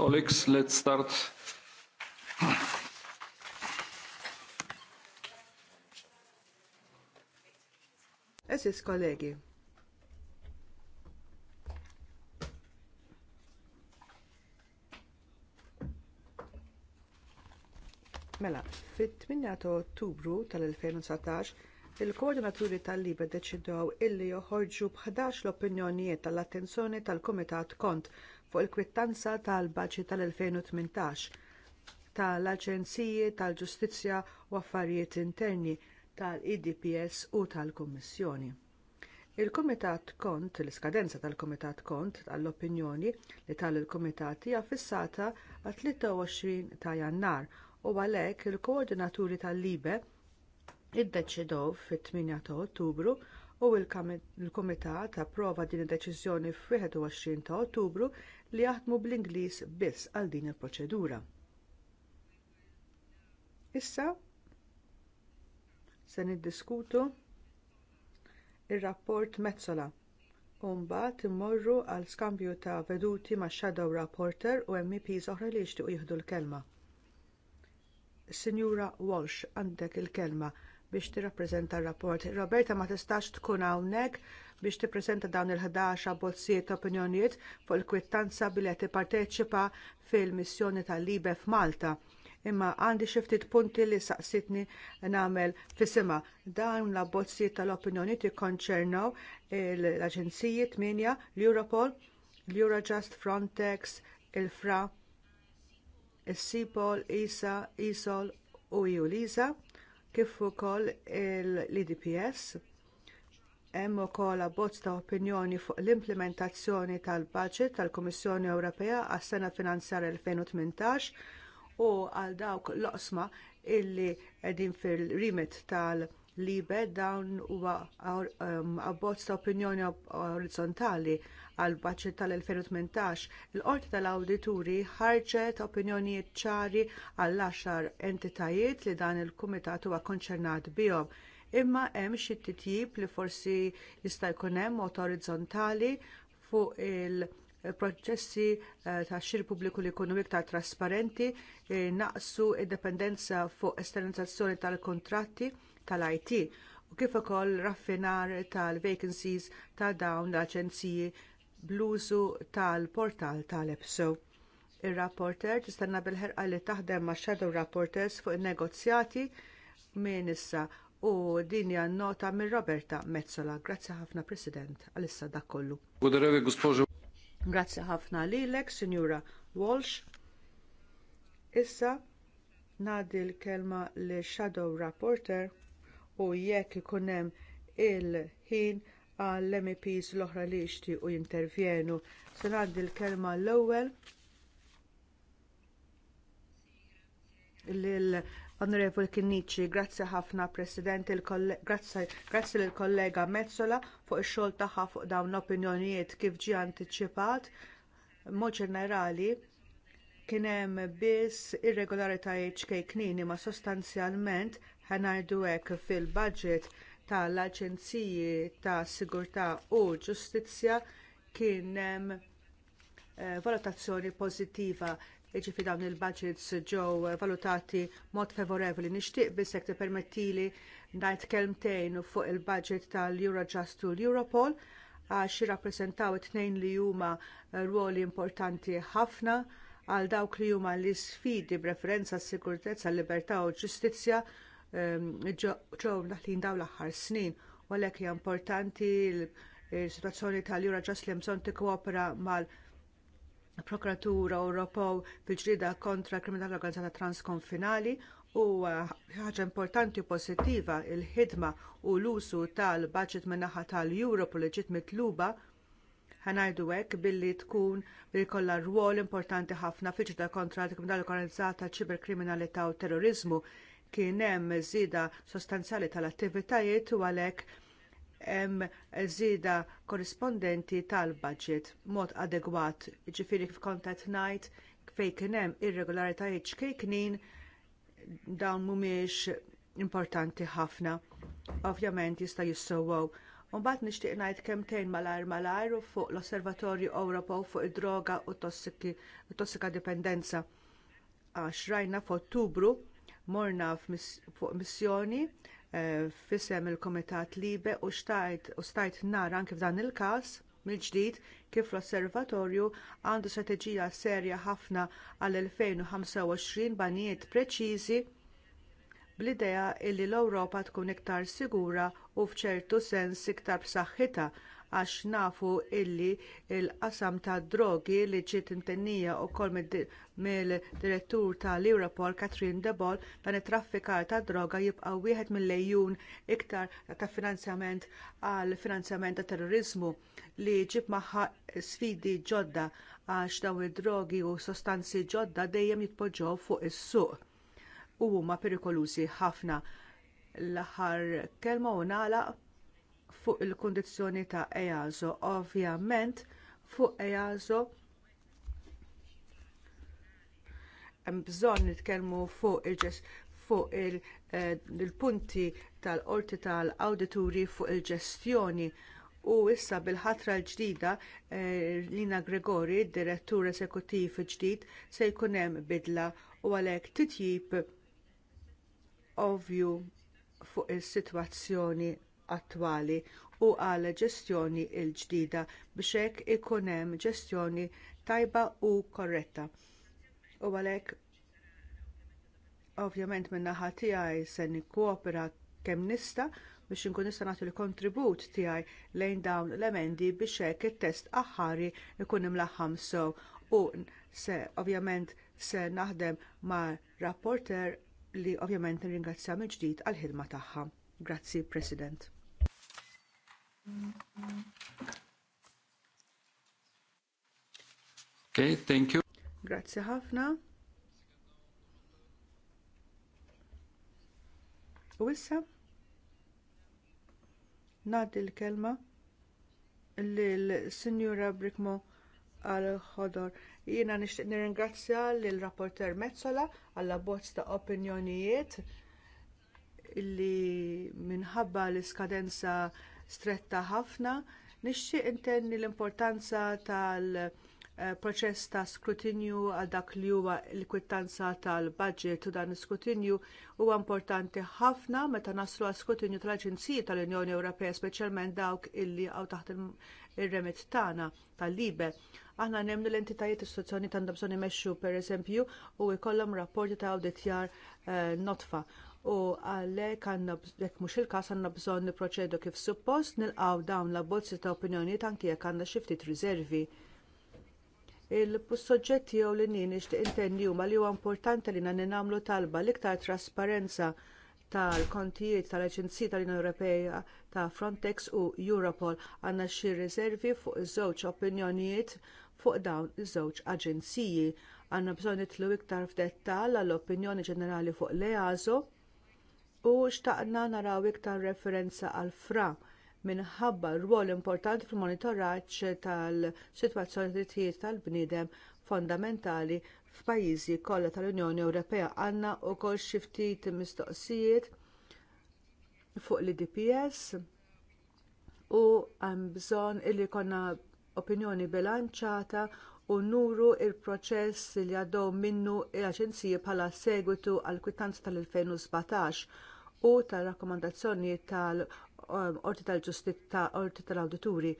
Colleagues, let's start. Eżis kollegi. Mela, fit-8 ta' Ottubru tal-2019 il-koordinaturi tal-libe deċidew illi joħorġu b'11 l-opinjonijiet tal-attenzjoni tal-Kumitat Kont fuq il-kwittanza tal-Baġit tal-2018 tal-Aġenziji tal-Ġustizzja u Affarijiet Interni tal-IDPS u tal-Kummissjoni. Il-Kumitat Kont, l-iskadenza tal-Kumitat Kont tal-opinjoni li tal-Kumitat hija fissata għal 23 ta' Jannar u għalhekk il-koordinaturi tal-Libe iddeċidew fit-8 ta' Ottubru u l-Kumitat approva din id-deċiżjoni f'21 ta' Ottubru li jaħdmu bl-Ingliż biss għal din il-proċedura. Issa se niddiskutu ir rapport Mezzola u mbagħad immorru għal skambju ta' veduti ma' Shadow Rapporter u MEPs oħra li jixtiequ jieħdu l-kelma. Sinjura Walsh għandek il-kelma biex tirrappreżenta r-rapport. Roberta ma tistax tkun hawnhekk biex tippreżenta dawn il-11 bozziet opinjonijiet fuq il-kwittanza billi qed tipparteċipa fil-missjoni tal-Libe f'Malta. Imma għandi xi ftit punti li saqsitni nagħmel fisima. Dawn la bozziet tal-opinjonijiet ikkonċernaw l-Aġenziji 8, l-Europol, l-Eurojust, Frontex, il-Fra, il sipol ISA, ISOL u Julisa kif ukoll l-IDPS. Hemm ukoll abbozz ta' opinjoni fuq l-implementazzjoni tal-budget tal-Kummissjoni Ewropea għas-sena finanzjarja 2018 u għal dawk l-oqsma illi qegħdin fil-rimit tal-libe dawn huwa um, abbozz ta' opinjoni orizzontali għal baċċet tal-2018, il-Qorti tal-Awdituri ħarġet opinjonijiet ċari għall għaxar entitajiet li dan il-Kumitat huwa konċernat bihom. Imma hemm xi titjib li forsi jista' jkun hemm mod orizzontali fuq il-proċessi eh, ta' xir pubbliku li jkunu iktar trasparenti, eh, naqsu id-dependenza fuq esternizzazzjoni tal kuntratti tal-IT u kif ukoll raffinar tal-vacancies ta' dawn l-aġenziji bl-użu tal-portal tal-EPSO. Ir-rapporter tistenna bil-ħerqa li taħdem ma' shadow rapporters fuq in-negozjati minn issa u din hija nota minn Roberta Mezzola. Grazzi ħafna President għalissa dak kollu. Grazzi ħafna lilek, Sinjura Walsh. Issa ngħaddi l-kelma li shadow rapporter u jekk ikun hemm il-ħin għall meps l-oħra li jixtiequ jintervjenu. Se ngħaddi l-kelma l-ewwel lil Onorevol Kinnici, grazzi ħafna President, grazzi lill kollega Mezzola fuq ix-xogħol tagħha fuq dawn l-opinjonijiet kif ġie antiċipat. Mod ġenerali kien hemm biss irregolaritajiet Knini, ma sostanzjalment ħanajdu hekk fil-budget tal-Aġenziji ta' Sigurtà u Ġustizzja kien hemm eh, valutazzjoni pożittiva jiġifieri dawn il-budgets ġew valutati mod favorevoli. Nixtieq biss jekk tippermettili ngħid kelmtejn fuq il-budget tal-Eurojust u l-Europol għax jirrappreżentaw it-tnejn li huma ruoli importanti ħafna għal dawk li huma l-isfidi b'referenza s-sigurtezza, l-libertà u l-ġustizzja Ehm, ġew naħlin dawn l-aħħar snin u għalhekk hija importanti s sitwazzjoni tal-jura ġaslim bżonn tikkoopera mal prokuratura Ewropew fil-ġrida kontra kriminalità organizzata transkonfinali u eh, ħaġa importanti u pożittiva l ħidma u l-usu tal-budget min-naħa tal-Europe u leġit mitluba ħanajdu hekk billi tkun billi kollha rwol importanti ħafna fiġda kontra l-kriminalità organizzata kriminalità u terrorizmu kien hemm żieda sostanzjali tal-attivitajiet u għalhekk hemm żieda korrispondenti tal-budget mod adegwat, jiġifieri f'kontat ngħid fejn kien hemm irregolaritajiet xkejknin dawn mhumiex importanti ħafna. Ovvjament jista' jissewwew. Mbagħad nixtieq ngħid kemm kemmtejn malajr malajr fuq l-Osservatorju Ewropew fuq id-droga u t tossika dipendenza. Għax rajna f'Ottubru morna fuq missjoni eh, fisem il kumitat Libe u stajt nara anke f'dan il każ mill-ġdid kif l-osservatorju għandu strateġija serja ħafna għal 2025 banijiet preċiżi bl-idea li l-Ewropa tkun iktar sigura u f'ċertu sens iktar b'saħħitha għax nafu illi l qasam tad drogi li ġiet imtennija wkoll mill-direttur tal-Europol Katrin Debol dan it-traffikar tad droga jibqa' wieħed mill-lejjun iktar ta' finanzjament għal finanzjament ta' terrorizmu li ġib magħha sfidi ġodda għax dawn id-drogi u sostanzi ġodda dejjem jitpoġġew fuq is-suq u huma perikolużi ħafna. L-aħħar kelma u nagħlaq fuq il kundizzjoni ta' EASO. Ovvjament fuq EASO hemm bżonn nitkellmu fuq il fuq eh, il-punti tal-qorti tal-awdituri fuq il-ġestjoni u issa bil-ħatra l-ġdida eh, Lina Gregori, direttur eżekuttiv ġdid, se jkun hemm bidla u għalhekk titjib ovvju fuq is-sitwazzjoni attwali u għal ġestjoni l ġdida biex hekk ikun hemm ġestjoni tajba u korretta. U għalhekk ovvjament min-naħa tiegħi se nikkoopera kemm nista biex inkun nista' nagħtu l-kontribut tiegħi lejn dawn l-emendi biex hekk it-test aħħari ikun imlaħħam sew u se ovvjament se naħdem ma' rapporter li ovvjament nirringrazzja mill ġdid għall ħidma tagħha. Grazzi, President. Okay, thank you. Grazie ħafna. U issa l-kelma lil sinjura Brikmo għal ħodor. Jiena nixtieq nirringrazzja lill rapporter Mezzola għall abbozz ta' opinjonijiet li minħabba l-iskadenza stretta ħafna. Nixtieq intenni l-importanza tal-proċess ta' skrutinju għal dak li huwa l-kwittanza tal-budget u dan iskrutinju huwa importanti ħafna meta naslu għal skrutinju tal-Aġenziji tal-Unjoni Ewropea, speċjalment dawk illi għaw taħt ir-remit tagħna tal-libe. Aħna nemnu l-entitajiet istituzzjoni għandhom bżonn imexxu pereżempju u jkollhom rapporti ta' awditjar eh, notfa u għalhekk għandna jekk mhux il-każ għandna bżonn nipproċedu kif suppost nilqgħu dawn l-abbozzi ta' opinjonijiet anke jekk għandna xi ftit riservi. Il-soġġetti jew l nien nixtieq intendi huma li huwa importanti li nagħmlu talba l-iktar trasparenza tal-kontijiet tal-Aġenzija tal-Unjoni Ewropea ta' Frontex u Europol għandna xi riservi fuq iż-żewġ opinjonijiet fuq dawn iż-żewġ aġenziji. Għandna bżonn nitlu iktar f'dettall għall opinjoni ġenerali fuq l-EASO u xtaqna naraw iktar referenza għal fra minħabba r-rwol importanti fil-monitoraġġ tal-sitwazzjoni drittijiet tal-bniedem fondamentali f'pajjiżi kollha tal-Unjoni Ewropea għandna wkoll xi ftit mistoqsijiet fuq l-DPS u hemm bżonn illi jkollna opinjoni bilanċata u nuru l proċess li għaddew minnu l-Aġenziji bħala segwitu għall kwitanza tal-2017 u tal-rakkomandazzjoni tal-Orti tal-Ġustizza Orti tal-Awdituri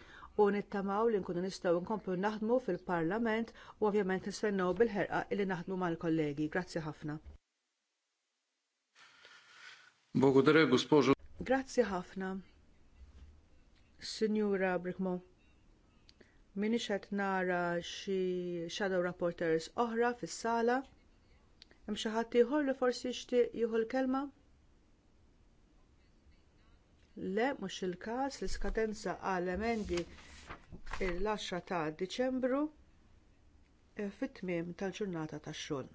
u nittamaw li nkunu nistgħu nkomplu naħdmu fil-Parlament u ovvjament nistennew bil-ħerqa li naħdmu mal-kollegi. Grazzi ħafna. Grazzi ħafna. Signora Brickmo, minni xed nara xi shadow rapporters oħra fis-sala. Hemm xi ħadd ieħor li forsi jixtieq jieħu l-kelma? Le, mhux il każ l skadenza għal emendi il-10 ta' Diċembru e, fit-tmiem tal-ġurnata tax-xogħol.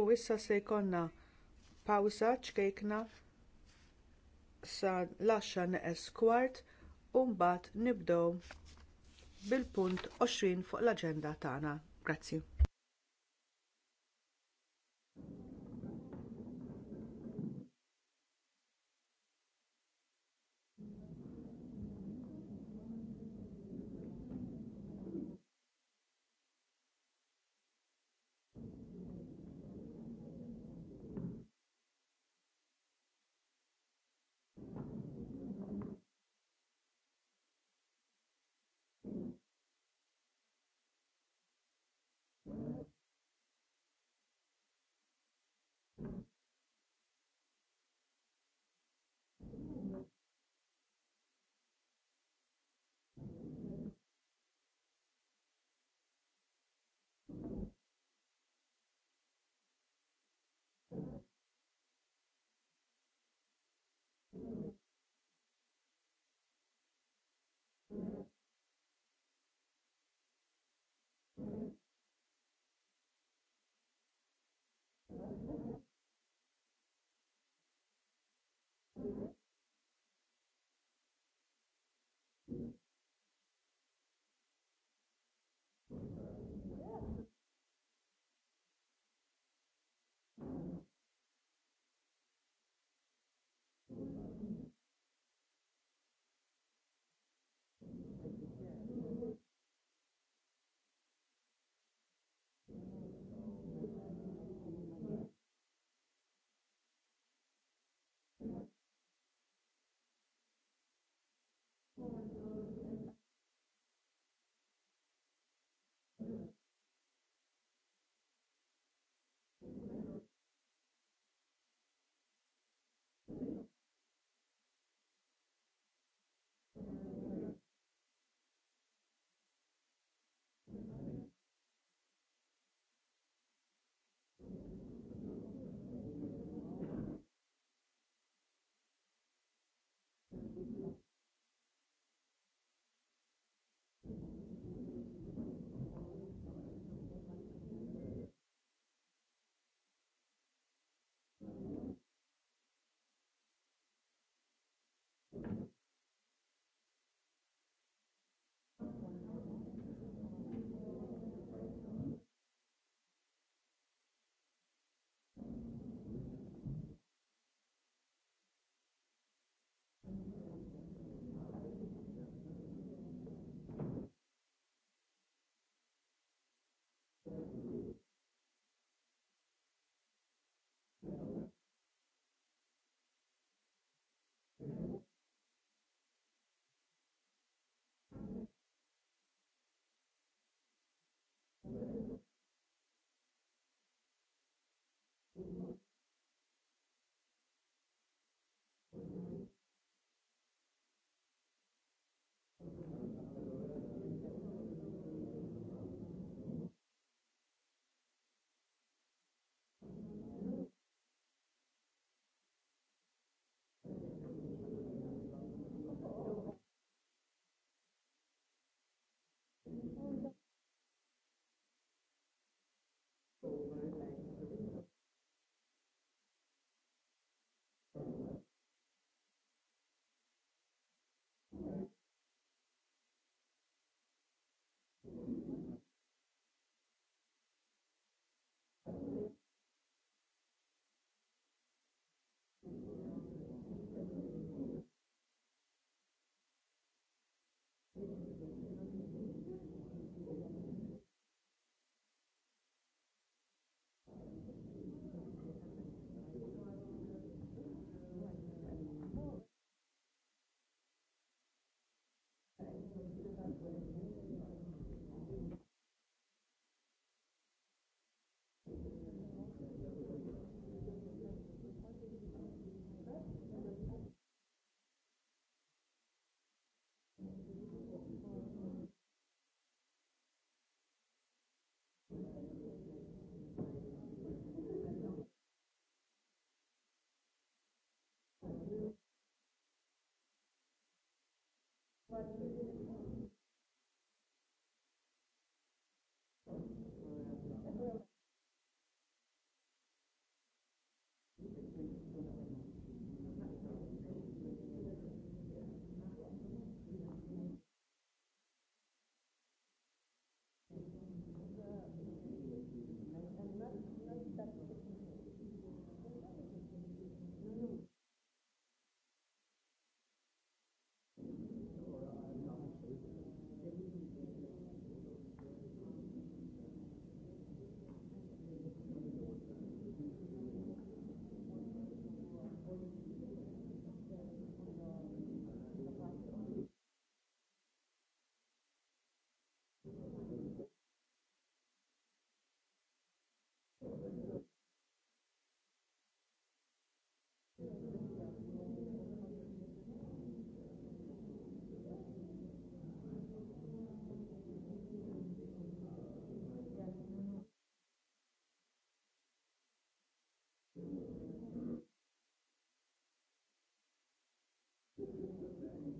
U issa se jkollna pawsa ċkejkna sa l-10 neqes kwart u mbagħad nibdew bil-punt 20 fuq l-aġenda tagħna. Grazzi.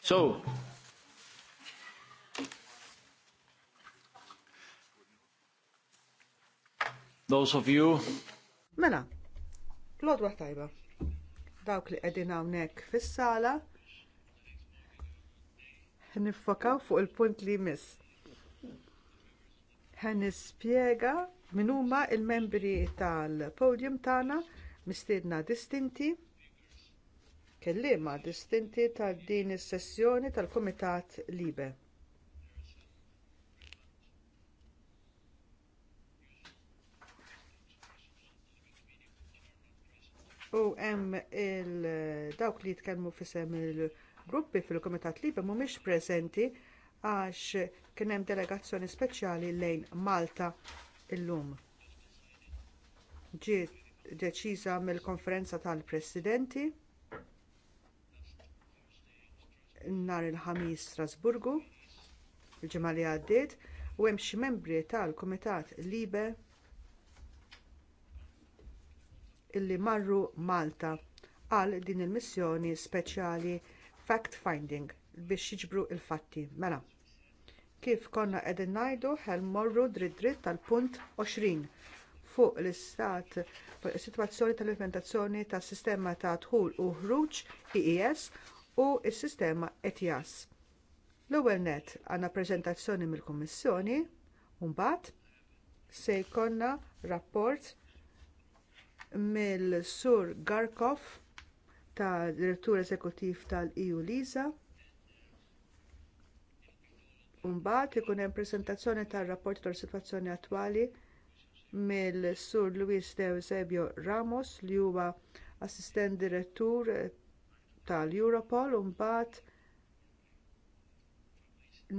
So, those of you. Mela, l-odwa tajba. Dawk li qegħdin hawnhekk fis-sala niffokaw fuq il-punt li miss. Ħen nispjega min huma l membri tal-podium tagħna mistiedna distinti kelliema distinti ta' din is-sessjoni tal-Kumitat Libe. U hemm dawk li jitkellmu fisem il-gruppi fil-Kumitat Libe mhumiex preżenti għax kien hemm delegazzjoni speċjali lejn Malta illum. Ġiet deċiża mill-konferenza tal-presidenti nhar il-ħamis Strasburgu, il-ġimgħa li għaddiet, u hemm xi membri tal-Kumitat Libe illi marru Malta għal din il-missjoni speċjali fact finding biex jiġbru l fatti Mela, kif konna qegħdin ngħidu ħel morru dritt dritt tal-punt 20 fuq l-istat fuq is-sitwazzjoni tal-implementazzjoni tas-sistema ta' tħul u ħruġ IES u s-sistema ETIAS. L-ewwel net għandna preżentazzjoni mill-Kummissjoni u mbagħad se jkollna rapport mill-Sur Garkov ta' direttur eżekuttiv tal-EU Lisa. Umbagħad ikun hemm preżentazzjoni tar-rapport tal-sitwazzjoni attwali mill-Sur Luis de Eusebio Ramos li huwa assistent direttur tal-Europol u mbagħad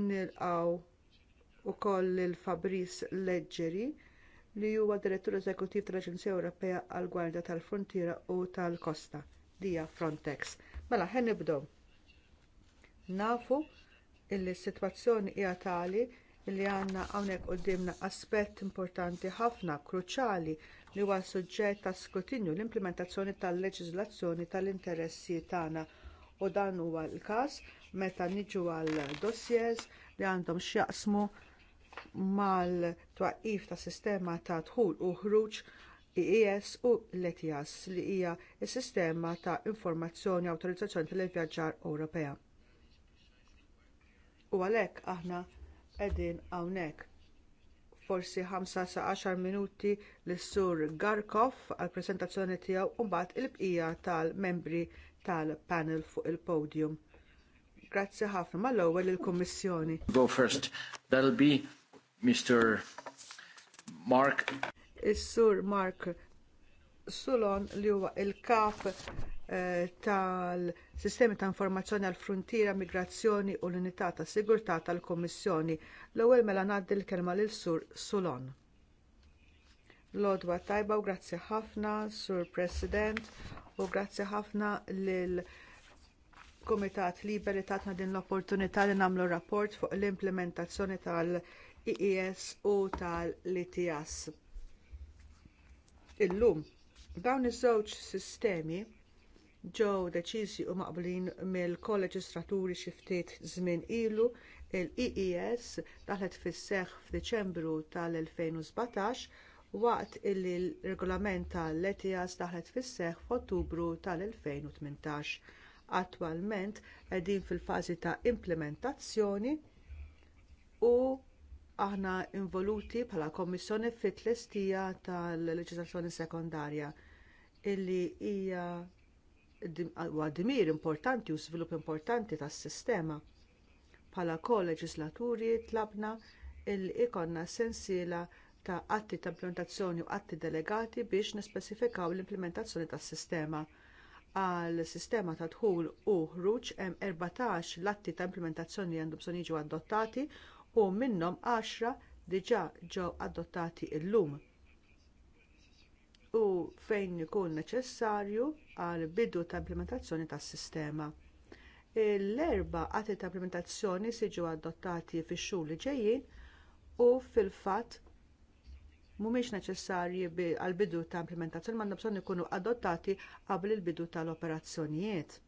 nilqgħu wkoll lil Fabrice Leggeri li huwa direttur eżekuttiv tal-Aġenzija Ewropea għall Gwardja tal-Frontiera u tal-Kosta dija Frontex. Mela ħen nibdew. Nafu illi s-sitwazzjoni hija tali li għandna hawnhekk quddiemna aspett importanti ħafna, kruċjali li huwa suġġett ta' skrutinju l-implementazzjoni tal-leġiżlazzjoni tal-interessi tagħna u dan huwa l-każ meta niġu għal dossiers li għandhom x'jaqsmu mal-twaqqif ta' sistema ta' dħul u ħruġ IES u l-ETIAS li hija s sistema ta' informazzjoni awtorizzazzjoni tal-vjaġġar Ewropea. U għalhekk aħna qegħdin hawnhekk forsi 5 sa 10 minuti lis-sur Garkov għall prezentazzjoni tiegħu u mbagħad il-bqija tal-membri tal-panel fuq il-podium. Grazzi ħafna mal-ewwel il-Kummissjoni. Go first. That'll be Mr. Mark. Is-sur Mark Sulon li huwa il-kap Eh, tal-Sistemi ta' Informazzjoni għall Frontiera, Migrazzjoni u l-Unità ta' Sigurtà tal kummissjoni L-ewwel mela ngħaddi l-kelma lil Sur Sulon. Lodwa tajba u grazzi ħafna, Sur President, u grazzi ħafna lil Komitat Liber li tatna din l-opportunità li nagħmlu rapport fuq l-implementazzjoni tal-IES e u tal-ITS. Illum, dawn iż-żewġ sistemi ġew deċiżi u maqblin mill-kolleġistraturi xi ftit żmien ilu il-EES daħlet fis seħħ f'Diċembru tal-2017 waqt illi l-regolament tal-ETIAS daħlet fis seħħ f'Ottubru tal-2018. Attwalment qegħdin fil-fażi ta' implementazzjoni u aħna involuti bħala Kommissjoni fit-tlestija tal-leġiżlazzjoni sekondarja illi hija huwa dmir importanti u svilupp importanti tas-sistema. Bħala koleġislaturi tlabna il ikonna sensiela ta' atti ta' implementazzjoni u atti delegati biex nespesifikaw l-implementazzjoni tas sistema. Għal sistema ta' dħul u ħruġ hemm 14 l-atti ta' implementazzjoni li għandhom bżonn jiġu adottati u minnhom 10 diġà ġew adottati llum u fejn ikun neċessarju għal bidu ta' implementazzjoni tas sistema. L-erba għati ta' implementazzjoni siġu adottati fix xhur li ġejjin u fil-fatt mhumiex neċessarji għal bidu ta' implementazzjoni ma bżonn ikunu adottati qabel il-bidu tal-operazzjonijiet.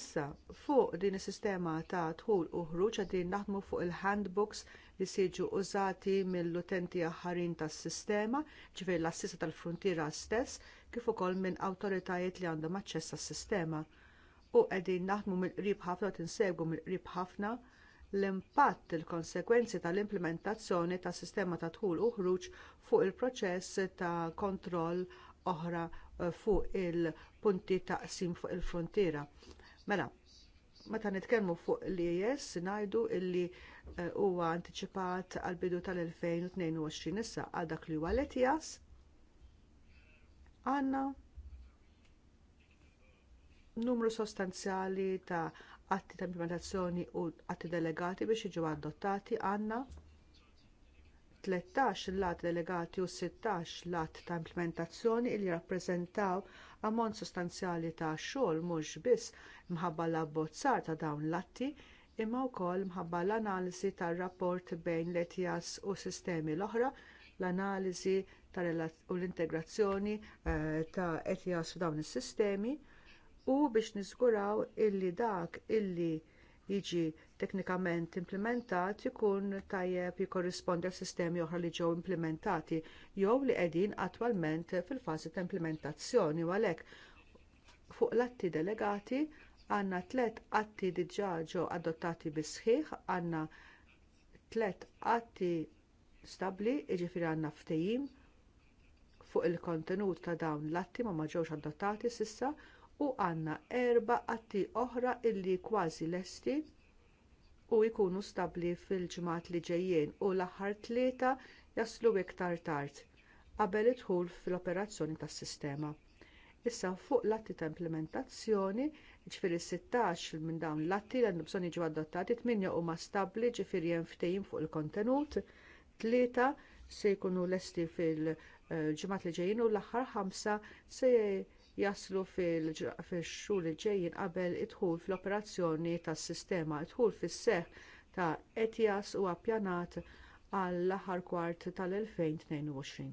Issa, fuq din is-sistema ta' tħul u ħruġ qegħdin naħdmu fuq il-handbooks li siġu użati mill-utenti aħħarin tas-sistema, ġifieri l-assista tal-fruntiera stess, kif ukoll minn awtoritajiet li għandhom aċċess għas-sistema. U qegħdin naħdmu mill-qrib ħafna u tinsegwu mill-qrib ħafna l-impatt il-konsegwenzi tal-implementazzjoni tas sistema ta' dħul u ħruġ fuq il-proċess ta' kontroll oħra eh, fuq il-punti ta' fuq il-frontiera. Mela, meta nitkellmu fuq l-IES ngħidu illi eh, huwa antiċipat għall bidu tal-2022 issa għal dak li huwa l-ETIAS għandna numru sostanzjali ta' atti ta' implementazzjoni u atti delegati biex jiġu adottati għandna 13 lat delegati u 16 lat ta' implementazzjoni li jirrappreżentaw ammont sostanzjali ta' xogħol mhux biss mħabba l-abbozzar ta' dawn l-atti, imma wkoll mħabba l-analiżi tar-rapport bejn l-ETIAS u s sistemi l-oħra, l-analiżi u l-integrazzjoni eh, ta' ETIAS f'dawn is-sistemi u biex niżguraw illi dak illi jiġi teknikament implementat ikun tajjeb jikorrispondi għal sistemi oħra li ġew implementati jew li qegħdin attwalment fil-fażi ta' implementazzjoni u għalhekk fuq l-atti delegati għandna tliet atti diġà ġew adottati bi sħiħ għandna tliet atti stabbli, jiġifieri għandna ftehim fuq il-kontenut ta' dawn l-atti ma ma ġewx adottati sissa u għandna erba' atti oħra illi kważi lesti u jkunu stabbli fil ġmat li ġejjin u l-aħħar tlieta jaslu iktar tard qabel idħul fl-operazzjoni tas-sistema. Issa fuq l-atti ta' implementazzjoni, ġifieri 16 minn dawn l-atti li għandhom bżonn jiġu adottati 8 huma stabbli ġifieri hemm ftehim fuq il-kontenut, tlieta se jkunu lesti fil eh, ġimat li ġejjin u l-aħħar ħamsa se jaslu fil-xhur li ġejjin qabel idħul fl-operazzjoni tas-sistema idħul fis-seħħ ta' ETIAS u appjanat għall-aħħar kwart tal-2022.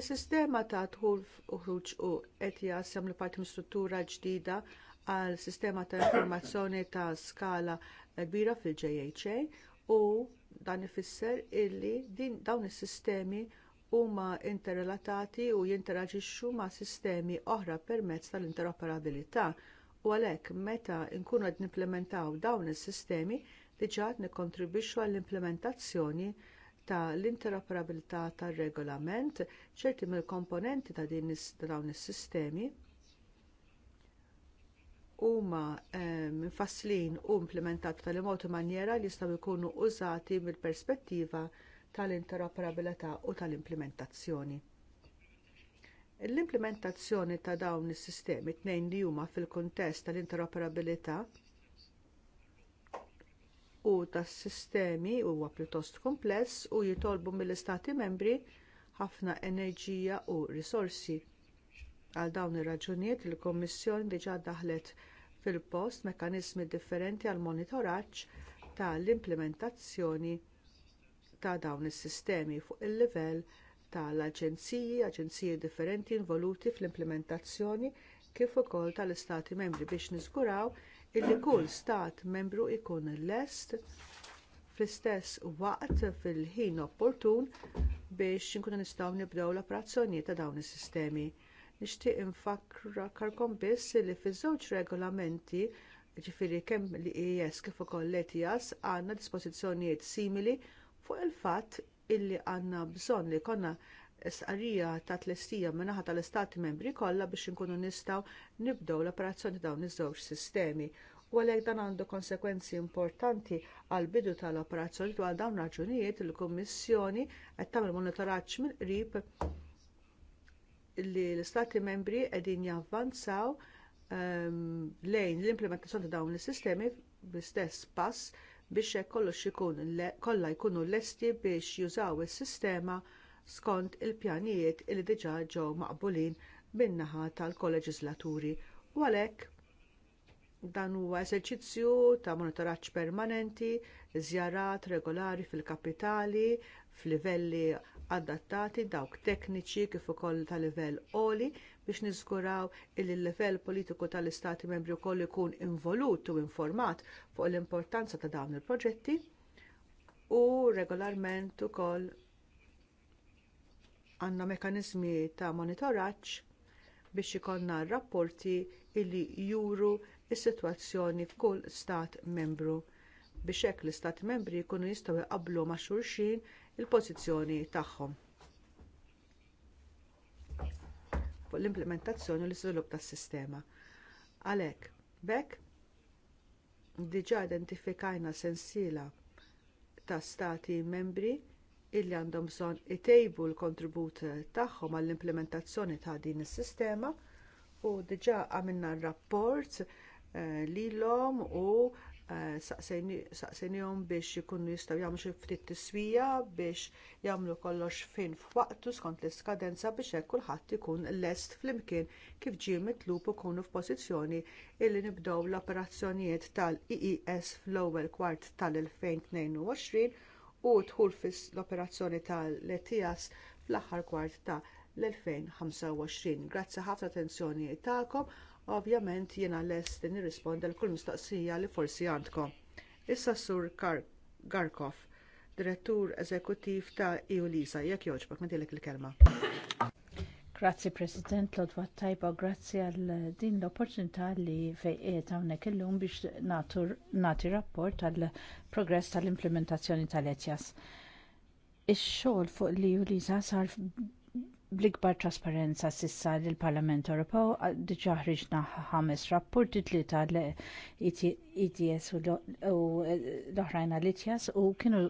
Is-sistema ta' dħul uħruġ u ETIAS jagħmlu parti minn struttura ġdida għal sistema ta' informazzjoni ta' skala kbira fil-JHA u dan ifisser illi dawn is-sistemi huma interrelatati u jinteraġixxu ma' sistemi oħra permezz tal-interoperabilità u għalhekk meta nkunu qed nimplementaw dawn is-sistemi diġà nikkontribwixxu għall-implementazzjoni tal interoperabilità tar-regolament ċerti mill-komponenti ta' din dawn is-sistemi huma ehm, mfasslin u implementati tal-imoti manjera li jistgħu jkunu użati mill-perspettiva tal-interoperabilità u tal-implementazzjoni. L-implementazzjoni ta' dawn is-sistemi tnejn li huma fil-kuntest tal-interoperabilità u tas-sistemi huwa pjuttost kompless u jitolbu mill-Istati membri ħafna enerġija u risorsi. Għal dawn ir-raġunijiet il-Kommissjoni diġà daħlet fil-post mekkaniżmi differenti għall monitoraġġ tal-implementazzjoni ta' dawn is-sistemi fuq il-livell tal-aġenziji, aġenziji differenti involuti fl-implementazzjoni kif ukoll tal-istati membri biex niżguraw illi kull stat membru jkun lest fl-istess waqt fil-ħin opportun biex inkunu nistgħu nibdew l-operazzjonijiet ta' dawn is-sistemi. Nixtieq infakkarkom biss li fiż-żewġ regolamenti ġifiri kemm li IES kif ukoll l-ETIAS għandna dispożizzjonijiet simili fuq il-fatt illi għandna bżonn li jkollna sqarrija ta' tlestija min-naħa tal-istati membri kollha biex inkunu nistgħu nibdew l-operazzjoni dawn iż-żewġ sistemi. U għalhekk dan għandu konsegwenzi importanti għall bidu tal-operazzjoni dwar dawn raġunijiet il-Kummissjoni qed tagħmel monitoraġġ minn qrib li l-istati membri qegħdin javvanzaw um, lejn l-implementazzjoni ta' dawn is-sistemi bl-istess pass biex hekk kollox ikun kollha jkunu lesti biex jużaw is-sistema skont il-pjanijiet li il diġà ġew maqbulin bin-naħa tal-koleġislaturi u għalhekk dan huwa eżerċizzju ta' monitoraġġ permanenti, żjarat regolari fil-kapitali, f'livelli adattati dawk tekniċi kif ukoll ta' livell għoli biex niżguraw il livell politiku tal-istati membri wkoll ikun involut u informat fuq l-importanza ta' dawn il-proġetti u regolarment ukoll għandna mekkaniżmi ta' monitoraġġ biex ikollna rapporti li juru s sitwazzjoni f'kull stat membru biex hekk l istati membri jkunu jistgħu jqabblu ma' xulxin il-pożizzjoni tagħhom. fuq l-implementazzjoni u l-iżvilupp tas-sistema. Għalhekk, b'hekk diġà identifikajna sensiela ta' stati membri illi għandhom bżonn itejbu l-kontribut tagħhom għall-implementazzjoni ta' din is-sistema u diġà għamilna rapport eh, lilhom u Eh, saqsenjom biex ikunu jistgħu jagħmlu xi ftit tiswija biex jagħmlu kollox fejn f'waqtu skont l-iskadenza biex hekk kulħadd ikun lest flimkien kif ġie mitlub ikunu f'pożizzjoni illi nibdew l-operazzjonijiet tal-EES fl-ewwel kwart tal-2022 u dħul fis l-operazzjoni tal-ETIAS fl-aħħar kwart tal-2025. Grazzi ħafna attenzjoni tagħkom Ovvjament jiena lest li nirrisponda l-kull mistoqsija li forsi għandkom. Issa sur Kar Garkov, direttur eżekuttiv ta' EULISA, jekk jogħġbok medilek il-kelma. Grazzi President Lodwa Tajba, grazzi għal din l-opportunità li fejqiet hawnhekk illum biex nagħti rapport għall progress tal-implementazzjoni tal etjas Ix-xogħol fuq li e Ulisa sar bl-ikbar trasparenza sissa lill l-Parlament Ewropew diġà ħriġna ħames rapporti tlieta e e l ets u e, l-oħrajn għal ets u kienu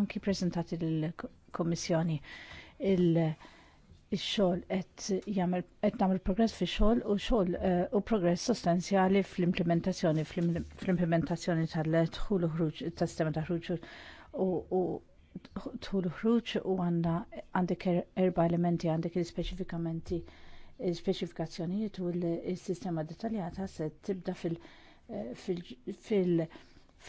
anki preżentati lill-Kummissjoni il-xogħol qed nagħmel progress fi xogħol u xogħol u progress sostanzjali fl-implementazzjoni fl-implementazzjoni tal-dħul u ħruġ tas-sistema ta' ħruġ u tħul ħruġ u għanda għandek er-, erba elementi għandek il-speċifikamenti il-speċifikazzjonijiet u l-sistema dettaljata se tibda fil- eh,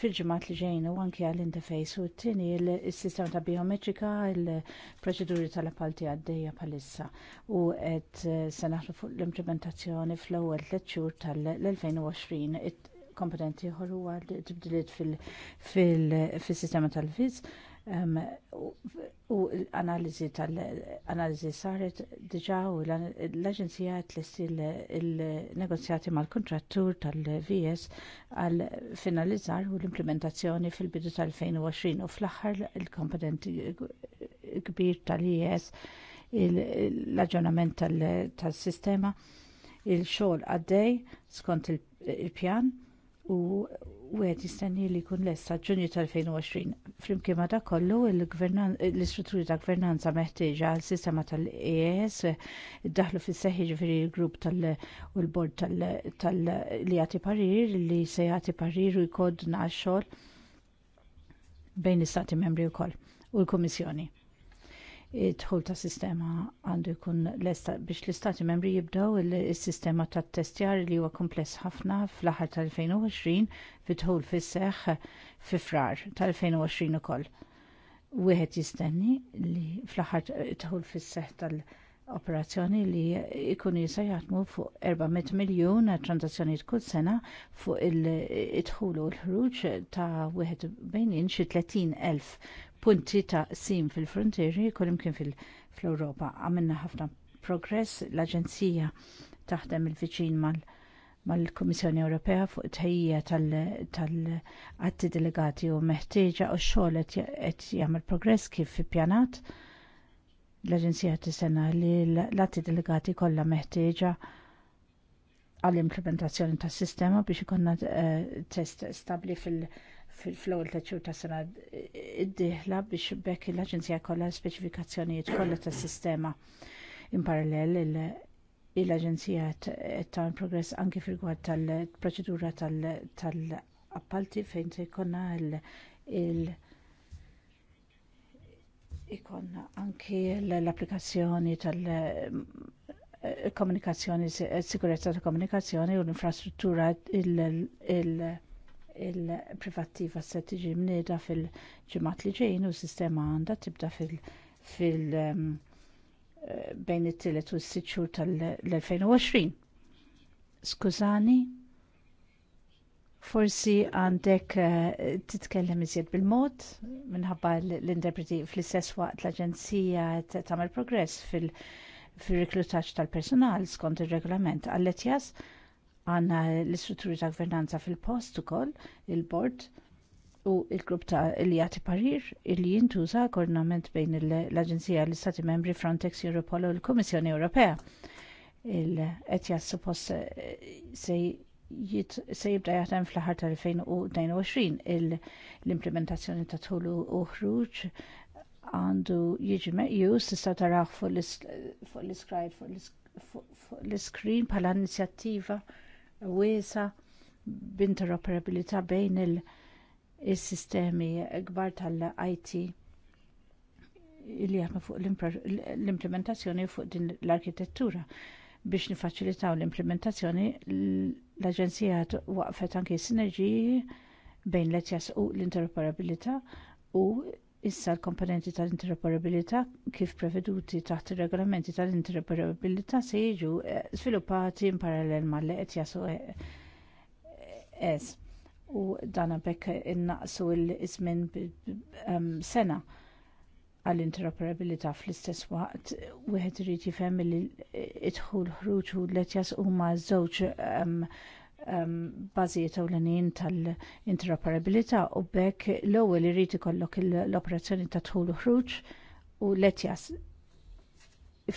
fil- ġemat li ġejn u anki għall interfejs u t-tini il-sistema ta' biometrika il-proċeduri tal-appalti għaddejja palissa u għed eh, senaħru fuq l-implementazzjoni fl-ewwel tliet xhur tal-2020 kompetenti ħorru għal tibdilit fil-sistema tal-viz Um, u l-analizi tal-analizi saret diġa u l-Aġenzija tlisti l-negozjati mal-kontrattur tal-VS għal finalizzar u l-implementazzjoni fil-bidu tal-2020 u fl-axħar il-komponent kbir tal-IS e l-aġġornament tal-sistema il-xogħol għaddej skont il-pjan il pjan u wieħed jistenni li jkun lesta ġunju tal-2020. Flimkien ma' kollu l-istrutturi ta' gvernanza meħtieġa għal sistema tal-ES daħlu fis seħħi ġifieri l-grupp tal- u l-bord tal- li jagħti parir li se jagħti parir u jkodna x-xogħol bejn l-istati membri wkoll u l-Kummissjoni id-dħul ta' sistema għandu jkun biex l-istati membri jibdew is sistema tat testjar li huwa kompless ħafna fl-aħħar tal-2020 fid-dħul fis seħħ fi frar tal-2020 ukoll. Wieħed jistenni li fl-aħħar dħul fis seħħ tal-operazzjoni li jkunu jista' jaħdmu fuq 400 miljun transazzjonijiet kull sena fuq il-dħul u l-ħruġ ta' wieħed bejnin xi 30 elf punti ta' sim fil-frontieri kull kien fil-Europa. Għamilna ħafna progress l-Aġenzija taħdem il-viċin mal- mal-Komissjoni Ewropea fuq tħejja tal-atti delegati u meħtieġa u xogħol qed jagħmel progress kif ippjanat. L-Aġenzija tistenna li l-atti delegati kollha meħtieġa għall-implementazzjoni tas-sistema biex ikonna eh, test stabbli fil- fil-flowl ta' ċur ta' sena id-dihla biex bekk l-Aġenzija kollha l-speċifikazzjonijiet kollha tas-sistema. Imparallel l-Aġenzija qed tagħmel progress anke fil-gwad tal-proċedura tal-appalti fejn se jkollna il- ikonna anki l-applikazzjoni tal- komunikazzjoni, s-sigurezza ta' komunikazzjoni u l-infrastruttura il- il-privattiva se tiġi mnieda fil-ġimgħat li ġejn u s-sistema għandha tibda fil- ehm, eh, bejn it-tielet u s-sitt xhur tal-2020. Skużani, forsi għandek eh, titkellem iżjed bil-mod minħabba l-interpreti fl-istess waqt l-Aġenzija tagħmel progress fil- fil tal-personal skont ir regolament għallet jas għanna l-istrutturi ta' gvernanza fil-post ukoll il-bord u il-grupp ta' li jagħti parir li jintuża koordinament bejn l-Aġenzija l-Istati Membri Frontex Europol u l-Kummissjoni Ewropea. Il-qed suppost se jibda jaħdem fl-aħħar tal-2022 l-implementazzjoni ta' tulu u ħruġ għandu jiġi meqjus tista' taraħ fuq l-iskrajt fuq l-iskrin bħala inizjattiva wiesa b'interoperabilità bejn il-sistemi kbar tal-IT li jaħna fuq l-implementazzjoni fuq din l-arkitettura. Biex nifaċilitaw l-implementazzjoni, l-Aġenzija waqfet anki sinerġiji bejn l-ETS u l-interoperabilità u Issa l-komponenti tal-interoperabilità kif preveduti taħt ir regolamenti tal-interoperabilità se jiġu eh, sviluppati in parallel mal qed jasu eh, eh, es u dan bekk innaqsu l-ismin sena għall-interoperabilità fl-istess waqt wieħed irid jifhem li idħul ħruġ u l etjas huma żewġ um, bażijiet ewlenin tal-interoperabilità u bekk l-ewwel irid ikollok l-operazzjoni ta' tħul u ħruġ u letjas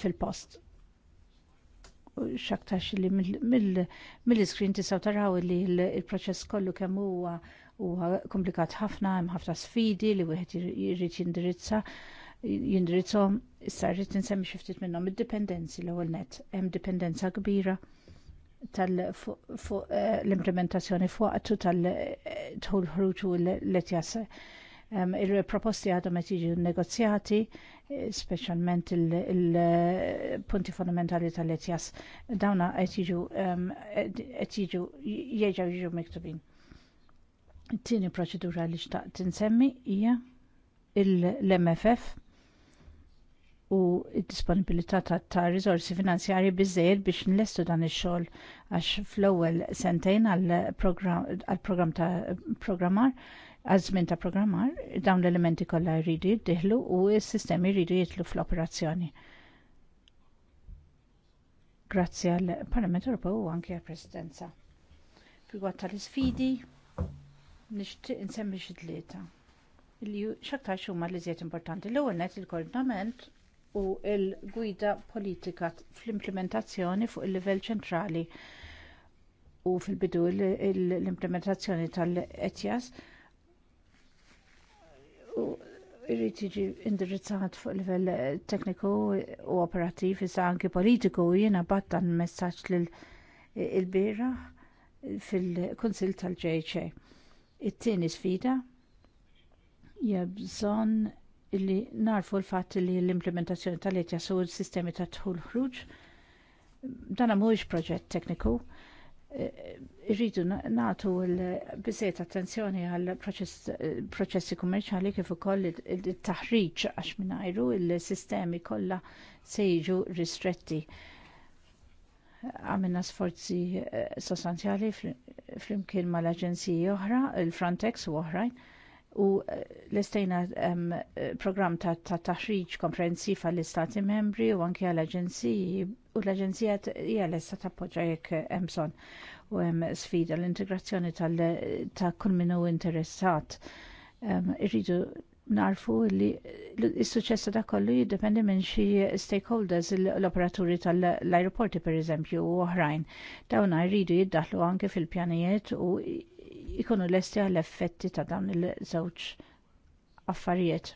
fil-post. Xaktax li mill-iskrin tisaw taraw li l-proċess kollu kemm huwa huwa komplikat ħafna, hemm ħafna sfidi li wieħed jrid jindirizza jindirizzhom issa rrid insemmi xi ftit minnhom id-dipendenzi l-ewwel nett. Hemm dipendenza kbira tal-implementazzjoni eh, fuqtu tal-tħul ħruġu l-etjas. Il-proposti għadhom qed jiġu negozjati, speċjalment il-punti fondamentali tal-etjas. Dawna qed jiġu jieġaw jiġu miktubin. Tieni proċedura li xtaqt tinsemmi hija l-MFF u d-disponibilità ta', ta risorsi finanzjarji biżżejjed biex nlestu dan ix-xogħol għax fl-ewwel sentejn għall-programm ta' programmar għaż-żmien ta' programmar dawn l-elementi kollha jridu jiddieħlu u s-sistemi jridu jidħlu fl-operazzjoni. Grazzi għall parlament Ewropew u anke għall-Presidenza. Rigward tal-isfidi, nixtieq insemmi xi tlieta. Xaktar huma li żiet importanti. L-ewwel net il-koordinament u l-gwida politika fl-implementazzjoni fuq il-livell ċentrali u fil-bidu l-implementazzjoni tal-ETIAS irrid jiġi indirizzat fuq livell tekniku u operattiv iżda anki politiku jiena battan messaġġ l bira fil-Kunsil tal-JHA. It-tieni sfida hija bżonn illi narfu l-fatt li l-implementazzjoni tal-etja su l-sistemi ta' tħul ħruġ dan mhuwiex proġett tekniku. Eh, irridu nagħtu l-biżejt attenzjoni għal proċessi kummerċali kif ukoll il taħriġ għax minajru il-sistemi kollha se jiġu ristretti. Għamilna sforzi eh, sostanzjali flimkien mal-aġenziji oħra, il-Frontex u oħrajn u eh, l-istejna um, eh, program ta' taħriġ ta komprensiv għall-istati membri u anke għall-aġenziji u l-aġenzija hija lesta tappoġġa jekk eh, hemm emson u hemm sfida l-integrazzjoni ta' kull min interessat. Um, irridu narfu li s-suċess ta' kollu jiddependi minn xi stakeholders l-operaturi tal-aeroporti pereżempju u oħrajn. Dawn jridu jiddaħlu anke fil-pjanijiet u ikunu lesti l effetti ta' dawn il-żewġ affarijiet.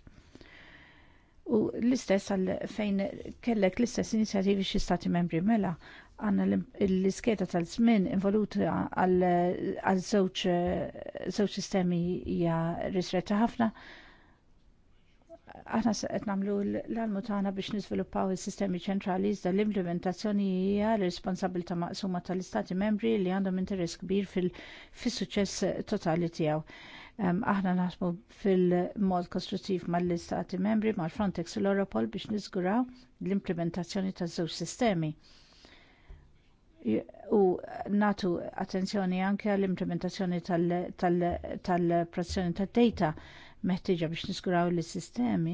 U l-istess għal fejn kellek l-istess inizjativi xi stati membri mela għanna l-iskeda tal-żmien involuta għal żewġ sistemi hija risretta ħafna aħna qed nagħmlu l-almu tagħna biex niżviluppaw is-sistemi ċentrali iżda l-implementazzjoni hija l-responsabilità maqsuma tal-istati membri li għandhom interess kbir fis-suċċess totali tiegħu. aħna naħsmu fil-mod kostruttiv mal-istati membri, mal-Frontex u l-Europol biex niżguraw l-implementazzjoni taż-żewġ sistemi u natu attenzjoni anke għall-implementazzjoni tal prozzjoni tal, tal, tal, tal meħtieġa biex niskuraw li sistemi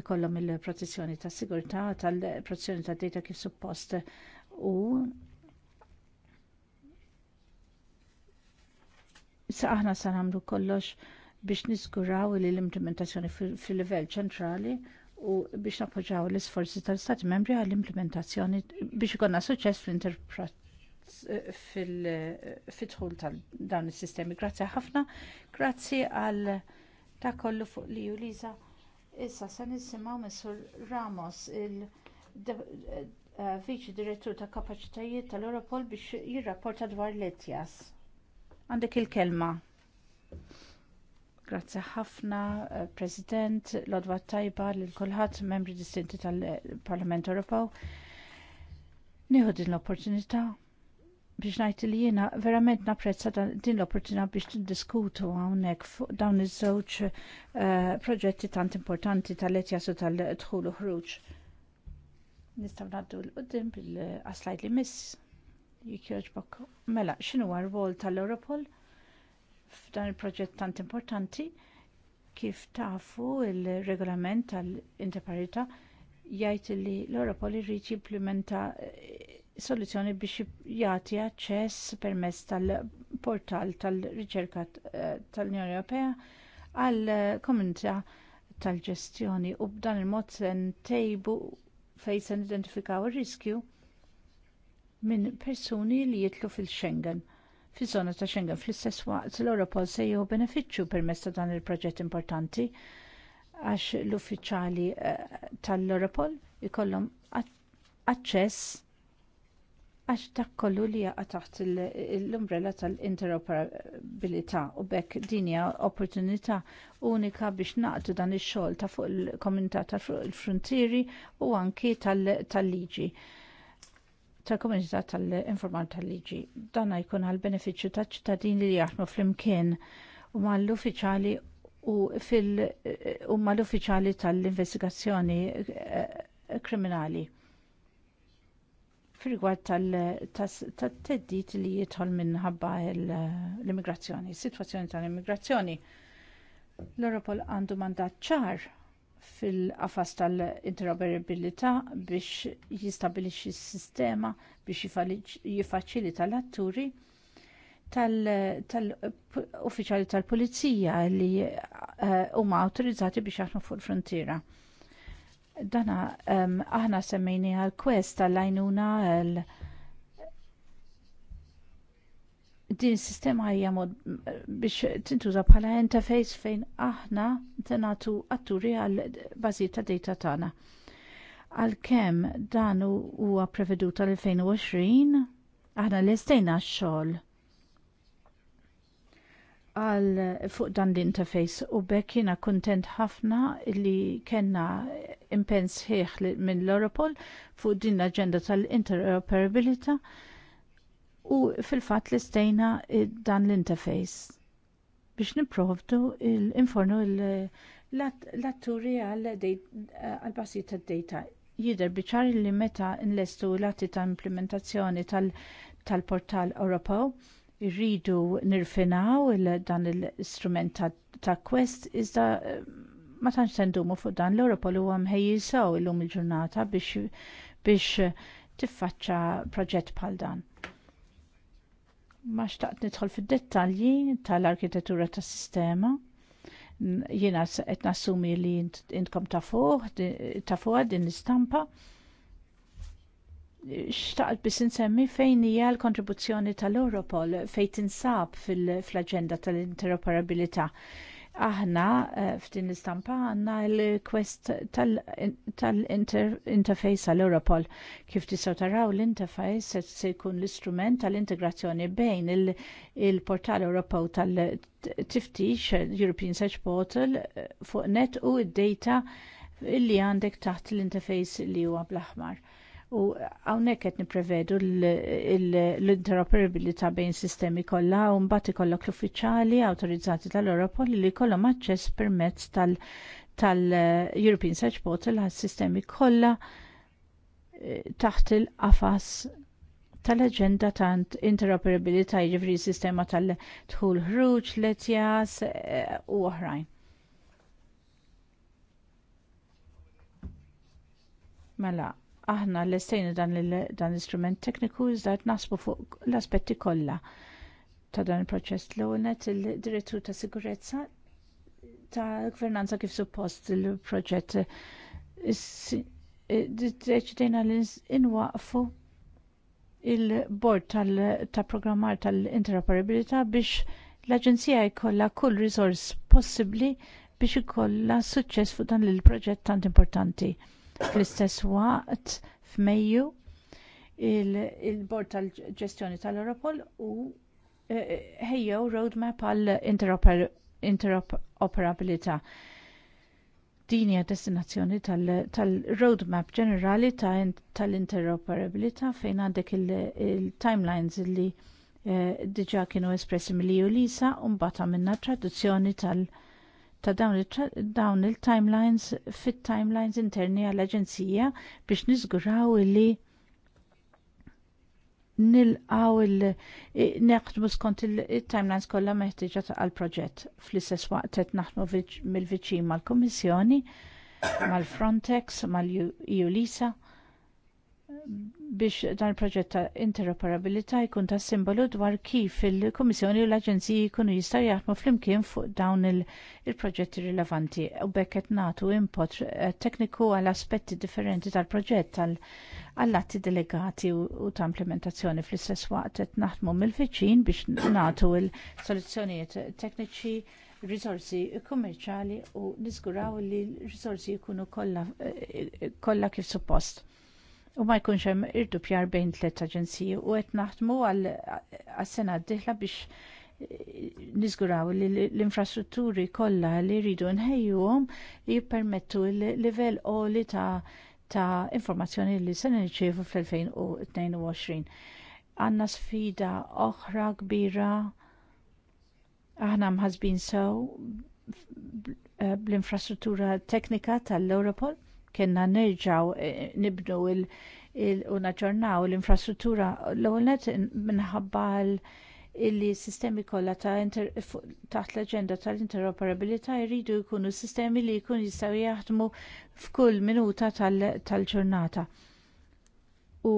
jkollhom il-protezzjoni tas sigurtà tal-protezzjoni tad data kif suppost u sa aħna sa nagħmlu kollox biex niskuraw li l-implementazzjoni fil-livell ċentrali u biex nappoġġaw l-isforzi tal-Stati membri għall-implementazzjoni biex ikonna suċċess fl fil-fitħul tal dawn is-sistemi. Grazzi ħafna, grazzi għal Ta' kollu fuq li Lisa. Issa se nisimgħu Messur Ramos il eh, viċi direttur ta' kapacitajiet tal-Europol biex jirrapporta dwar l-ETIAS. Għandek il-kelma. Grazzi ħafna, eh, President, l-odwa tajba lil kulħadd membri distinti tal-Parlament eh, Ewropew. Nieħu din l-opportunità biex ngħid li jiena verament napprezza din l-opportunità biex tiddiskutu hawnhekk fuq dawn iż-żewġ eh, proġetti tant importanti tal-etjasu tal-dħul u ħruġ. Nistgħu ngħaddu l qudiem bil-qaslajt li miss jogħġbok Mela, x'inhu r-rwol tal-Europol f'dan il-proġett tant importanti kif tafu l regolament tal-interparita jgħid li l-Europol irrid jimplementa eh, soluzzjoni biex jagħti aċċess permezz tal-portal tal-riċerka eh, tal-Unjoni Ewropea għall eh, komunità tal-ġestjoni u b'dan il-mod se ntejbu fejn se nidentifikaw ir-riskju minn persuni li jitlu fil-Schengen fiż-żona ta' Schengen fl-istess waqt l-Europol se jieħu benefiċċju permezz ta' dan il-proġett importanti għax l-uffiċjali eh, tal-Europol ikollhom aċċess għax dak kollu li jaqa taħt l-umbrella tal-interoperabilità u bekk din hija opportunità unika biex naqdu dan ix-xogħol ta' fuq il-komunità tal-frontieri u anki tal-liġi tal-komunità tal-informal tal-liġi. Dan jkun għal benefiċċju taċ ċittadini li jaħdmu flimkien u mal-uffiċjali u fil u mal-uffiċjali tal-investigazzjoni eh, eh, kriminali fil-rigward tal-teddit li jidħol minħabba l-immigrazzjoni, situazzjoni tal-immigrazzjoni. L-Europol għandu mandat ċar fil-qafas tal-interoperabilità biex jistabilixxi s-sistema biex jifaċilita l-atturi tal uffiċali tal-pulizija li eh, huma awtorizzati biex jaħdmu fuq il-frontiera Dana, um, aħna semmejni għal-kwest għall-għajnuna għal din sistema hija mod biex tintuża bħala interface fejn aħna tenatu atturi għal bażi ta' data tagħna. Għalkemm dan huwa prevedut tal-2020, aħna l-estejna x-xogħol għal fuq dan l-interface u bekk jiena kuntent ħafna li kellna impens ħieħ minn l-Europol fuq din l aġenda tal-interoperabilità u fil fatt li stejna dan l-interface biex nipprovdu l infornu l-atturi għal-basit tad-data jider biċar li meta nlestu l-atti ta' implementazzjoni tal-portal Ewropew irridu nirfinaw dan l-istrument ta' quest, iżda eh, ma tantx tendumu fuq dan l-Europol huwa mħejjisaw illum il-ġurnata biex biex eh, tiffaċċa proġett bħal dan. Ma xtaqt nidħol fid-dettalji tal-arkitettura tas-sistema. Jiena qed nassumi li intkom tafuh tafuha din l-istampa xtaqt biss insemmi fejn hija l-kontribuzzjoni tal-Europol fejn tinsab fil-aġenda tal-interoperabilità. Aħna eh, f'din l-istampa għandna l-kwest tal-interface tal-Europol. Kif tistgħu taraw l-interface se jkun l-istrument tal-integrazzjoni bejn il-portal Ewropew tal-tiftix European Search Portal fuq net u d-data illi għandek taħt l-interface li huwa bl-aħmar. U hawnhekk qed nipprevedu l-interoperabilità bejn sistemi kollha u mbagħad ikollok l-uffiċjali awtorizzati tal-Europol li jkollhom aċċess permezz tal-European Search Portal għas-sistemi kollha eh, taħt il-qafas tal-aġenda tant interoperabilità jiġifieri sistema tal tħul ħruġ, letjas eh, u oħrajn. Mela, aħna l dan l-istrument tekniku iżda nasbu fuq l-aspetti kollha ta' dan il-proċess l net il-direttur ta' sigurezza ta' gvernanza kif suppost il-proġett eh, deċidejna li inwaqfu il-bord tal-programmar tal-interoperabilità biex l-Aġenzija jkollha kull riżors possibbli biex ikollha suċċess fuq dan il-proġett tant importanti. Fl-istess waqt f'Mejju il-Bord tal-ġestjoni tal-Europol u eh, eh, ħejjew roadmap għall interoperabilità. Din hija destinazzjoni tal-roadmap ġenerali tal-interoperabilità fejn għandek il-timelines li eh, diġà kienu espressi mill-EU Lisa u mbagħad minna traduzzjoni tal- ta' dawn il-timelines fit-timelines interni għall-Aġenzija biex niżguraw li nilqaw il neqdmu skont il-timelines kollha meħtieġa għall-proġett fl-istess waqt qed naħdmu mill-viċin mal-Kummissjoni mal-Frontex, mal julisa biex dan il-proġett ta' interoperabilità jkun ta' simbolu dwar kif il-Kummissjoni u l-Aġenziji jkunu jistgħu jaħdmu flimkien fuq dawn il-proġetti rilevanti u b'hekk qed nagħtu input eh, tekniku għal aspetti differenti tal-proġett għall-atti delegati u ta' implementazzjoni fl-istess waqt qed naħdmu mill-viċin biex nagħtu l-soluzzjonijiet tekniċi risorsi kummerċali u niżguraw li l-risorsi jkunu kollha eh, kif suppost u ma jkunx hemm pjar bejn tliet aġenziji u qed naħdmu għas-sena d-dieħla biex eh, niżguraw li l-infrastrutturi kollha li jridu nħejjuhom jippermettu l-livell qoli ta' ta' informazzjoni li se nirċievu fl-2022. Għanna sfida oħra kbira aħna mħasbin sew eh, bl-infrastruttura teknika tal-Europol kena nerġaw eh, nibnu il-unaġġornaw l-infrastruttura l-għonet minħabba l- illi sistemi kollha ta' taħt l-aġenda tal-interoperabilità jridu jkunu sistemi li jkunu jistgħu jaħdmu f'kull minuta tal-ġurnata. U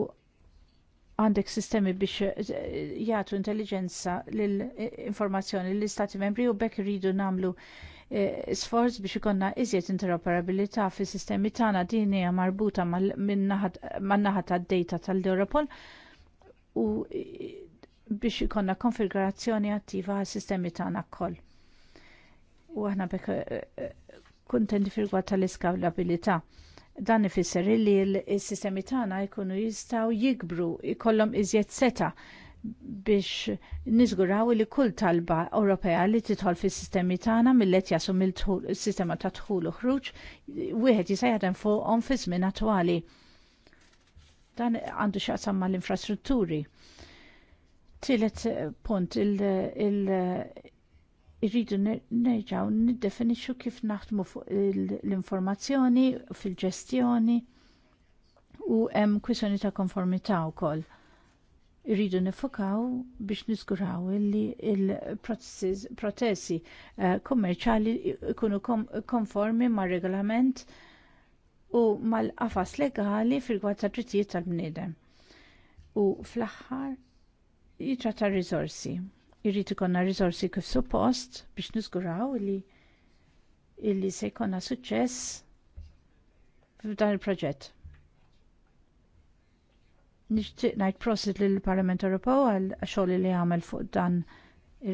għandek sistemi biex eh, jagħtu intelligenza lill eh, informazzjoni l-istati membri u bekk iridu nagħmlu Eh, sforz biex ikonna iżjed interoperabilità fis sistemi tagħna din hija marbuta man-naħa tad-data tal-Europol u eh, biex ikonna konfigurazzjoni attiva għas sistemi tagħna wkoll. U aħna bekk eh, kuntenti firgwa tal iskalabilità dan ifisser li s-sistemi tagħna jkunu jistgħu jikbru jkollhom iżjed seta' biex niżguraw li kull talba Ewropea li titħol fis sistemi tagħna millet jasum il-sistema ta' dħul u ħruġ wieħed jista' jaħdem fuqhom fi żmien attwali. Dan għandu x'jaqsam mal-infrastrutturi. Tielet eh, punt il- irridu nerġaw niddefinixxu kif naħdmu fuq l-informazzjoni fil-ġestjoni u hemm kwissjoni ta' konformità wkoll irridu nifokaw biex niskuraw li il-protessi eh, kommerċali ikunu konformi mar regolament u mal-qafas legali fil-gwad ta' drittijiet tal-bniedem. U fl-aħħar jitrata risorsi. Irrid ikonna risorsi kif suppost biex niskuraw li illi se jkollna suċċess f'dan il-proġett Nixtieq ngħid prosit lill parlament Ewropew għal xogħol li għamel fuq dan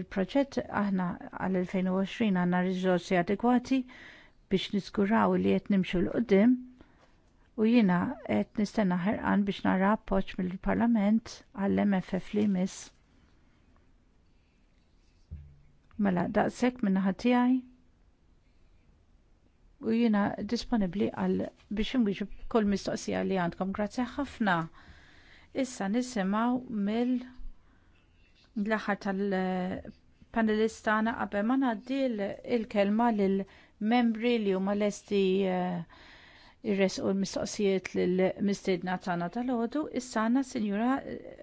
il-proġett aħna għal 2020 għandna riżorsi adekwati biex niskuraw li qed nimxu l qudiem u jiena qed nistenna ħerqan biex nara appoġġ mill-Parlament għall MFF li miss. Mela daqshekk minn naħa tiegħi u jiena disponibbli għal biex inwieġeb kol mistoqsija li għandkom. Grazzi ħafna. Issa nisimgħu mill l-aħħar tal panelistana għana qabel ma ngħaddi il-kelma lill membri li huma lesti eh, irres u l-mistoqsijiet l-mistedna tagħna tal-ħodu, issa għandna sinjura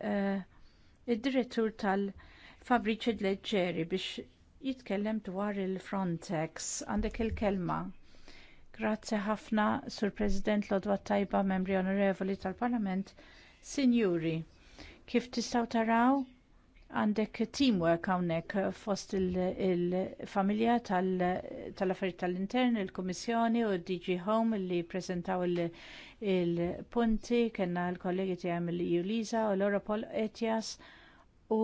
eh, id-direttur tal-Fabriċi Leġġeri biex jitkellem dwar il-Frontex. Għandek il-kelma. Grazzi ħafna, Sur President Lodwa Tajba, membri onorevoli tal-Parlament. Sinjuri, kif tistgħu taraw? Għandek teamwork hawnhekk fost il-familja il tal-affarijiet tal tal-intern, il-Kummissjoni u DG Home li ppreżentaw il-punti, il kellna l-kollegi tiegħi il-Julisa u l Pol Etjas u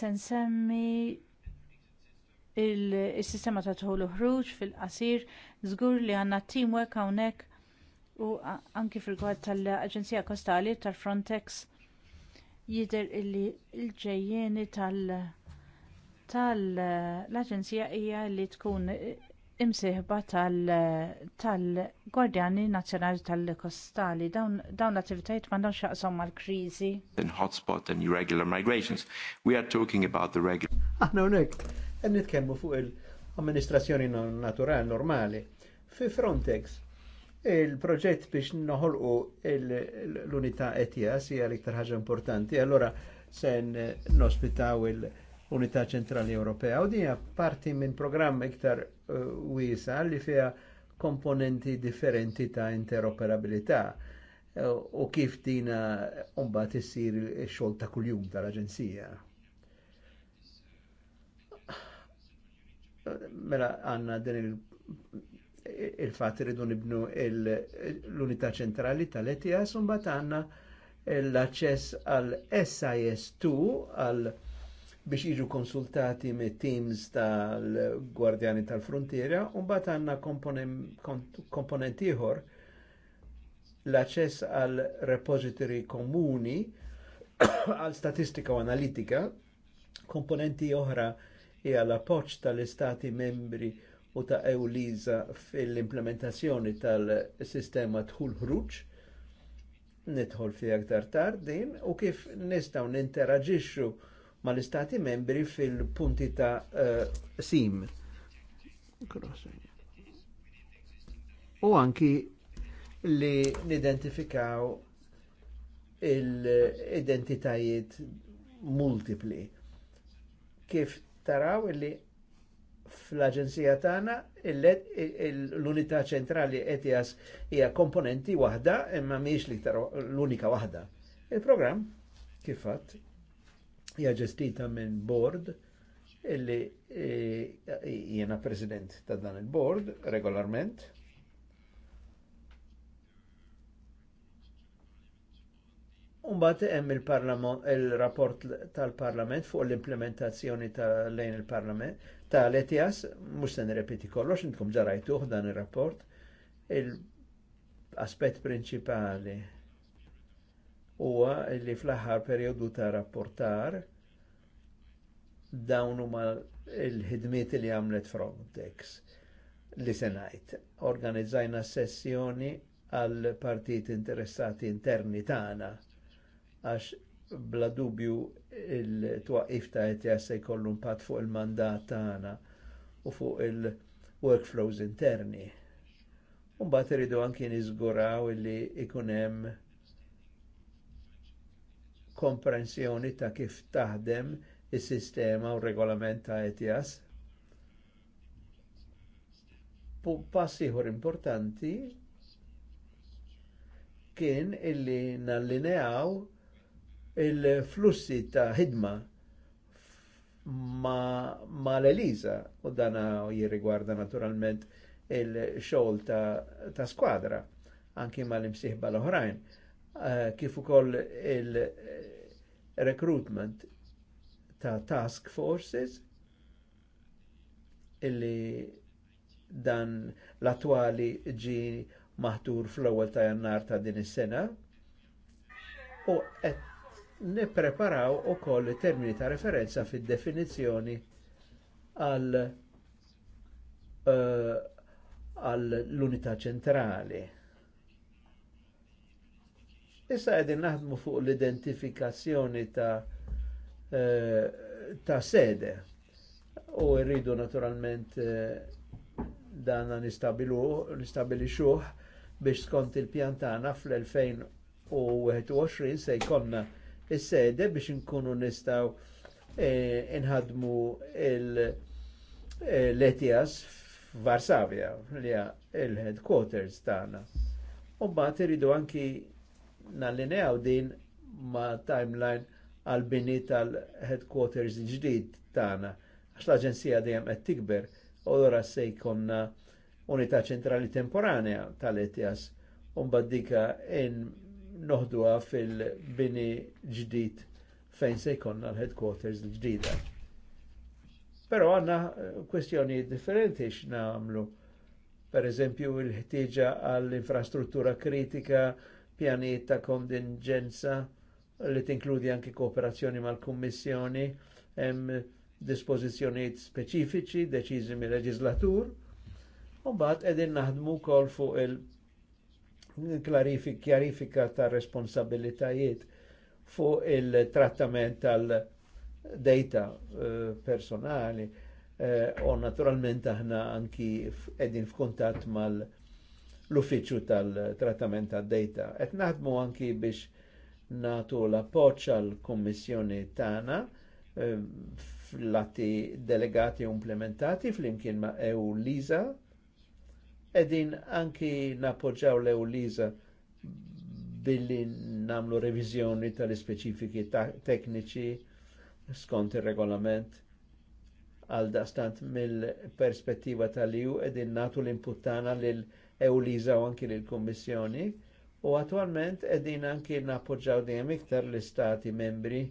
sensemmi il-sistema ta' tħol ħruġ fil-qasir, żgur li għandna teamwork hawnhekk u anki fil-gwad tal-Aġenzija Kostali tal-Frontex jidher illi l-ġejjeni tal-Aġenzija hija li tkun imsieħba tal-Gwardjani Nazzjonali tal-Kostali. Dawn l-attivitajiet m'għandhomx xaqsom mal-kriżi. In hotspot and irregular migrations. We are talking about the regular. Aħna hawnhekk qed nitkellmu fuq il-amministrazzjoni naturali normali. Fi Frontex il-proġett biex noħolqu l-unità ETIAS hija l-iktar ħaġa importanti. Allora sen nospitaw il-Unità Ċentrali Ewropea u dinja parti minn programm iktar eh, wiesa li fija komponenti differenti ta' interoperabilità uh, u kif dina umba umbat il-xol ta' kuljum tal-Aġenzija. Eh, mela għanna din il il-fat ridu nibnu l-unità ċentrali tal-ETIAS un għandna l-aċċess għal SIS2 għal biex jiġu konsultati me teams tal-Gwardjani tal-Frontiera un għandna komponent ieħor l-aċċess għal repository komuni għal statistika u analitika komponenti oħra hija e l-appoġġ tal-istati membri u ta' Ewliza fil-implementazzjoni tal-sistema tħul ħruġ nidħol fi aktar tard din u kif nistgħu ninteraġixxu mal-istati membri fil-punti ta' uh, sim. U anki li nidentifikaw il-identitajiet multipli. Kif taraw li fl-Aġenzija tagħna l-Unità Ċentrali ETIAS hija komponenti waħda imma mhijiex l-iktar l-unika waħda. Il-programm kif fatt hija ġestita minn board illi e, jiena president ta' dan il-board regolarment. Umbat hemm il-rapport il rapport tal parlament fuq l-implementazzjoni tal-lejn il-Parlament tal-ETIAS, mux se nirrepeti kollox, intkom ġarajtuħ dan il-rapport, il-aspet principali huwa li fl-aħħar periodu ta' rapportar dawn huma il-ħidmiet li għamlet Frontex li senajt. Organizzajna sessjoni għal partit interessati interni tagħna għax bla dubju il-twaqif ta' ETS se jkollu impatt fuq il-mandat tagħna u fuq il-workflows interni. Mbagħad iridu anki niżguraw illi ikun hemm komprensjoni ta' kif taħdem is-sistema u regolament ta' ETS. Pass ieħor importanti kien illi nallineaw il-flussi ta' ħidma ma, ma l-Eliza u dana jirrigwarda naturalment il-xogħol ta', ta skwadra anki ma l-imsiħba l-oħrajn uh, kif ukoll il-recruitment ta' task forces illi dan l attuali ġi maħtur fl-ewwel ta' jannar ta' din is-sena u qed nippreparaw ukoll termini ta' referenza fid-definizzjoni għal eh, għal l-unità ċentrali. Issa għedin naħdmu fuq l-identifikazzjoni ta' eh, ta' sede u rridu naturalment eh, dan nistabilixuh biex skont il-pjantana fl-2021 se jkonna is-sede biex inkunu nistaw eh, inħadmu eh, l-ETIAS f'Varsavia li hija il-headquarters tagħna. U mbagħad iridu anki nallinew din ma' timeline għal bini tal-headquarters ġdid tagħna għax l-Aġenzija dejjem qed tikber u allura se jkollna unità ċentrali temporanea tal-ETIAS un baddika in noħduha fil-bini ġdid fejn se jkollna l-headquarters l-ġdida. Però għanna eh, kwestjoni differenti x'namlu. Per eżempju, il-ħtieġa għall-infrastruttura kritika, pjanijiet ta' kontingenza li tinkludi anki kooperazzjoni mal-Kummissjoni, hemm dispożizzjonijiet speċifiċi deċiżi mill-Leġislatur, u bat edin naħdmu kol fuq il- kjarifika ta' responsabilitajiet fuq il-trattament tal-data eh, personali u eh, naturalment aħna anki edin f'kuntatt mal l uffiċu tal-trattament tad-data. Et naħdmu anki biex natu l-appoġġ għall kommissjoni Tana eh, fl delegati u implementati fl-imkien ma' EU Lisa edin anki napoġġaw l liza billi namlu revizjoni tal-speċifiki tekniċi skont il-regolament għal dastant mill-perspettiva tal-ju edin natu l-imputtana l-Ewliza u anki l-Kommissjoni u attualment edin anki napoġaw dijem iktar l-istati membri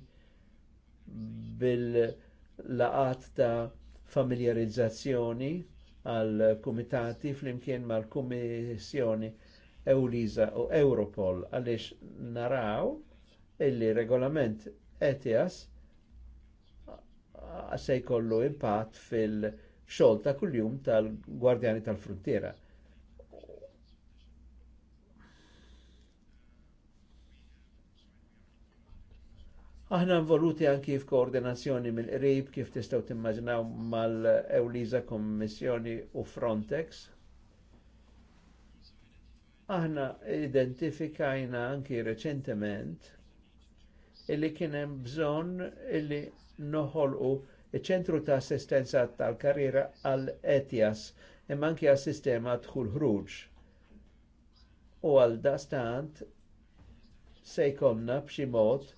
bil-laqat ta' familjarizzazzjoni għal-Kumitati flimkien mal-Kummissjoni Eulisa u Europol għaliex naraw illi regolament ETIAS se jkollu impatt fil-xogħol ta' kuljum tal-Gwardjani tal-Frontiera. Aħna involuti anki f'koordinazzjoni mill-qrib kif tistgħu timmaġinaw mal-Ewliza Kommissjoni u Frontex. Aħna identifikajna anki reċentement illi kien hemm bżonn illi noħolqu iċ-ċentru ta' assistenza tal-karriera għal etjas imma anki għas sistema dħul ħruġ. U għal dastant se jkollna b'xi mod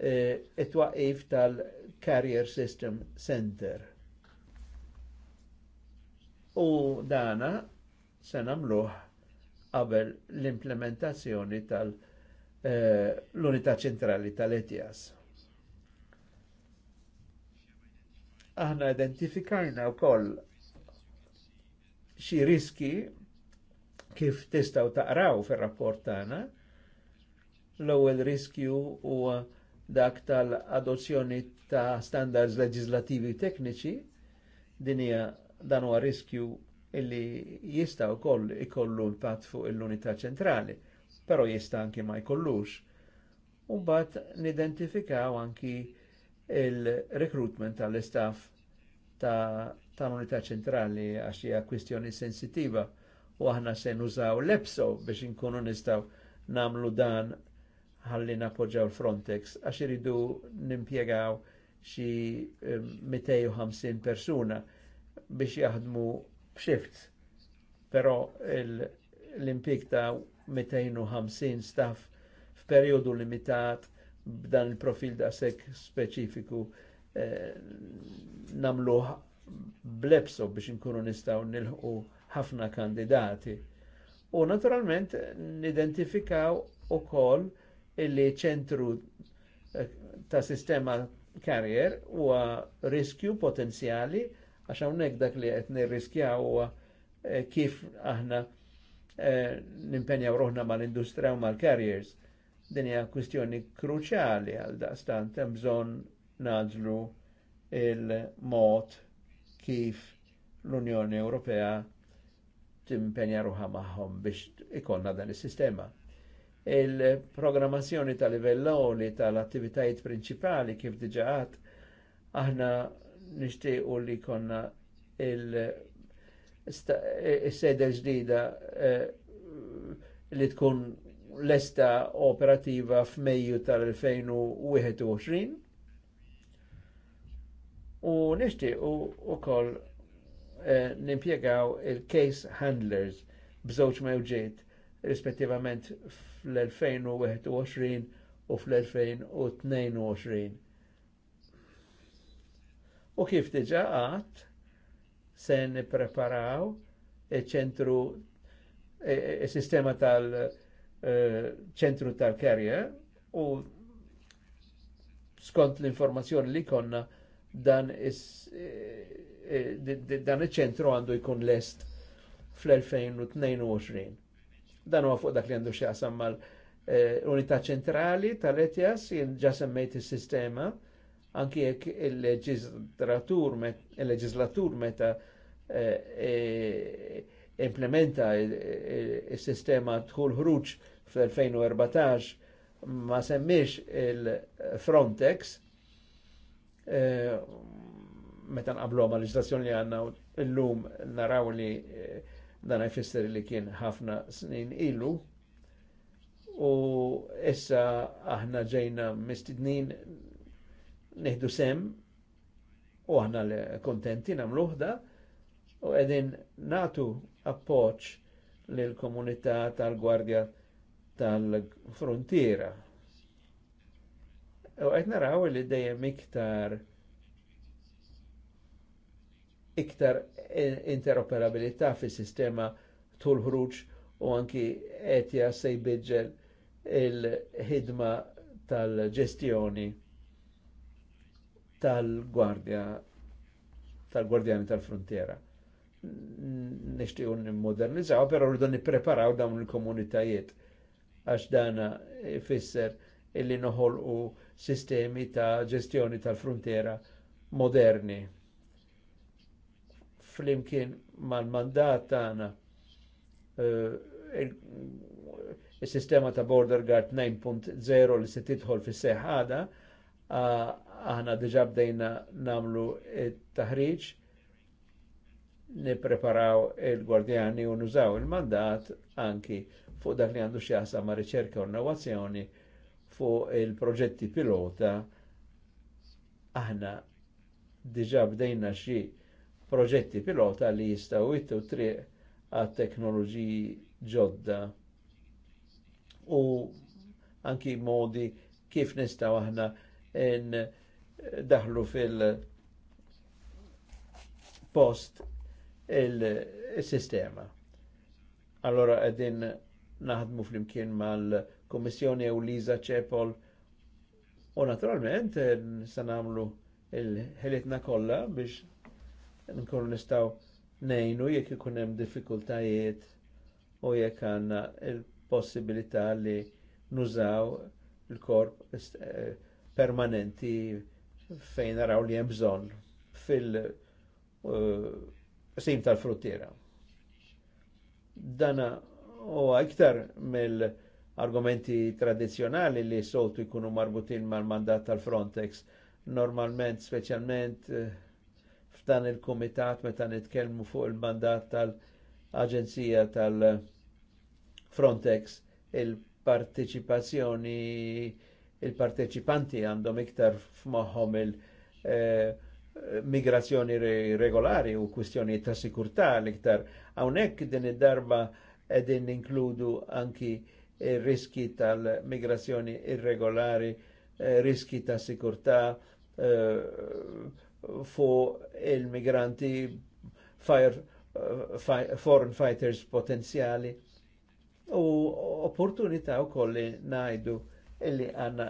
Eh, it-twaqif tal-Carrier System Center. U dana se qabel l-implementazzjoni tal-Unità eh, Ċentrali tal-ETIAS. Aħna identifikajna wkoll xi riski kif tistgħu taqraw fir-rapport tagħna. L-ewwel riskju huwa uh, dak tal-adozzjoni ta' standards leġislativi tekniċi, din hija dan huwa riskju illi jista' wkoll ikollu impatt fuq l-unità ċentrali, però jista' anki ma jkollux. U mbagħad nidentifikaw anki il-recruitment tal-istaff ta' tal-unità ċentrali għax hija kwistjoni sensittiva u aħna se nużaw l-EPSO biex inkunu nistgħu namlu dan ħalli napoġġaw l-Frontex għax iridu nimpjegaw xi 250 eh, persuna biex jaħdmu b'xift. Però l-impjeg ta' 250 staff f'perjodu limitat b'dan il-profil da' sekk speċifiku eh, blebso biex nkunu nistaw nilħu ħafna kandidati. U naturalment nidentifikaw u koll illi ċentru eh, ta' sistema carrier huwa riskju potenzjali għax hawnhekk dak li qed nirriskjaw huwa eh, kif aħna eh, nimpenjaw roħna mal-industrija u mal-carriers. Din hija kwistjoni kruċjali għal daqstant hemm bżonn naġlu il-mod kif l-Unjoni Ewropea timpenja ruħa magħhom biex ikollna dan is-sistema il-programmazzjoni tal livelloni tal-attivitajiet principali kif diġaħat aħna nishtiqu li konna il-sede eh, ġdida eh, li tkun l-esta operativa f'Mejju tal-2021 u nishtiqu u koll eh, nimpiegaw il-case handlers bżoċ mewġiet rispettivament fl-2021 u fl-2022. U kif diġa għat, se preparaw il-ċentru, eh, il-sistema tal-ċentru eh, tal-karrier u skont l-informazzjoni li konna dan eh, il-ċentru għandu jkun lest fl-2022. Dan huwa fuq dak li għandu xjaqsam mal-unità eh, ċentrali tal-ETIAS, ġa semmejt il sistema anki jekk eh, e-, il leġizlatur meta implementa il-sistema tħul ħruġ fl-2014 ma semmix il-Frontex, eh, meta nqablu ma' leġislazzjoni li għanna l-lum naraw li dan jfisser li kien ħafna snin ilu u issa aħna ġejna mistidnin neħdu sem u aħna kontenti namluħda u edin natu appoċ l-komunità tal-gwardja tal-frontiera. U għet naraw li dejjem iktar iktar interoperabilità fis sistema tul ħruġ u anki etja se bidġel il-ħidma tal-ġestjoni tal-gwardja tal-gwardjani tal-frontiera. Nishtiju n-modernizzaw, pero rridu nipreparaw dawn il-komunitajiet għax dana fisser illi noħol u sistemi ta' ġestjoni tal-frontiera moderni. Flimkien mal-mandat tagħna eh, il-sistema ta' Border Guard 9.0 li se tidħol fis seħħada aħna diġa bdejna namlu it-taħriġ nipreparaw il-gwardjani u nużaw il-mandat anki fuq dak li għandu xjasa ma' riċerka u innovazzjoni fuq il-proġetti pilota aħna diġa bdejna xie proġetti pilota li jistaw jittu triq għat teknoloġiji ġodda u anki modi kif nistaw aħna in daħlu fil-post il-sistema. Allora għedin naħdmu fl-imkien mal-Komissjoni u Liza ċepol u naturalment eh, sanamlu il-ħelitna kolla biex nkunu nistaw nejnu jekk ikun hemm diffikultajiet u jekk għandna l possibilità li nużaw il-korp eh, permanenti fejn naraw li hemm bżonn fil-sim eh, tal-fruttiera. Dana u iktar mill-argumenti tradizjonali li soltu jkunu marbutin mal-mandat tal-Frontex, normalment, speċjalment eh, dan il komitat meta nitkellmu fuq il-mandat tal-Aġenzija tal-Frontex il-partiċipazzjoni il-parteċipanti għandhom iktar f'moħħom il-migrazzjoni eh, regolari u kwistjoni ta' sikurtà l-iktar. Hawnhekk din id-darba qegħdin inkludu anki riski tal-migrazzjoni irregolari, eh, riski ta' sikurtà, eh, fuq il-migranti fire, uh, fire, foreign fighters potenziali u opportunità u kolli najdu illi għanna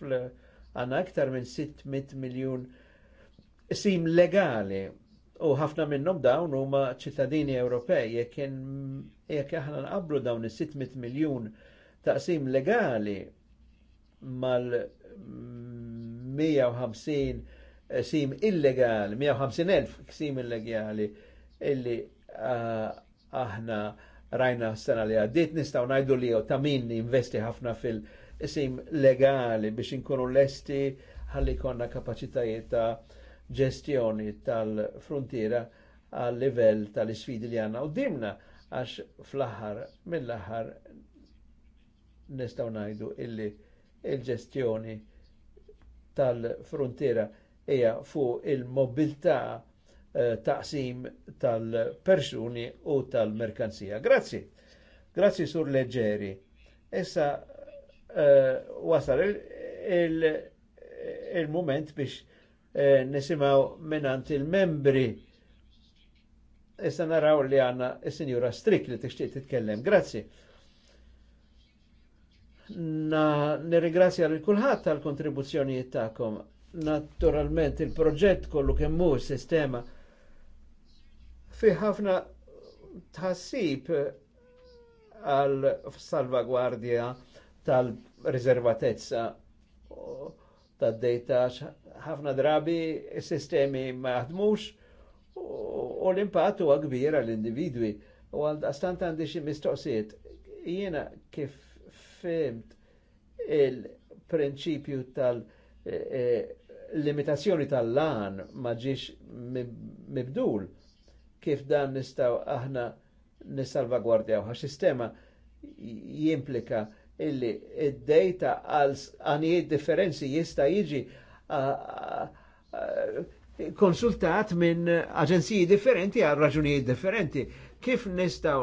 għanna aktar minn 600 miljon sim legali u ħafna minnhom dawn huma ċittadini Ewropej jek aħna nqablu dawn is-600 miljun taqsim legali mal 150 sim illegali, 150.000 ksim illegali illi aħna rajna s-sena li għaddit nistaw najdu li ta' min investi ħafna fil-sim legali biex inkunu lesti ħalli konna kapacitajiet ta' ġestjoni tal-frontiera għal livell tal-isfidi li għanna u dimna għax fl-aħħar mill-aħħar nistaw najdu illi il-ġestjoni il ġestjoni tal-frontiera hija fuq il-mobilità eh, taqsim tal-persuni u tal-merkanzija. Grazzi. Grazzi sur leġeri. Issa uh, wasal il-moment il il biex uh, nisimaw minant il-membri. Issa naraw li għanna il-Sinjura Strik li t-ixtiq titkellem. Grazzi. Na nirringrazzja lil kulħadd tal-kontribuzzjonijiet tagħkom. Naturalment il-proġett kollu kemm mhu sistema fi ħafna tħassib għal salvagwardja tal-riservatezza tad-dejta ħafna drabi sistemi ma jaħdmux u l-impatt huwa kbir għall individwi u għal għandi xi mistoqsijiet. Jiena kif fimt il-prinċipju tal-limitazzjoni eh, eh, tal-lan ma ġiex mibdul kif dan nistaw aħna nissalvagwardjaw għax sistema jimplika illi id-data għal għanijiet differenzi jista jiġi konsultat minn aġenziji differenti għal raġunijiet differenti. Kif nistaw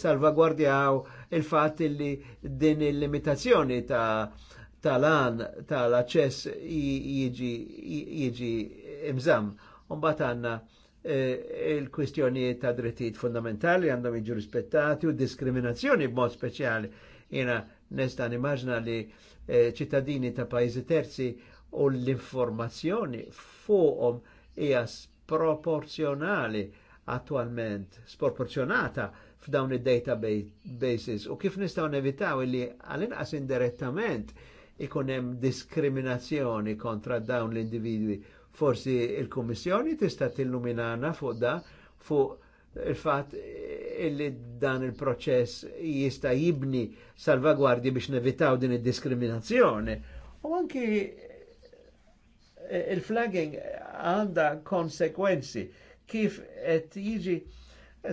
salvagwardjaw il-fat li din il-limitazzjoni ta' tal-an tal-aċess jieġi imżam. Umbat għanna eh, il-kwistjonijiet ta' drittijiet fundamentali għandhom jiġu rispettati u diskriminazzjoni b'mod speċjali. Jena nesta' nimmaġna li eh, ċittadini ta' pajjiżi terzi u l-informazzjoni fuqhom hija proporzjonali attualment sproporzjonata f'dawn id-databases u kif nistgħu nevitaw li għal-inqas indirettament ikun hemm diskriminazzjoni kontra dawn l-individwi. Forsi il-Kummissjoni tista' tilluminana fuq da fuq il-fatt illi dan il-proċess jista' jibni salvagwardji biex nevitaw din id-diskriminazzjoni. U anki eh, il-flagging għanda konsekwenzi kif qed jiġi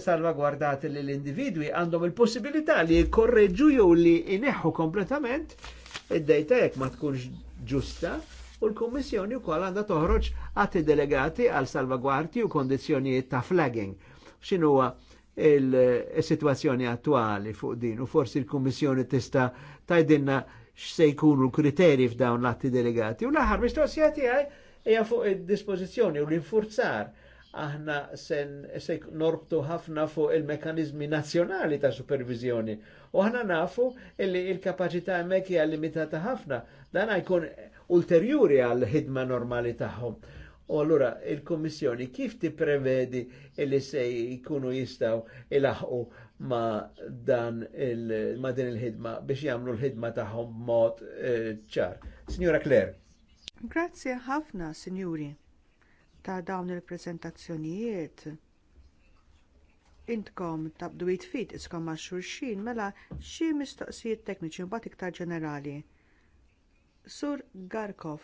salvagwardati li l-individwi għandhom il-possibilità li jkorreġu jew li ineħħu kompletament id-dejta jekk ma tkunx ġusta u l-Kummissjoni wkoll għandha toħroġ għati delegati għal salvagwardi u kondizzjonijiet ta' flagging. X'inhuwa il-sitwazzjoni attuali fuq din u forsi l-Kummissjoni tista' tajdinna x'se jkunu l-kriteri f'dawn l-atti delegati. U l-aħħar mistoqsija tiegħi hija fuq id-dispożizzjoni u l-infurzar aħna sen se norbtu ħafna fuq il-mekanizmi nazzjonali ta' supervizjoni. U aħna nafu illi il-kapacità hemmhekk hija limitata ħafna. Dan jkun ulterjuri għal ħidma normali tagħhom. U allura il-Kommissjoni kif tipprevedi illi se jkunu jistaw ilaħqu ma dan il ma din il-ħidma biex jagħmlu l-ħidma tagħhom mod eh, ċar. Signora Claire. Grazie ħafna, Signori ta' dawn il-prezentazzjonijiet intkom tabdu jitfit iskom ma' xulxin mela xi mistoqsijiet tekniċi mbagħad iktar ġenerali. Sur Garkov,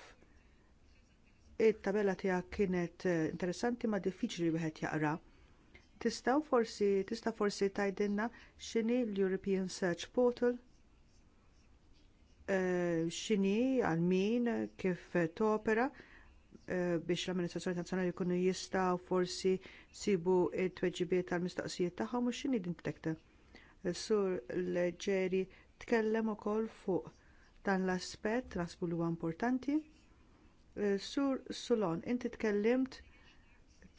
it-tabella tiegħek kienet eh, interessanti ma' diffiċli wieħed jaqra. Tistgħu forsi tista' forsi tgħidilna x'inhi l-European Search Portal? Eh, x'inhi għal min kif topera? Eh, biex l-amministrazzjoni nazzjonali jkunu jista' forsi sibu t tweġibiet tal-mistoqsijiet tagħhom u x'inhi din tekta. Sur Leġeri tkellem ukoll fuq dan l-aspett naħsbu li huwa importanti. Eh, sur Sulon, inti tkellimt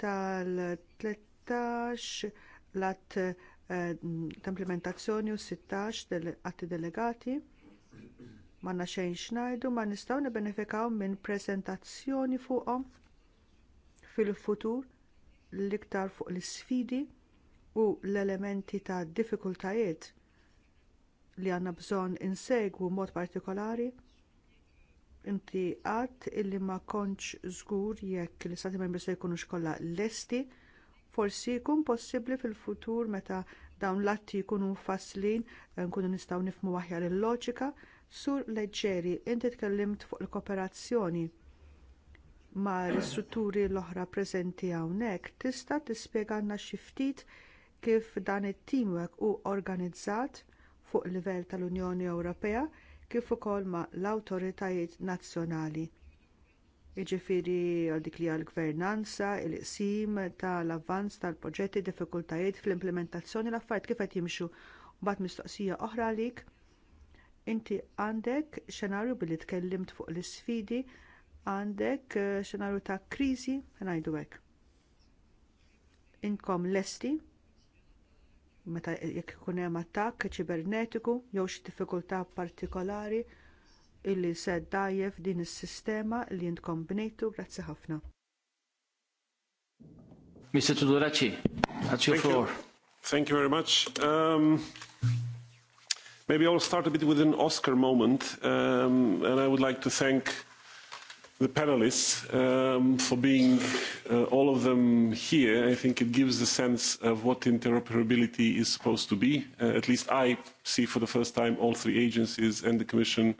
tal-13 l-att eh, mm, ta' implementazzjoni u 16 għatti delegati Manna xejn xnajdu ma nistgħu nibenefikaw minn prezentazzjoni fuqhom fil-futur l-iktar fuq l isfidi u l-elementi ta' diffikultajiet li għandna bżonn insegwu mod partikolari inti għadt illi ma kontx żgur jekk l-istati membri se jkunux kollha lesti, forsi jkun possibbli fil-futur meta dawn l-atti jkunu mfasslin nkunu nistgħu nifhmu aħjar il-loġika Sur Leġġeri, inti tkellimt fuq il-kooperazzjoni ma' l-istrutturi l-oħra preżenti hawnhekk, tista' tispjegana xi ftit kif dan it-teamwork hu organizzat fuq livell tal-Unjoni Ewropea kif ukoll ma' l-awtoritajiet nazzjonali. Jiġifieri għal dik li għall-gvernanza, il-qsim tal-avvanz tal-proġetti, diffikultajiet fl-implementazzjoni l-affarijiet kif qed jimxu. Mbagħad mistoqsija oħra għalik Inti għandek xenarju billi tkellimt fuq l isfidi għandek eh, xenarju ta' krizi, għanajdu għek. Inkom lesti, meta jekk kunem attak ċibernetiku jew xi diffikultà partikolari illi se dajjef din is-sistema li jintkom bnejtu grazzi ħafna. Mr. Tudoraci, that's your Thank floor. You. Thank you very much. Um... Maybe I'll start a bit with an Oscar moment, um, and I would like to thank the panelists um, for being uh, all of them here. I think it gives a sense of what interoperability is supposed to be. Uh, at least I see for the first time all three agencies and the Commission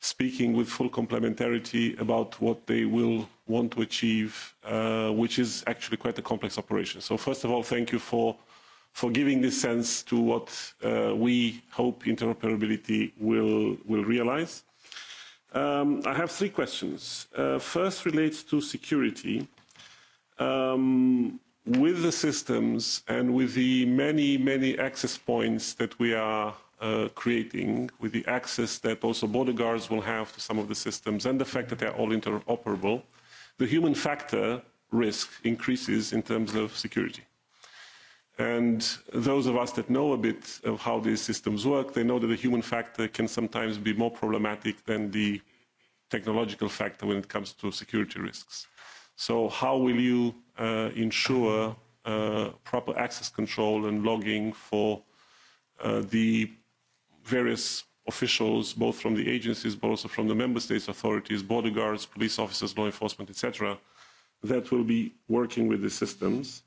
speaking with full complementarity about what they will want to achieve, uh, which is actually quite a complex operation. So first of all, thank you for for giving this sense to what uh, we hope interoperability will, will realize. Um, I have three questions. Uh, first relates to security. Um, with the systems and with the many, many access points that we are uh, creating, with the access that also border guards will have to some of the systems and the fact that they are all interoperable, the human factor risk increases in terms of security. And those of us that know a bit of how these systems work, they know that the human factor can sometimes be more problematic than the technological factor when it comes to security risks. So how will you uh, ensure uh, proper access control and logging for uh, the various officials, both from the agencies, but also from the member states' authorities, border guards, police officers, law enforcement, etc., that will be working with the systems?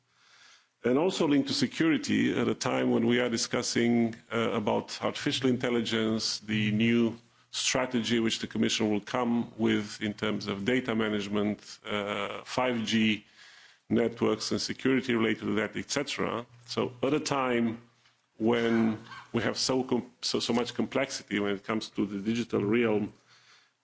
and also linked to security at a time when we are discussing uh, about artificial intelligence, the new strategy which the Commission will come with in terms of data management, uh, 5G networks and security related to that, etc. So at a time when we have so, com so, so much complexity when it comes to the digital realm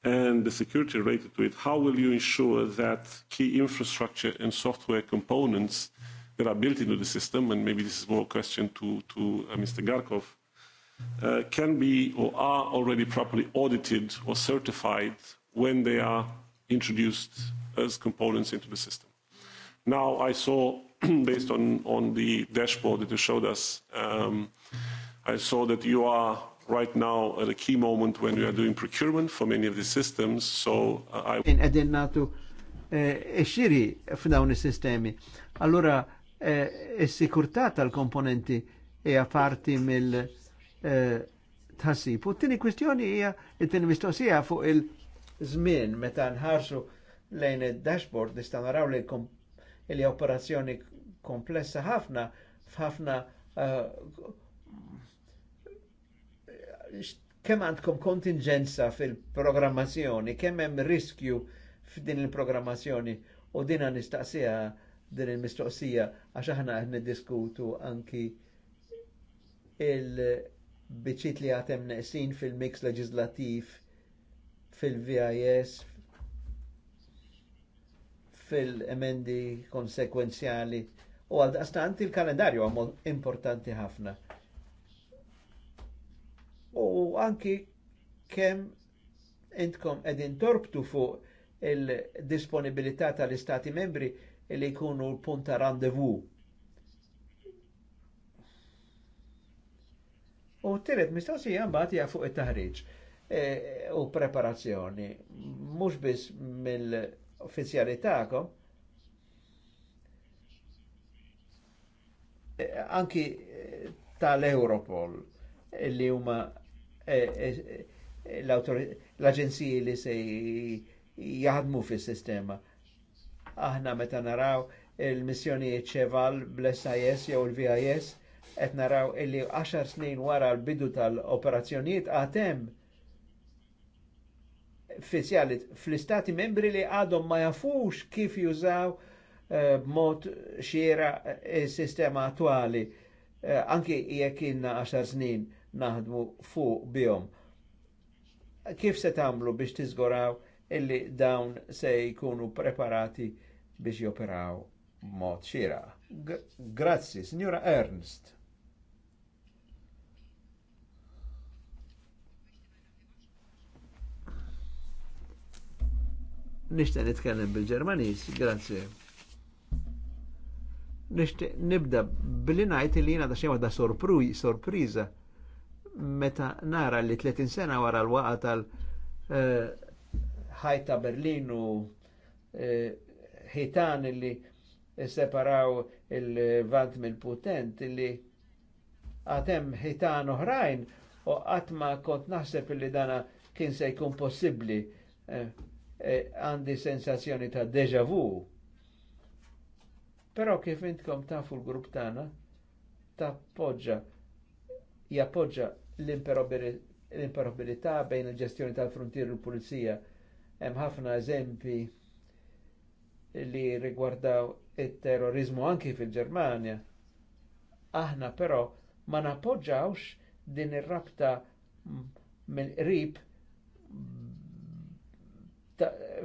and the security related to it, how will you ensure that key infrastructure and software components that are built into the system, and maybe this is more a question to, to uh, Mr. Garkov, uh, can be or are already properly audited or certified when they are introduced as components into the system. Now, I saw, based on, on the dashboard that you showed us, um, I saw that you are right now at a key moment when we are doing procurement for many of the systems, so uh, I... In eh, e f'dawn is-sistemi. Allura Eh, is-sikurtà tal-komponenti hija parti mill- eh, tħassib. U t-tini kwistjoni hija, t-tini mistoqsija fuq il-żmien meta nħarsu lejn id-dashboard nista' naraw li li operazzjoni komplessa ħafna f'ħafna eh, kemm għandkom kontingenza fil-programmazzjoni, kemm hemm riskju f'din il-programmazzjoni u dina nistaqsija din il-mistoqsija għax aħna qed niddiskutu anki il-biċit li għatem neqsin fil-mix leġislattiv fil-VIS fil-emendi konsekwenzjali u għal il-kalendarju għamu importanti ħafna. U anki kem intkom edin torbtu fuq il-disponibilità tal-istati membri li jkunu l punta randevu. U t-tiret mistoqsija mbagħad hija fuq it-taħriġ eh, u preparazzjoni, mux bis mill offizjalitako eh, anki eh, tal-Europol li huma l agenziji li se jgħadmu fil sistema Aħna meta naraw il-missjonijiet ċeval bl-SIS jew il-VIS qed naraw illi 10 snin wara l-bidu tal-operazzjonijiet għatem fissjalit fl-istati membri li għadhom ma jafux kif jużaw eh, b'mod xiera s-sistema attuali eh, anki jekk inna 10 snin naħdmu fuq bihom. Kif se tagħmlu biex tiżgoraw illi dawn se jkunu preparati biex joperaw mod xira. Grazzi, signora Ernst. Nishtan nitkellem bil-Ġermanis, grazzi. Nishtan nibda billi najt li jina da xie da sorpriza meta nara li 30 sena wara l-waqa tal- eh, ħajta Berlinu eh, ħitan illi separaw il-vant mill-putent illi għatem ħitan oħrajn u għatma kont naħseb illi dana kien se jkun possibli għandi eh, eh, sensazzjoni ta' deja vu. Pero kif intkom fu l-grupp tana, ta' poġġa, jappoġġa l imperobilità bejn il-ġestjoni tal-frontier u l-pulizija. Hemm ħafna eżempi li rigwardaw il-terrorizmu anki fil-Germania. Aħna però ma napoġġawx din ir-rabta mill-qrib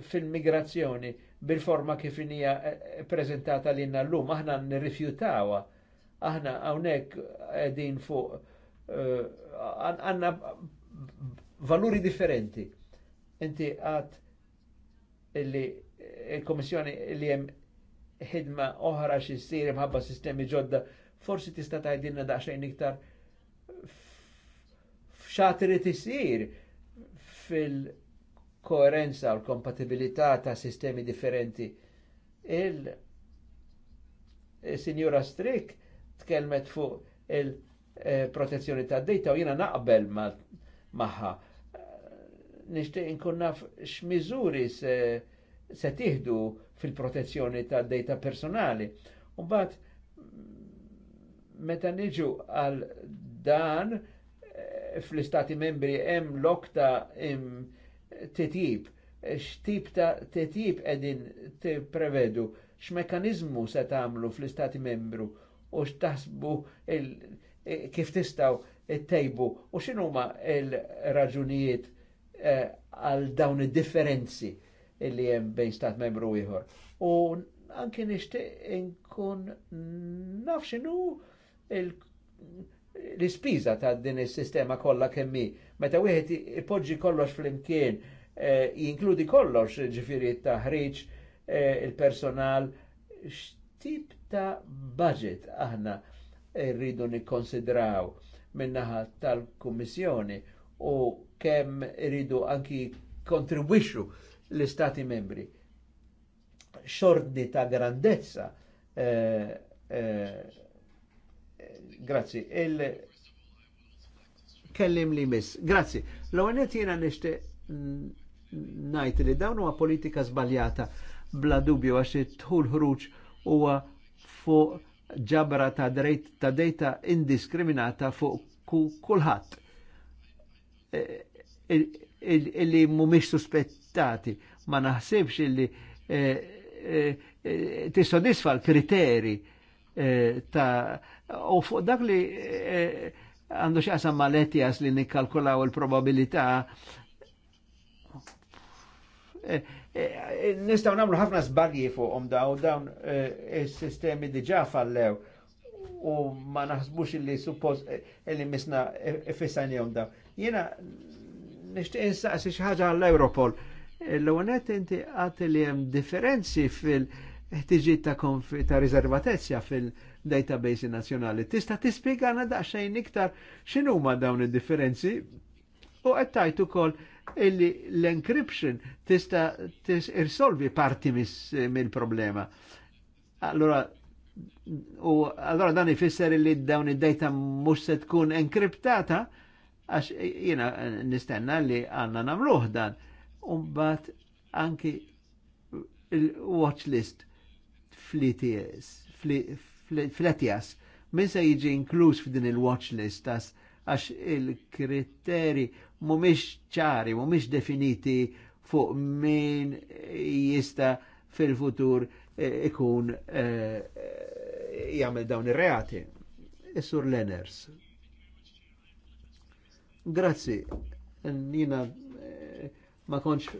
fil-migrazzjoni bil-forma kif hija eh, eh, prezentata lilna llum, aħna nirrifjutawa. Aħna hawnhekk qegħdin fuq eh, għandna valuri differenti. Inti għad illi il-Komissjoni li jem ħidma oħra xi ssir imħabba sistemi ġodda, forsi tista' tgħidilna daqsxejn iktar f'xatri tisir fil-koerenza u l-kompatibilità ta' sistemi differenti. Il Signora Strick tkellmet fuq il-protezzjoni eh, ta' data u jiena naqbel maħħa. Nixtieq nkun naf x'miżuri se eh, se tiħdu fil-protezzjoni ta' data personali. Umbat, meta niġu għal dan eh, fl-istati membri hemm lokta titib, titjib, x'tip ta' titjib edin prevedu, x-mekanizmu se tagħmlu fl-istati membru u x'taħsbu eh, kif tistaw it-tejbu u x'inhuma l-raġunijiet eh, għal dawn id-differenzi illi jem bejn stat membru ieħor. U anki nixtieq inkun nafxinu l-ispiża ta' din is-sistema kollha kemm Meta wieħed ipoġġi kollox flimkien, eh, jinkludi kollox ġifieri ħriġ eh, il-personal, x'tip ta' budget aħna rridu nikkonsidraw minnaħa tal-Kummissjoni u kemm rridu anki kontribwixxu l-istati membri. Xordni ta' grandezza, eh, eh, grazzi, il kellim li miss, grazzi, l-għonet jena nishti najt li dawn huwa politika zbaljata bla dubju għax tħul ħruġ huwa fuq ġabra ta' drejt ta' dejta indiskriminata fuq kulħadd eh, illi mhumiex suspett stati. Ma naħsibx illi eh, eh, eh, tissodisfa l-kriteri ta' u fuq dak li għandu xaqsa maletjas li nikkalkulaw il-probabilità nistaw namlu ħafna zbalji fuqhom daw dawn is-sistemi diġà fallew u ma naħsbux illi suppos illi misna ifissanjhom daw. Jiena nixtieq insaqsi xi ħaġa għall-Europol. L-għonet inti għat li jem differenzi fil-ħtiġi ta', ta riservatezja fil-database nazjonali. Tista' da' xejn iktar x'inhuma dawn id-differenzi u qed tajt ukoll illi l-encryption tista' irsolvi parti mill-problema. Allora, u allora dan ifisser illi dawn id-data mhux se tkun enkriptata għax jiena nistenna li għanna namluħ dan Umbat anki il-watch list fl-ETS, fl min se jiġi inkluż f'din il-watch list tas għax il-kriteri mumiex ċari, mumiex definiti fuq min jista fil-futur eh, ikun e jagħmel dawn ir-reati. Isur Leners. Grazzi, jina ma konċ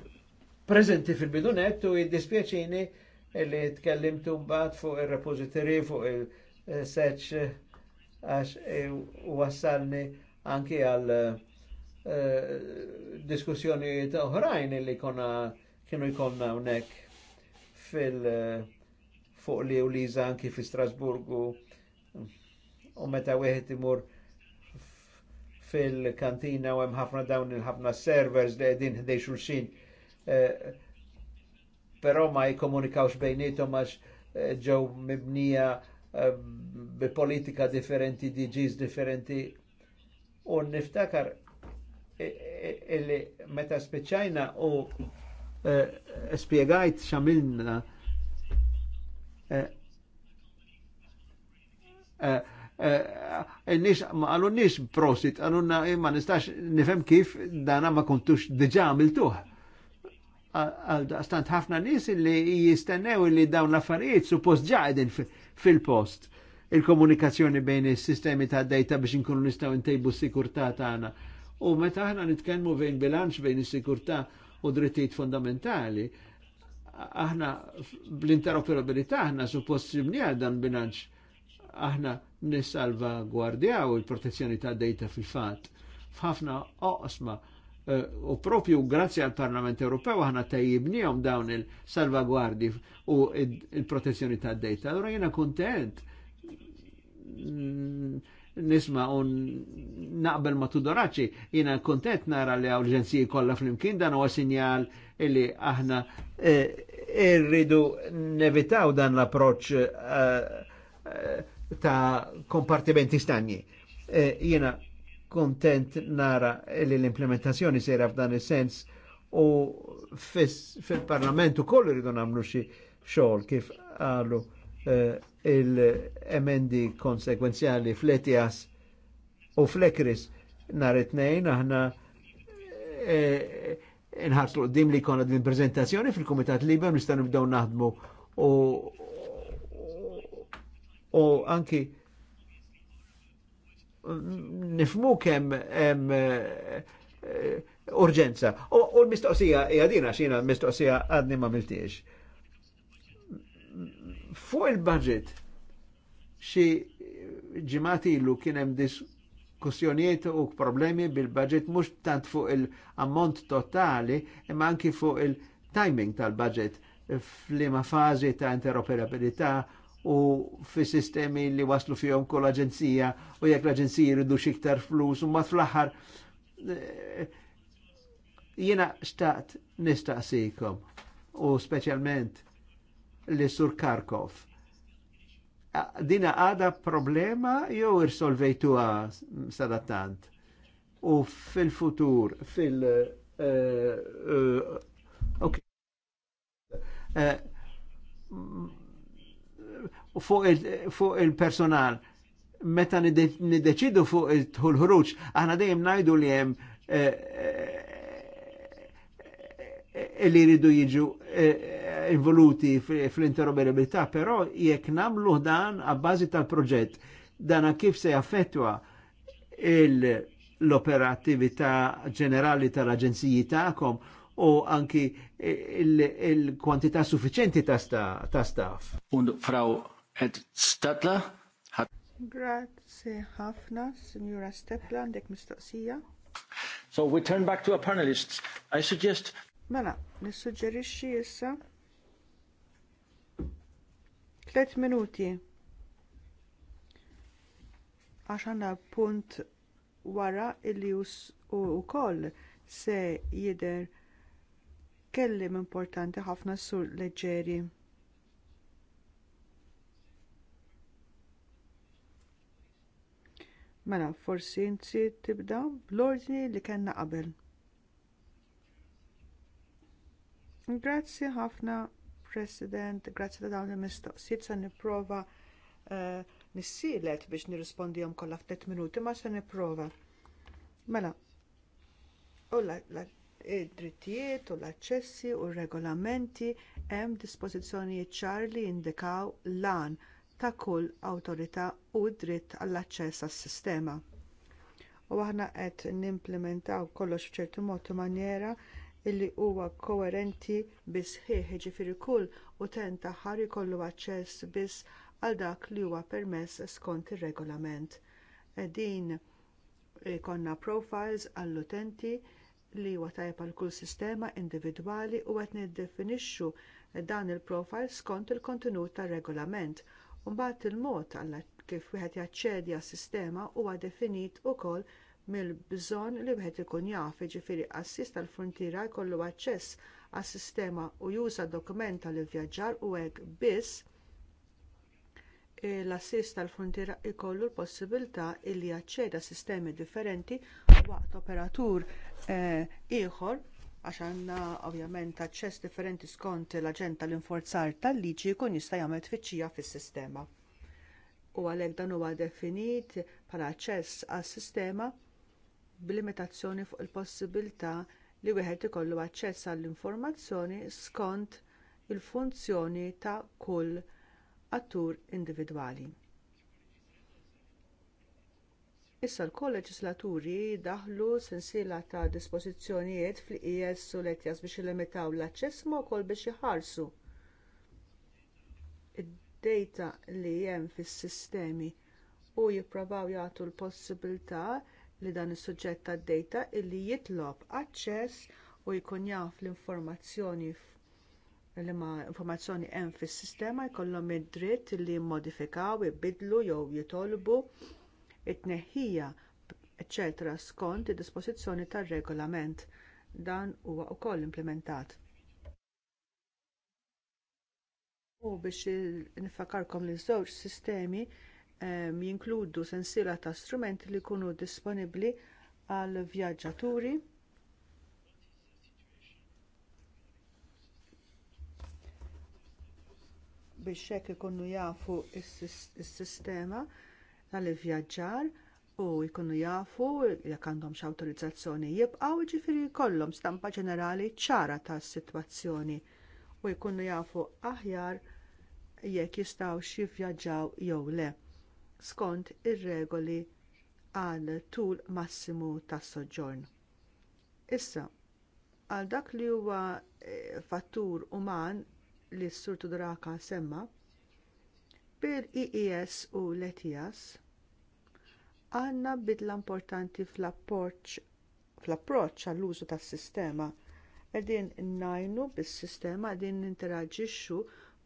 prezenti fil-bidunet u jiddispieċini li tkellimtu mbagħad fuq il repository fuq il seċ għax e, wassalni anki għal e, diskussjoni ta' oħrajn li konna kienu jkonna unek fil fuq li u liza anki fi Strasburgu u meta wieħed imur fil-kantina u hemm ħafna dawn il-ħafna servers li qegħdin ħdej xulxin. Eh, però ma jkomunikawx bejnietom għax eh, ġew mibnija eh, bi politika differenti, DGs differenti. U niftakar illi meta speċajna u spiegajt xamilna n-nis, eh, eh, ma għallu n-nis prosit, għallu eh, ma nistax nifem kif dana ma kontux diġa għamiltuħ. Għal-stant ħafna nis li jistennew li dawn l-affarijiet suppost ġaħedin fil-post il-komunikazzjoni bejn is-sistemi ta' data biex inkunu nistgħu ntejbu s-sikurtà tagħna. U meta aħna nitkellmu bejn bilanċ bejn is-sikurtà u drittijiet fundamentali, aħna bl-interoperabilità aħna suppost ġibni dan bilanċ aħna nissalva gwardjaw il-protezzjoni ta' data fil-fat. F'ħafna oqsma eh, u propju grazzi għal Parlament Ewropew aħna tajjibnihom dawn il-salvagwardi u il-protezzjoni ta' data. Allora jena kontent mm, nisma un naqbel ma tudoraċi, jena kontent nara li għaw l kolla fl-imkien dan u għasinjal illi aħna eh, irridu nevitaw dan l-approċ eh, ta' kompartimenti stanji. E, Jena kontent nara li l-implementazzjoni sejra f'dan il-sens u fil-parlamentu kollu rridu namlu xi xogħol kif għalu e, il-emendi konsekwenzjali fl-ETIAS u fl-ECRIS nar it-tnejn aħna e, nħarslu inħarsu qoddim li kon din prezentazzjoni fil-Kumitat Liber nistgħu nibdew naħdmu u u anki nifmu kemm hemm eh, eh, urġenza. U l-mistoqsija jadina xina l-mistoqsija għadni ma miltiex. Fuq il-budget xi ġimati illu kien hemm diskussjonijiet u problemi bil-budget mhux tant fuq il-ammont totali imma anki fuq il-timing tal-budget fl-lima fazi ta' interoperabilità u fi sistemi li waslu fihom kol aġenzija u jekk l-aġenzija jridu xiktar flus u mat fl-aħħar eh, jiena xtaqt nistaqsikom u speċjalment li sur Karkov. Dina għada problema jew irsolvejtuha sadattant u fil-, -futur, fil uh, uh, okay. uh, fuq il-personal. Meta nideċidu fuq il-ħruġ, aħna dejjem najdu li hemm eh, eh, eh, li jridu jiġu involuti fl-interoperabilità, però jekk namlu dan għabbażi tal-proġett, dana kif se jaffettwa l-operattività ġenerali tal-aġenziji ta'kom u anki il-kwantità il suffiċenti ta' staff. Und Frau Ed Stadler. Grazie ħafna, Signora Stepla, għandek mistoqsija. So we turn back to our panelists. I suggest... Mela, nissuġġerixxi issa Tlet minuti għax għandna punt wara illi u wkoll se jidher kellim importanti ħafna sur leġġeri. Mela, forsi inti tibda bl-ordni li kellna qabel. Grazzi ħafna, President, grazzi ta' dawn il-mistoqsijiet se nipprova uh, nissilet biex nirrispondihom kollha f'tet minuti ma se nipprova. Mela, u id-drittijiet u l-aċċessi u r-regolamenti hemm dispożizzjonijiet ċar li jindikaw lan ta' kull awtorità u dritt għall-aċċess għas-sistema. U aħna qed nimplementaw kollox f'ċertu mod u maniera illi huwa koerenti bisħieħ jiġifieri kull utent aħħar jkollu aċċess biss għal dak li huwa permess skont ir-regolament. Din ikonna profiles għall-utenti li huwa tajjeb għal kull sistema individwali u qed niddefinixxu dan il-profile skont il-kontenut tar-regolament. u mbagħad il-mod għal kif wieħed jaċċedi għas-sistema huwa definit ukoll mill-bżonn li wieħed ikun jaf jiġifieri assist tal-fruntiera jkollu aċċess għas-sistema u juża dokument tal-ivvjaġġar u hekk biss l-assist tal-fruntiera jkollu l-possibilità li jaċċeda sistemi differenti waqt operatur eh, ieħor għax għandna ovvjament aċċess differenti skont l-aġent tal-inforzar tal-liġi jkun jista' jagħmel tfittxija fis-sistema. U għalhekk dan huwa definit bħala aċċess għas-sistema b'limitazzjoni fuq il-possibilità li wieħed ikollu aċċess għall-informazzjoni skont il-funzjoni ta' kull attur individwali. Issa l-kolleġislaturi daħlu sensiela ta' dispożizzjonijiet fl-IES u letjas biex ilimitaw l-aċċess ma' wkoll biex iħarsu id-data li hemm fis-sistemi u jippravaw jagħtu l-possibilità li dan is-suġġett tad-data illi jitlob aċċess u jkun jaf l-informazzjoni li ma informazzjoni hemm fis-sistema jkollhom id-dritt li jimmodifikaw, ibiddlu jew jitolbu it-tneħħija eċċetera skont id-dispożizzjoni tar-regolament. Dan huwa wkoll implementat. U biex nifakarkom li żewġ sistemi um, jinkludu sensiela ta' strumenti li jkunu disponibbli għal vjaġġaturi biex hekk ikunu jafu s-sistema tal-ivvjaġġar u jkunu jafu jekk għandhom x'awtorizzazzjoni jibqgħu jiġifieri jkollhom stampa ġenerali ċara tas-sitwazzjoni u jkunu jafu aħjar jekk jistgħux jivvjaġġaw jew le skont ir-regoli għal tul massimu tas-soġġorn. Issa, għal dak li huwa e, fattur uman li s surtu Tudraka semma, bil-IES u l-ETIAS, għandna bidla importanti fl-approċċ għall-użu tas-sistema. Qegħdin ngħinu bis-sistema qegħdin ninteraġixxu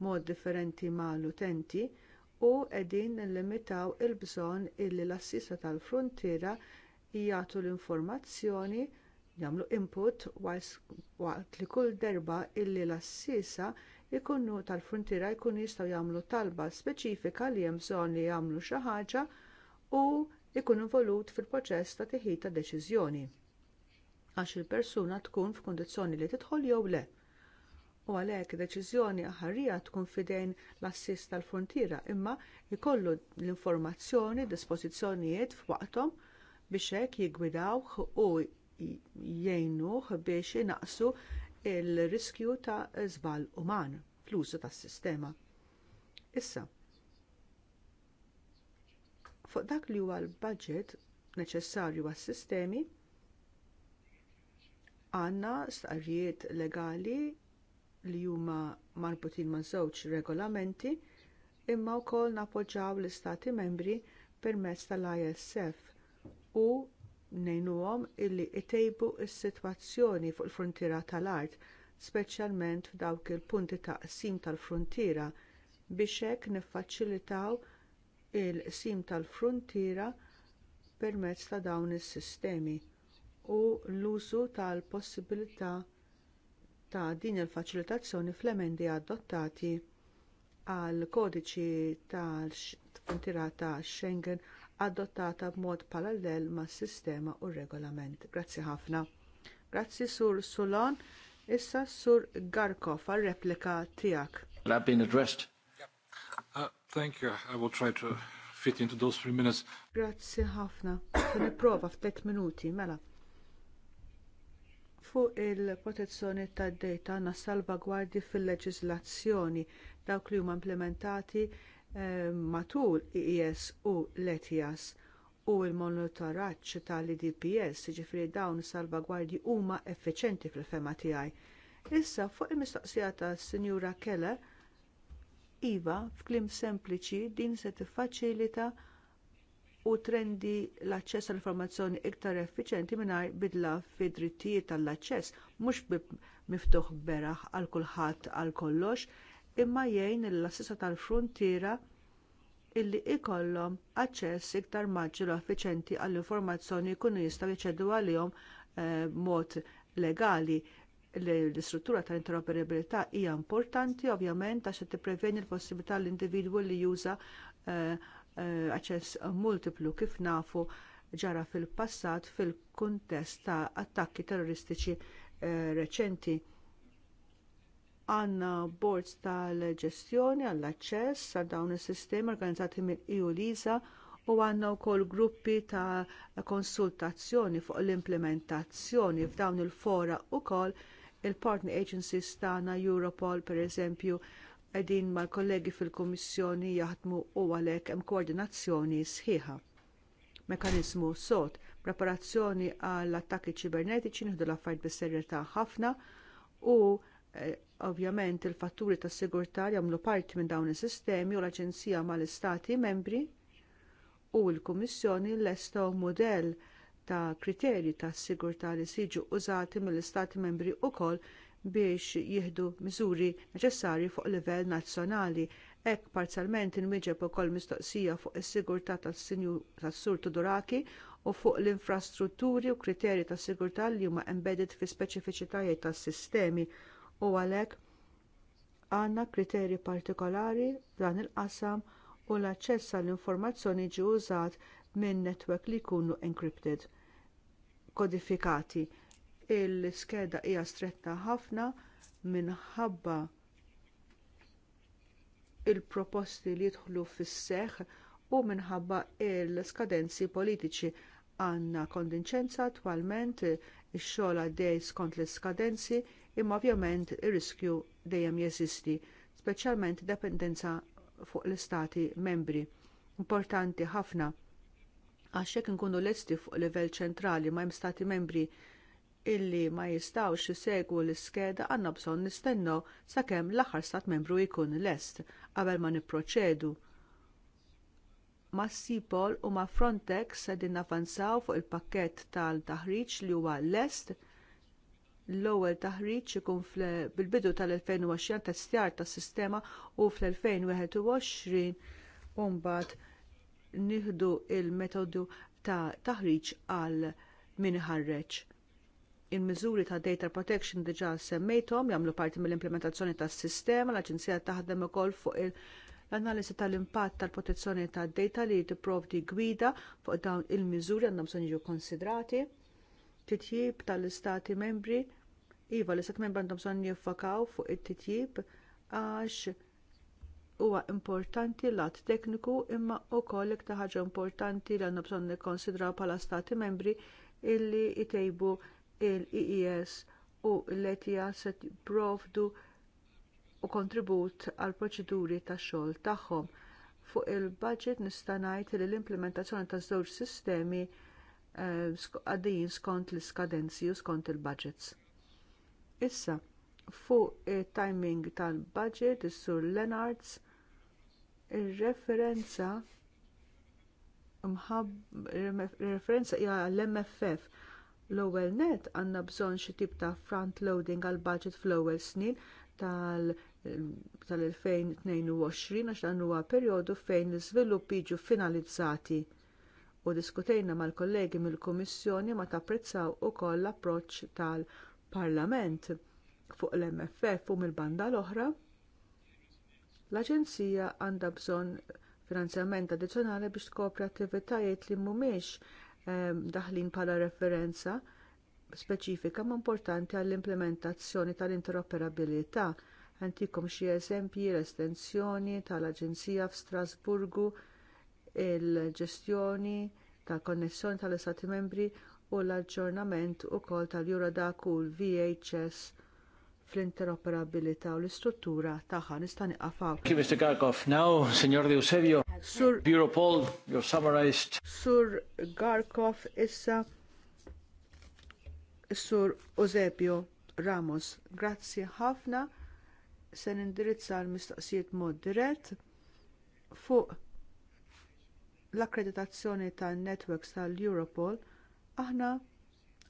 mod differenti mal-utenti u qegħdin nillimitaw il-bżonn illi l-assista tal-frontiera jagħtu l-informazzjoni jagħmlu input waqt li kull darba illi l-assisa ikunnu tal-frontiera jkunu jistgħu jagħmlu talba speċifika li hemm bżonn li jagħmlu xi ħaġa u ikun involut fil-proċess ta' tiħid ta' deċiżjoni għax il-persuna tkun f'kundizzjoni li tidħol jew le u għalhekk deċiżjoni aħarija tkun fidejn l-assist tal-frontiera imma jkollu l-informazzjoni dispożizzjonijiet f'waqthom biex hekk jiggwidaw u jgħinuh biex inaqsu l riskju ta' żball uman fl-użu tas-sistema. Issa, fuq dak li huwa l-budget neċessarju għas-sistemi għandna stqarrijiet legali li huma marbutin ma' żewġ regolamenti imma wkoll nappoġġjaw l-istati membri permezz tal-ISF u ngħinuhom illi jtejbu s-sitwazzjoni fuq il-frontiera tal-art, speċjalment f'dawk il-punti ta' qsim tal-frontiera biex hekk niffaċilitaw il-sim tal-frontiera permezz ta' dawn is-sistemi u l-użu tal-possibilità ta' din il-faċilitazzjoni fl-emendi adottati għall kodiċi tal-frontiera ta' Schengen adottata b'mod parallel mas sistema u r regolament. Grazzi ħafna. Grazzi sur Sulon, issa sur Garkov għal replika tiegħek. Uh, thank you. I will try to fit into those three minutes. Grazzi ħafna. Niprofa f'tet minuti, mela. Fuq il-protezzjoni tad data għandna salvagwardji fil-leġiżlazzjoni dawk li huma implementati ehm, matul IES u l-ETIAS u l-monitoraġġ tal-IDPS, jiġifieri dawn salvagwardji huma effiċenti fil-fema tiegħi. Issa fuq il-mistoqsija ta' Sinjura Keller Iva, f'kliem sempliċi, din se tiffaċilita u trendi l-aċċess għall informazzjoni iktar effiċjenti mingħajr bidla fi drittijiet tal-aċċess, mhux bib miftuħ beraħ għal kulħadd għal kollox, imma jgħin l-assista tal-fruntiera illi jkollhom aċċess iktar maġġel u effiċjenti għall informazzjoni jkunu jistgħu jċeddu għalihom eh, b'mod legali l-istruttura ta' interoperabilità hija importanti ovvjament għax qed tippreveni l-possibilità l-individwu li juża eh, eh, aċċess multiplu kif nafu ġara fil-passat fil-kuntest ta' attakki terroristiċi eh, reċenti. Għandna boards tal-ġestjoni għall-aċċess għal dawn is-sistemi organizzati mill eu Lisa u għandna wkoll gruppi ta' konsultazzjoni fuq l-implementazzjoni f'dawn il-fora wkoll il-partner agencies tagħna Europol pereżempju qegħdin mal-kollegi fil-Kummissjoni jaħdmu u għalhekk hemm koordinazzjoni sħiħa. Mekanizmu sod, preparazzjoni għall attakki ċibernetiċi nieħdu l-affarijiet bis-serjetà ħafna u eh, ovvjament il-fatturi tas sigurtà jagħmlu parti minn dawn is-sistemi u l-Aġenzija mal-Istati membri u l-Kummissjoni lestgħu mudell ta' kriterji ta' sigurtà li siġu użati mill-Istati membri wkoll biex jieħdu miżuri neċessarji fuq livell nazzjonali. Hekk parzjalment inwieġeb ukoll mistoqsija fuq is-sigurtà tas-Sur Tudoraki u fuq l-infrastrutturi u kriterji ta' sigurtà li huma embedded fi speċifiċitajiet tas-sistemi u għalhekk għandna kriterji partikolari f'dan il-qasam u l-aċċess għall-informazzjoni ġie użat minn netwerk li jkunu encrypted kodifikati. Il-skeda hija stretta ħafna minħabba il-proposti li jidħlu fis seħħ u minħabba l skadenzi politiċi għandna kondinċenza twalment ix-xogħol għaddej skont l-iskadenzi imma ovvjament ir-riskju dejjem jeżisti, speċjalment dipendenza fuq l-istati membri. Importanti ħafna Għax hekk inkunu lesti fuq livell ċentrali ma' hemm stati membri illi ma jistgħux isegwu l-iskeda għandna bżonn nistennew sakemm l-aħħar stat membru jkun lest qabel ma nipproċedu. Ma' Sipol u ma' Frontex qegħdin navanzaw fuq il-pakkett tal-taħriġ li huwa lest l-ewwel taħriġ ikun bil-bidu tal-2020 testjar tas sistema u fl-2021 mbagħad nieħdu il metodu ta' taħriġ għal min iħarreġ. Il-miżuri ta' data protection diġa' semmejthom jagħmlu parti mill-implementazzjoni tas-sistema, l-Aġenzija taħdem ukoll fuq l-analiżi tal-impatt tal-protezzjoni tad data li tipprovdi gwida fuq dawn il-miżuri għandhom bżonn jiġu konsidrati. Titjib tal-istati membri Iva, l-istat membri għandhom bżonn jiffakaw fuq it-titjib għax huwa importanti l-att tekniku imma wkoll iktar ħaġa importanti li għandna bżonn nikkonsidraw bħala stati membri illi jtejbu l ies u l-ETIA se jipprovdu kontribut għall proċeduri tax-xogħol tagħhom. Fuq il-budget nista' ngħid li l-implementazzjoni ta' żewġ sistemi eh, għaddejjin skont l-iskadenzi u skont il-budgets. Issa, fuq it timing tal-budget, is-sur Lenards, Ir-referenza referenza hija l-MFF. L-ewwel net għandna bżonn xi tip ta' front loading għal budget fl-ewwel snin tal-2022 għax dan huwa perjodu fejn l-iżvilupp jiġu finalizzati u diskutejna mal-kollegi mill-Kummissjoni ma tapprezzaw ukoll l-approċċ tal-Parlament fuq l-MFF u mill-banda l-oħra L-Aġenzija għandha bżonn finanzjament addizzjonali biex tkopri attivitajiet li mhumiex ehm, daħlin bħala referenza speċifika ma importanti għall-implementazzjoni tal-interoperabilità. Antikom xi eżempji l-estensjoni tal-Aġenzija f'Strasburgu, il-ġestjoni tal-konnessjoni tal-Istati membri u l-aġġornament ukoll tal-Eurodac u l-VHS fl-interoperabilità u l-istruttura tagħha nista' niqafaw. Mr. Garkov, now, De Eusebio, Sur Europol, you're summarized. Sur Garkov issa Sur Eusebio Ramos, grazzi ħafna se nindirizza l-mistoqsijiet mod dirett fuq l-akkreditazzjoni tan networks tal-Europol, aħna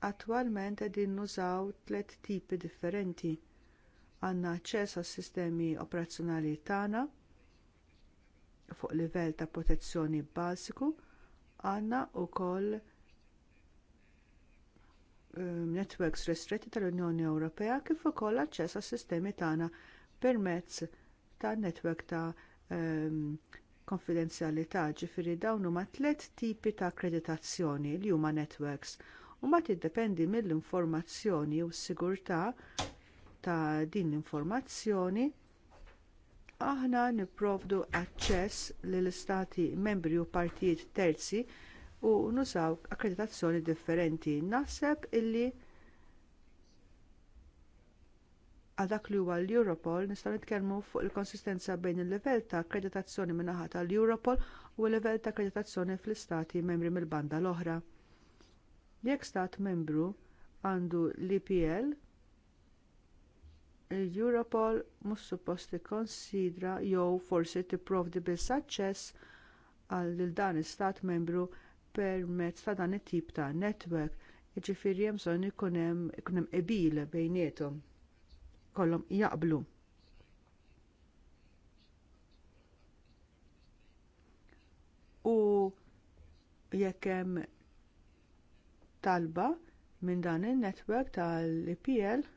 attwalment qegħdin nużaw tliet tipi differenti għandna aċċess għas sistemi operazzjonali tagħna fuq livell ta' protezzjoni bażiku għandna wkoll ehm, networks ristretti tal-Unjoni Ewropea kif ukoll aċċess għas-sistemi tagħna permezz ta' netwerk ta' ehm, konfidenzjalità ġifieri dawn huma tliet tipi ta' akkreditazzjoni li huma networks u ma tiddependi mill-informazzjoni u s-sigurtà ta' din l-informazzjoni, aħna nipprovdu aċċess lill istati membri u partijiet terzi u nużaw akkreditazzjoni differenti. Naħseb illi għal dak li huwa l-Europol nistgħu nitkellmu fuq il-konsistenza bejn il-livell ta' akkreditazzjoni min-naħa tal-Europol u l-livell ta' akkreditazzjoni fl-istati membri mill-banda l-oħra. Jekk stat membru għandu l-IPL Europol mhux suppost konsidra jew forsi tipprovdi bil-saċċess għal dan istat membru permezz ta' dan it-tip ta' netwerk, jiġifieri hemm bżonn ikun hemm qbil bejniethom kollhom jaqblu. U jekk hemm talba minn dan in netwerk tal-IPL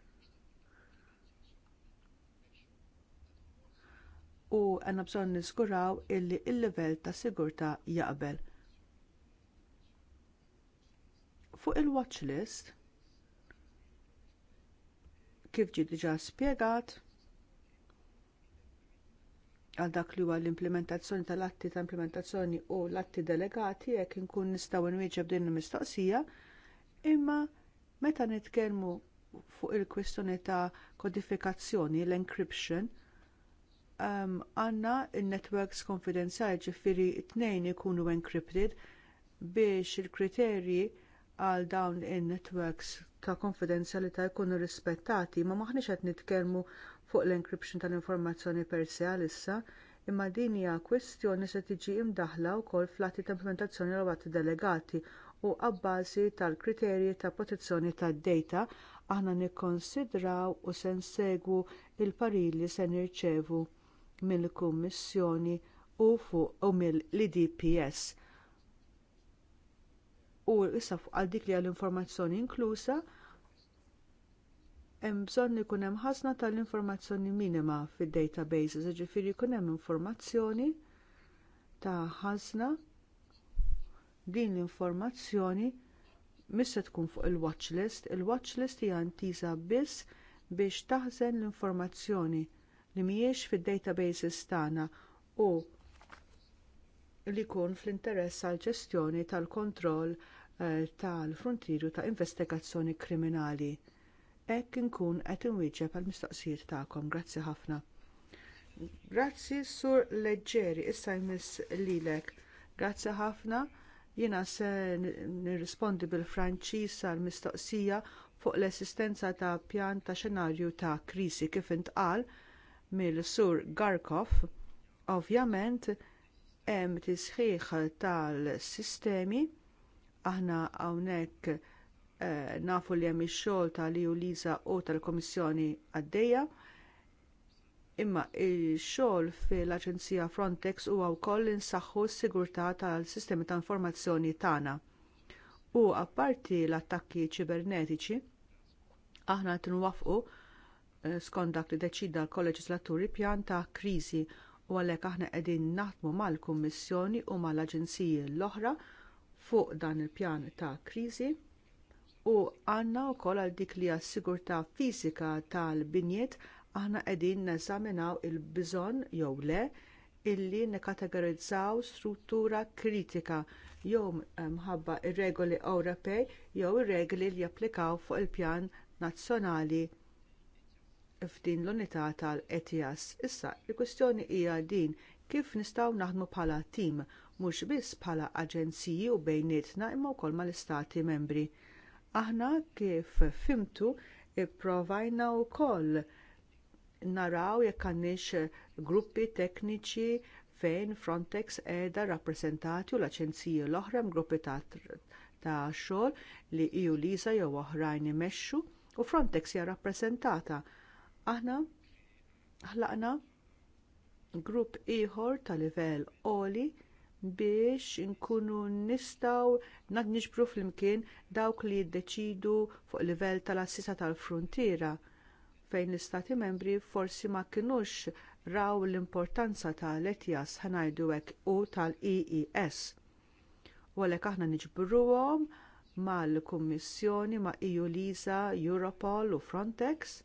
u għanna bżonn niskuraw illi l il livell ta' sigurtà jaqbel. Fuq il-watch list, kif ġie diġà spjegat, għal dak li huwa l-implementazzjoni tal-atti ta' implementazzjoni u l-atti delegati jekk inkun nistgħu nwieġeb din il-mistoqsija, imma meta nitkellmu fuq il-kwistjoni ta' kodifikazzjoni l-encryption, għandna um, networks konfidenzjali ġifieri t-tnejn ikunu encrypted biex il-kriterji għal dawn in networks ta' konfidenzjalità jkunu rispettati, ma maħniex qed nitkellmu fuq l-encryption tal-informazzjoni per se għalissa, imma din hija kwestjoni se tiġi imdaħla wkoll fl-atti ta' implementazzjoni l delegati u abbażi tal-kriterji ta' protezzjoni tad-dejta aħna nikkonsidraw u se nsegwu l parili se nirċevu mill-Kummissjoni u fuq u mill-IDPS. U issa fuq għal dik li għall-informazzjoni inklusa, hemm bżonn li jkun hemm ħafna tal-informazzjoni minima fid-databases, jiġifieri jkun hemm informazzjoni ta' ħażna din l-informazzjoni missa tkun fuq il-watch list, il-watch list hija ntisa biss biex taħżen l-informazzjoni li mhijiex fid-databases tagħna u li jkun fl-interess għall ġestjoni tal-kontroll eh, tal-frontieru ta' investigazzjoni kriminali. Hekk inkun qed inwieġeb għall mistoqsijiet tagħkom. Grazzi ħafna. Grazzi Sur Leġġeri, issa jmiss lilek. Grazzi ħafna. Jiena se nirrispondi bil-Franċiż għall mistoqsija fuq l-esistenza ta' pjan ta' xenarju ta' krisi kif intqal mill-sur Garkov, ovvjament hemm tisħiħ tal-sistemi, aħna hawnhekk eh, nafu li hemm ix-xogħol tal Liju Lisa u tal-Komissjoni għaddejja, imma x-xogħol fil-Aġenzija Frontex huwa wkoll insaħħu s-sigurtà tal-sistemi ta' informazzjoni tagħna. U apparti l-attakki ċibernetiċi, aħna tinwafqu Eh, skont dak li deċida l-kolleġislaturi pjan ta' kriżi u għalhekk aħna qegħdin naħdmu mal-Kummissjoni u mal-Aġenziji l-oħra fuq dan il-pjan ta' kriżi u għandna wkoll għal dik li għas-sigurtà fiżika tal-binjiet aħna qegħdin neżaminaw il-bżonn jew le illi nikategorizzaw struttura kritika jew mħabba ir-regoli Ewropej jew ir-regoli li japplikaw fuq il-pjan nazzjonali f'din l-unità tal-ETIAS. Issa, il kwistjoni hija din kif nistgħu naħdmu bħala tim, mhux biss bħala aġenziji u bejnietna imma wkoll mal-istati membri. Aħna kif fimtu ipprovajna wkoll naraw jekk għandniex gruppi tekniċi fejn Frontex qiegħda rrappreżentati u l-aċenziji l-oħra gruppi ta' xogħol li iju liża jew oħrajn imexxu u Frontex hija rappreżentata Aħna ħlaqna grupp ieħor ta' livell oli biex inkunu nistgħu nadniġbru flimkien dawk li jiddeċidu fuq livell tal-assisa tal-frontiera fejn l-istati membri forsi ma kinux raw l-importanza tal-ETIAS ħanajdu hekk u tal-EES. U għalhekk aħna niġbruhom mal-Kummissjoni ma' EU Lisa, Europol u Frontex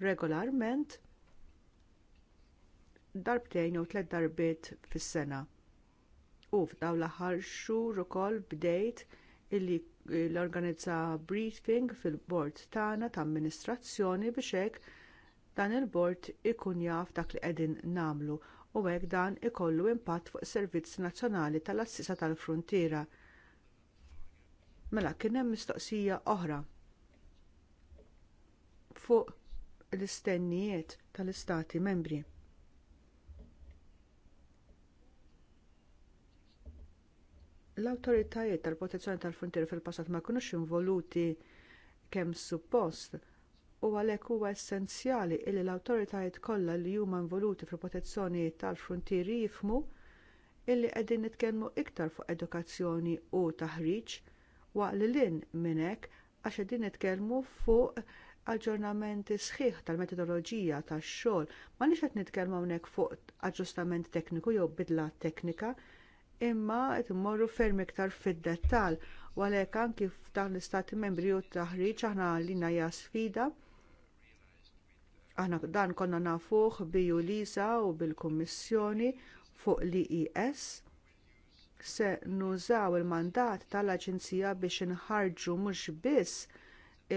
regolarment darbtejn jew tliet darbiet fis-sena. U f'dawn l-aħħar xhur ukoll bdejt illi l-organizza briefing fil-bord tagħna ta' amministrazzjoni biex hekk dan il-bord ikun jaf dak li qegħdin nagħmlu u hekk dan ikollu impatt fuq is servizz nazzjonali tal-assisa tal-frontiera. Mela kien hemm mistoqsija oħra fuq l-istennijiet tal-istati membri. L-awtoritajiet tal-protezzjoni tal fruntieri fil-passat ma jkunux involuti kemm suppost u għalhekk huwa essenzjali li l-awtoritajiet kollha li huma involuti fil-protezzjoni tal-frontieri jifhmu illi qegħdin nitkellmu iktar fuq edukazzjoni u taħriġ waqt li lin minn hekk għax qegħdin nitkellmu fuq aġġornamenti sħiħ tal-metodoloġija tax-xogħol ma nix qed nitkellmu hawnhekk fuq aġġustament tekniku jew bidla teknika imma qed immorru ferm iktar fid-dettall u għalhekk anki f'dan l-istati membri u t taħriġ aħna għallina hija sfida aħna dan konna nafuh biju Lisa u bil-Kummissjoni fuq l-IES se nużaw il-mandat tal-Aġenzija biex inħarġu mhux biss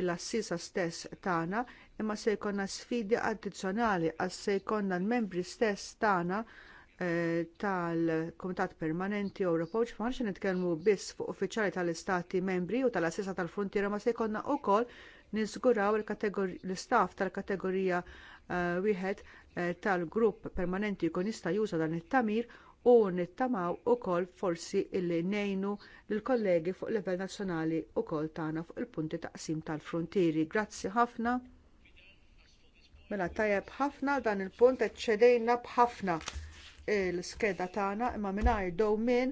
l-assisa stess tagħna, imma se jkollna sfidi addizzjonali għas se jkollna l-membri stess tagħna eh, tal-Komitat Permanenti Ewropew ma nix nitkellmu biss fuq uffiċjali tal-Istati membri u tal-assisa tal-frontiera ma se jkollna wkoll niżguraw l-istaff tal-kategorija eh, wieħed eh, tal-grupp permanenti jkun jista' juża dan it-tamir u nittamaw ukoll forsi illi ngħinu lill kollegi fuq livell nazzjonali wkoll tagħna fuq il-punti taqsim tal-frontieri. Grazzi ħafna. Mela tajjeb ħafna dan il-punt eċċedejna bħafna l-skeda tagħna imma mingħajr dowmin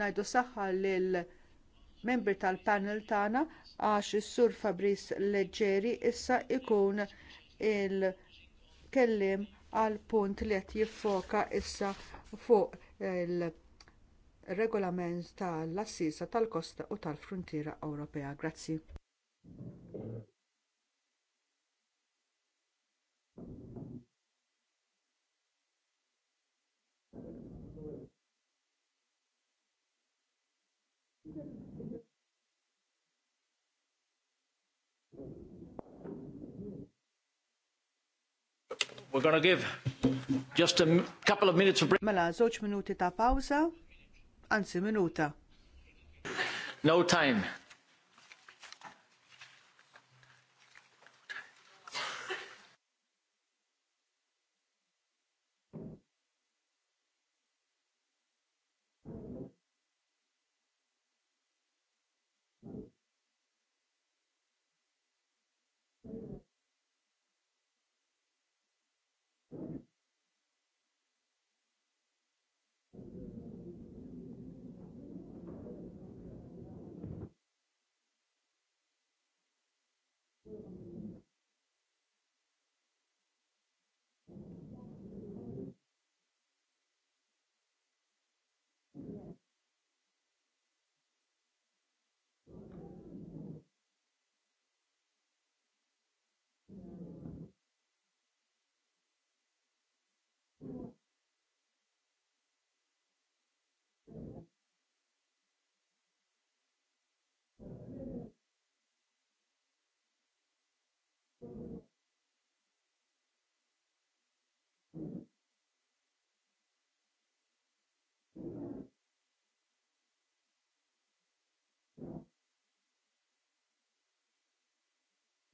ngħidu saħħa lil membri tal-panel tagħna għax is-sur Fabris Leġġeri issa ikun il-kellim għal punt li qed jiffoka issa fuq il-regolament tal-assisa tal-kosta u tal-frontiera Ewropea. Grazzi. We're going to give just a couple of minutes of break. Mela, zoċ minuti ta' pausa, anzi minuta. No time.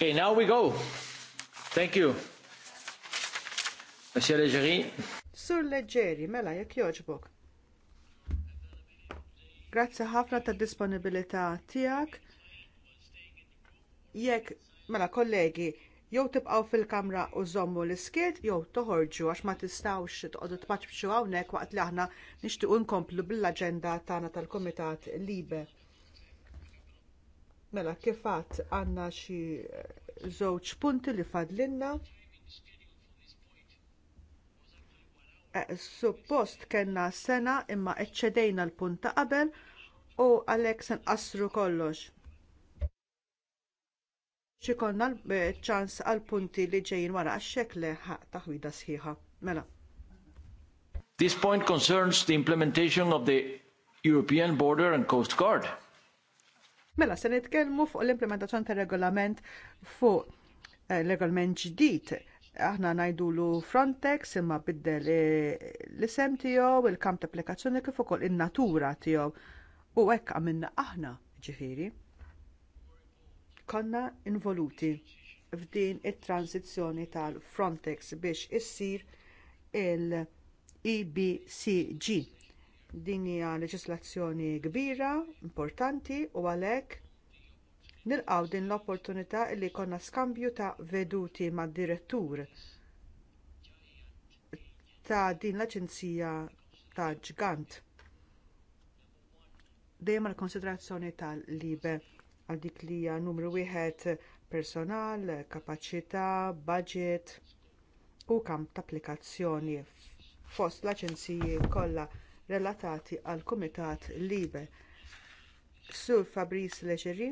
Okay, now we go. Thank you. Monsieur Leggeri. Sur Leggeri, mela jekk joġbok. Grazzi ħafna tad disponibilità tiegħek. Jekk mela kollegi, jow tibqaw fil-kamra u żommu l-iskiet jew toħorġu għax ma tistgħux tqogħdu tpaċċu hawnhekk waqt li aħna nixtiequ nkomplu bil agenda tagħna tal-Kumitat Libe. Mela, kif kifat għandna xi żewġ punti li fadlinna. Eh, suppost kellna sena imma eċċedejna l-punt ta' qabel u għalhekk se nqassru kollox. Xi l-ċans eh, għall punti li ġejjin wara għax-xekk li taħwida sħiħa. Mela. This point concerns the implementation of the European Border and Coast Guard Mela, se nitkellmu fuq l-implementazzjoni tar regolament fuq eh, regolament ġdid aħna ngħidulu Frontex imma biddel l-isem tiegħu, il-kamp ta' applikazzjoni kif ukoll in-natura tiegħu. U hekk għamilna aħna ġifieri. Konna involuti f'din it transizzjoni tal-Frontex biex issir il-EBCG Din hija leġislazzjoni kbira, importanti u għalhekk nilqgħu din l-opportunità li jkollna skambju ta' veduti mad direttur ta' din l-Aġenzija ta' ġgant. Dejjem għall konsiderazzjoni tal-libe għal dik li hija numru wieħed personal, kapaċità, budget u kamp ta' applikazzjoni fost l-aġenziji kollha relatati għal Kumitat Libe. Sur Fabrice Leġeri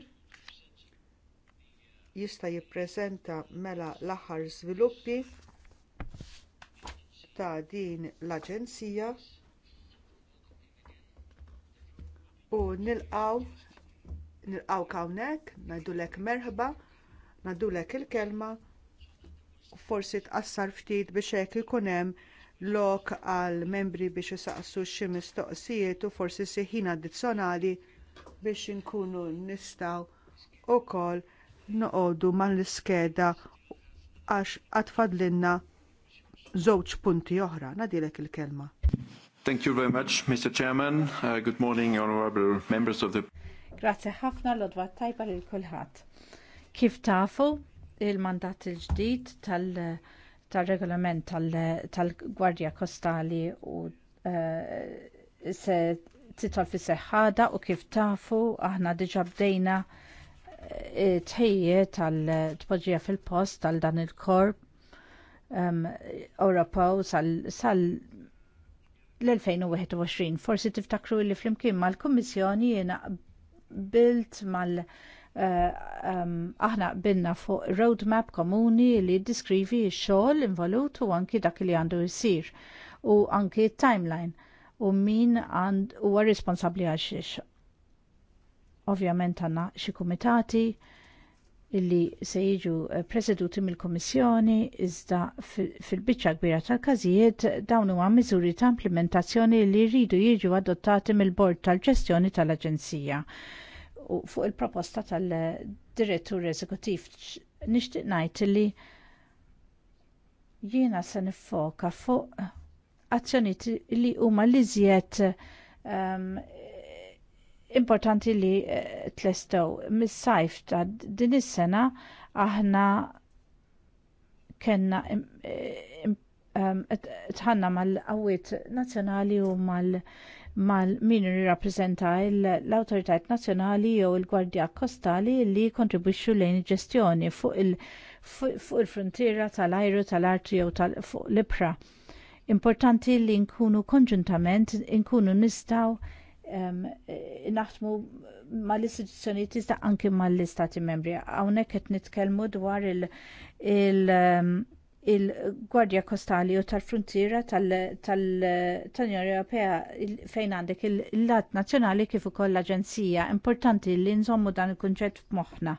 jista' jippreżenta mela l-aħħar żviluppi ta' din l-Aġenzija u nilqaw nilqaw kawnek, najdulek merħba, najdulek il-kelma, forsi tqassar ftit biex hekk ikun hemm lok għal membri biex isaqsu xi mistoqsijiet u forsi xi addizzjonali biex inkunu nistgħu wkoll noqogħdu mal-iskeda għax għatfadlinna żewġ punti oħra. Nadilek il-kelma. Thank you very much, Mr. Chairman. Uh, good morning, honorable members of the... Grazie ħafna l-odwa tajba lil kulħadd. Kif tafu il-mandat il-ġdid tal- uh, tal-regolament tal-Gwardja Kostali u eh, se titol fi seħħada u kif tafu aħna diġa bdejna eh, tħejje tal-tpoġija fil-post tal dan il-korp Europow ehm, sal l-2021. Forsi tiftakru li flimkien mal-Kummissjoni jena bilt mal- Eh, aħna binna fuq roadmap komuni li diskrivi x-xogħol involut u anki dak li għandu jsir u anki timeline u min għand huwa responsabbli għal xiex. Ovvjament għandna xi kumitati illi se jiġu eh, preseduti mill-Kummissjoni iżda fil-biċċa kbira tal-każijiet dawn huwa miżuri ta' implementazzjoni li jridu jiġu adottati mill-Bord tal-Ġestjoni tal-Aġenzija. tal ġestjoni tal aġenzija u fuq il-proposta tal-direttur eżekutiv nixtieq ngħid li jiena se nifoka fuq azzjonijiet li huma li iżjed um, ehm, importanti li uh, mis-sajf ta' din is-sena aħna kellna eh, ehm, tħanna mal-qawwiet nazzjonali u mal- mal min jirrappreżenta l-awtoritajiet nazzjonali jew il-gwardja kostali li kontribwixxu lejn il-ġestjoni fuq il-frontiera tal-ajru tal art jew fuq l-ibra. Importanti li nkunu konġuntament nkunu nistgħu um, eh, naħdmu mal-istituzzjoni tista' anke mal-istati membri. Hawnhekk qed nitkellmu dwar il-, il um, il-Gwardja Kostali u tal-Frontiera tal-Unjoni Ewropea fejn għandek il-lat nazzjonali kif ukoll l-Aġenzija. Importanti li nżommu dan il-kunċett f'moħħna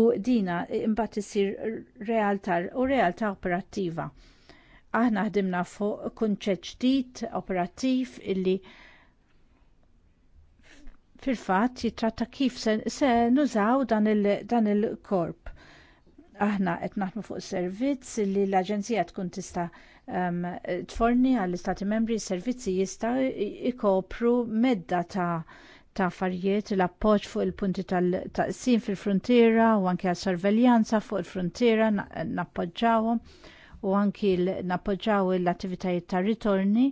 u dina imbagħad isir realtà u realtà operattiva. Aħna ħdimna fuq kunċett ġdid operattiv illi fil-fatt jitratta kif se, se nużaw dan il-korp aħna qed naħdmu fuq servizz li l-Aġenzija tkun tista' um, tforni għall-Istati Membri servizzi jista' ikopru medda ta' ta' affarijiet l-appoġġ fuq il-punti tal-taqsim fil-frontiera u anke għas-sorveljanza fuq il-frontiera nappoġġawhom u anki nappoġġaw l-attivitajiet ta' ritorni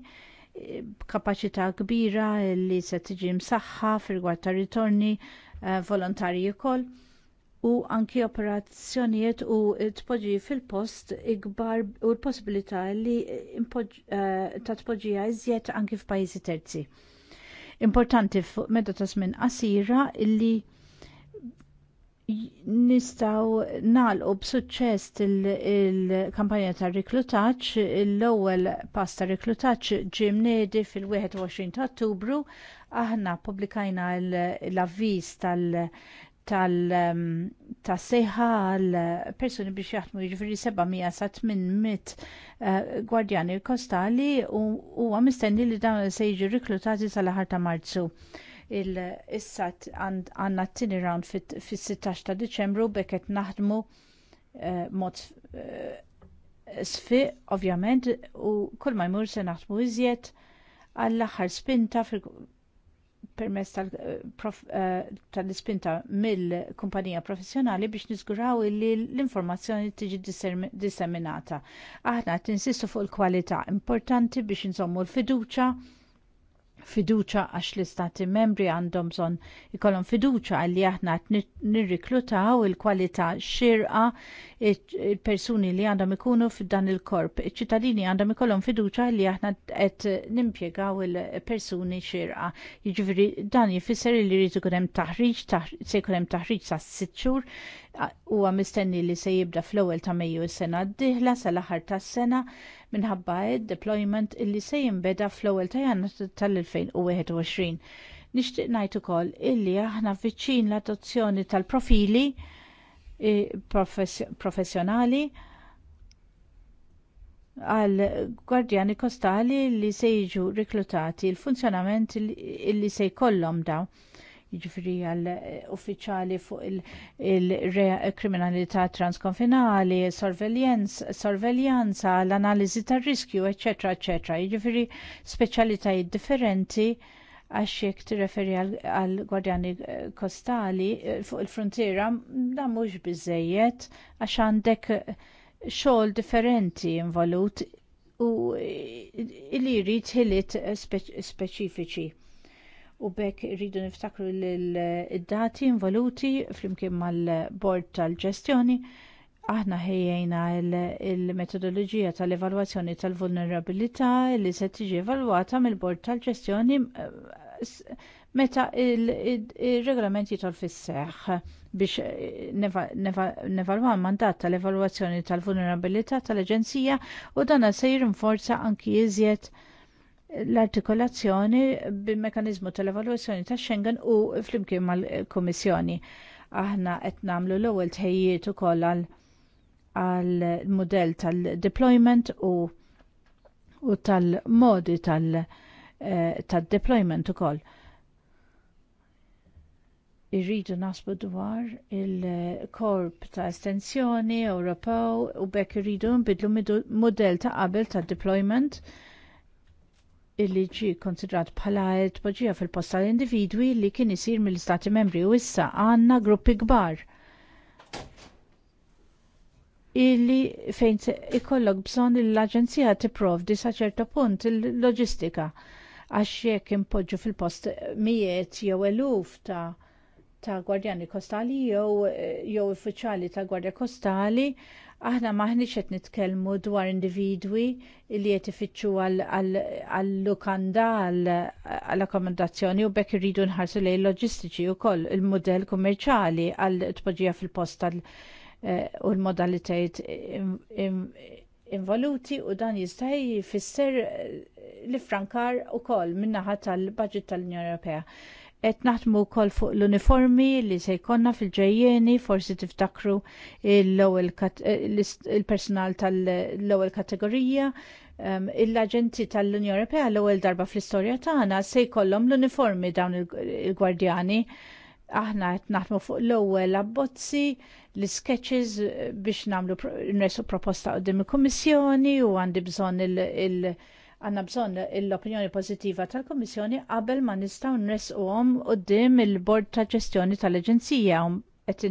b'kapaċità kbira li se tiġi msaħħa fil-gwad ta' ritorni eh, volontarji wkoll u anki operazzjonijiet u tpoġġi fil-post ikbar u l-possibilità li eh, ta' tpoġġija iżjed anki f'pajjiżi terzi. Importanti fuq medda ta' żmien qasira li nistaw nalqu b'suċċess il-kampanja il ta' riklutaġġ l-ewwel pass ta' riklutaġġ ġie mniedi fil-21 ta' Ottubru aħna publikajna l-avviż tal-seħħa għal persuni biex jaħdmu jiġifieri 700 sa 800 eh, gwardjani kostali u huwa mistenni li dawn se jiġu riklutati sal-aħar ta' Marzu il-issa għandna t-tini round fis 16 ta' Deċembru qed naħdmu eh, mod eh, sfi ovvjament, u kull ma jmur se naħdmu iżjed għall aħħar spinta permess eh, eh, tal-ispinta mill-kumpanija professjonali biex niżguraw li l-informazzjoni tiġi disseminata. Aħna tinsistu fuq il-kwalità importanti biex insommu l-fiduċa fiduċa għax l-istati membri għandhom bżonn ikollhom fiduċa għalli aħna qed nirriklutaw il-kwalità xirqa il-persuni li għandhom ikunu f'dan il-korp. Iċ-ċittadini għandhom ikollhom fiduċa li aħna qed nimpjegaw il-persuni xirqa. Jiġifieri dan jifisser li jrid ikun hemm taħriġ, se jkun hemm taħriġ sa' sitt xhur huwa mistenni li se jibda fl-ewwel ta' Mejju s-sena d-dieħla sal-aħħar tas-sena minħabba deployment illi se jinbeda fl-ewwel ta' jannar tal-2021. Nixtieq ngħid ukoll illi aħna viċin l-adozzjoni tal-profili eh, professjonali għal gwardjani kostali li se jiġu riklutati l funzjonament illi se jkollhom dawn jiġifieri għall eh, uffiċjali fuq il-kriminalità transkonfinali, sorveljanza, l-analiżi tar-riskju, eċetera, eċetera. Jiġifieri speċjalitajiet differenti għax jekk tirreferi għal gwardjani eh, kostali eh, fuq il-frontiera, da mhux biżejjed għax għandek xogħol differenti involut u li jrid ħiliet speċifiċi u bekk rridu niftakru l-dati eh, involuti flimkien mal-bord tal-ġestjoni aħna ħejjejna il-metodoloġija il metodoloġija tal tal-vulnerabilità li se tiġi evalwata mill-bord tal-ġestjoni eh, meta il regolamenti tal fis biex eh, nevalwa mandat tal-evalwazzjoni tal-vulnerabilità tal-Aġenzija u dan se jirinforza anki iżjed l-artikolazzjoni bil-mekanizmu tal-evaluazzjoni ta' Schengen u flimkien mal-Komissjoni. Aħna qed nagħmlu l-ewwel tħejjiet ukoll għal modell tal-deployment u tal-modi tal-deployment eh, ukoll. Irridu nasbu dwar il-korp ta' estensjoni Ewropew u bekk irridu nbidlu modell ta' qabel tad deployment illi ġie konsidrat bħala tpoġġija fil-post tal-individwi li kien isir mill-Istati Membri u issa għandna gruppi kbar illi fejn ikollok bżonn l-Aġenzija tipprovdi sa ċerta punt il-loġistika għax jekk impoġġu fil-post mijiet jew eluf ta' ta' gwardjani kostali jew jew uffiċjali ta' gwardja kostali aħna maħni qed nitkellmu dwar individwi li qed ifittxu għall-lukanda għall akkomendazzjoni u bekk irridu nħarsu lejn loġistiċi wkoll il-mudell kummerċali għall tpoġġija fil-posta eh, u l modalitajt involuti u dan jista' jfisser eh, li frankar ukoll min-naħa tal-Baġit tal-Unjoni Ewropea. Et naħdmu kol fuq l-uniformi li se jkonna fil-ġejjeni, forsi tiftakru eh, il-personal tal-ewwel kategorija, um, ehm, l-aġenti tal-Unjoni Ewropea l-ewwel darba fl-istorja tagħna se jkollhom l-uniformi dawn il-gwardjani. Aħna qed naħdmu fuq l-ewwel abbozzi, l-sketches biex nagħmlu nresu proposta qudiem il-Kummissjoni u għandi bżonn il-, il għanna bżon l-opinjoni pozittiva tal-Komissjoni qabel ma nistaw nresquhom dim il-Bord ta' Ġestjoni tal-Aġenzija um, qed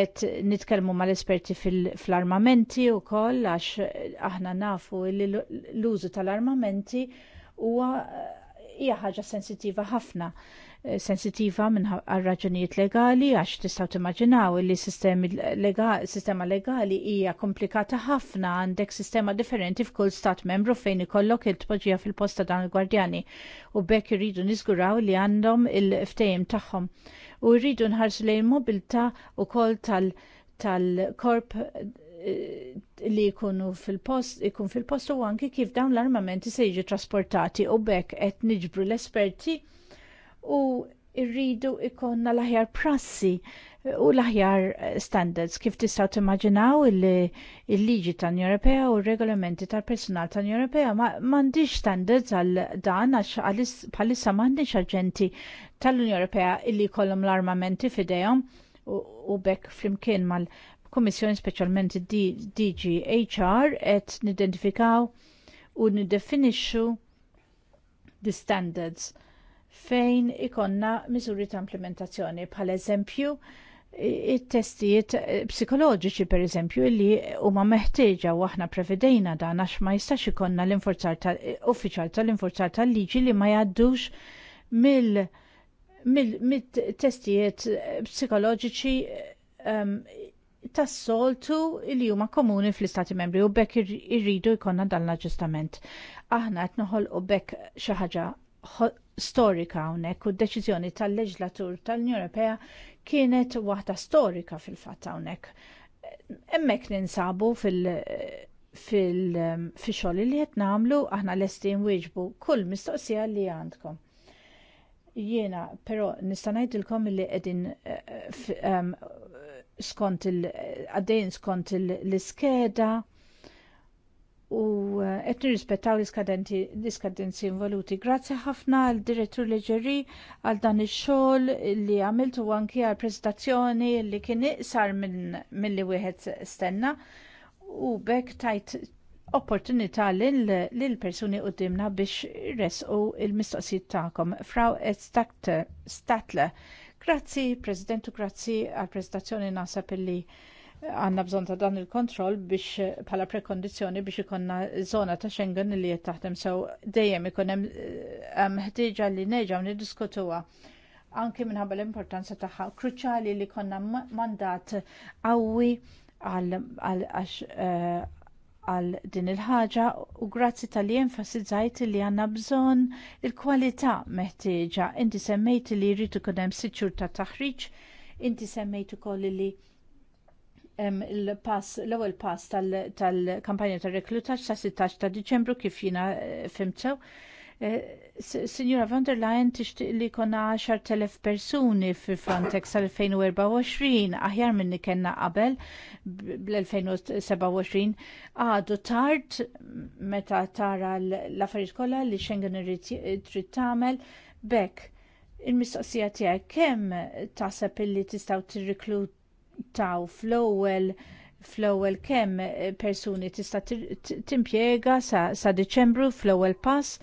et nitkelmu mal esperti fil-armamenti u koll għax eh, aħna nafu li l-użu tal-armamenti huwa eh, hija ħaġa sensitiva ħafna sensitiva minn raġunijiet legali għax tistgħu timmaġinaw li sistema legali hija komplikata ħafna għandek sistema differenti f'kull stat membru fejn ikollok il-tpoġija fil-posta dan il-gwardjani u bekk irridu niżguraw li għandhom il-ftejim tagħhom. U rridu nħarsu lejn mobilta u koll tal-korp eh, li jkunu fil-post, ikun fil-post u anki kif dawn l-armamenti se jiġu trasportati u bekk qed niġbru l-esperti u rridu ikonna l-aħjar prassi u l-aħjar eh, standards kif tistaw timmaġinaw il-liġi tan Ewropea u r-regolamenti tal-personal tan Ewropea m'għandix standards għal dan għax bħalissa m'għandix aġenti tal-Unjoni Ewropea illi jkollhom l-armamenti f'idejhom u bekk flimkien mal-Kummissjoni speċjalment DG HR qed nidentifikaw u nidefinixxu the standards fejn ikonna miżuri ta' implementazzjoni bħal eżempju it-testijiet eh, psikoloġiċi per eżempju li huma meħtieġa u aħna prevedejna dan għax ma jistax ikonna l-infurzar tal-uffiċjal tal-infurzar tal-liġi li ma jgħaddux mill mit testijiet eh, psikoloġiċi ehm, tas-soltu li huma komuni fl-istati membri u bekk irridu jkollna dan l-aġġustament. Aħna qed u bekk xi ħaġa storika hawnhekk u d-deċiżjoni tal-leġlatur tal-Unjoni Ewropea kienet waħda storika fil-fatt hawnhekk. Hemmhekk ninsabu fil- fil fixol li qed nagħmlu aħna lesti nwieġbu kull mistoqsija li għandkom. Jiena, però nista' ngħidilkom li qegħdin eh, eh, ehm, skont il skont l-iskeda u eh, qed nirrispettaw l-iskadenzi involuti. Grazzi ħafna għal direttur Leġeri għal dan ix-xogħol li għamiltu anki għal prezentazzjoni li kien iqsar minn milli wieħed stenna u bekk tajt opportunità lill-persuni qudiemna biex resqu il-mistoqsijiet tagħkom. Fraw Statler. Grazzi, Presidentu, grazzi għal prezentazzjoni nasab illi għanna bżon ta' dan il-kontroll biex pala prekondizjoni biex ikonna zona ta' Schengen li jett taħdem sew so, dejjem ikun hemm ħtieġa li neġgħu niddiskutuha anki minħabba l-importanza tagħha kruċali li konna mandat qawwi eh, għal din il-ħaġa u grazzi tal-li enfasizzajt li għanna bżon il-kwalità meħtieġa. Inti semmejt li jrid ikun hemm siċur ta' taħriġ, inti semmejt ukoll li il-pass, l-ewwel pass tal-kampanja tal-reklutaġġ ta' 16 ta' Diċembru kif jiena eh, fimtew. Eh, Signora van der Leyen tixtieq li konna 10,000 persuni fi Frontex għal-2024, aħjar minni kellna qabel bl-2027, għadu tard meta tara l-affarijiet kollha li Schengen trid tagħmel bekk il-mistoqsija tiegħek kemm taħseb illi tistgħu tirriklut taw fl-ewwel fl-ewwel kemm eh, persuni tista' timpjega sa, Diċembru fl-ewwel pass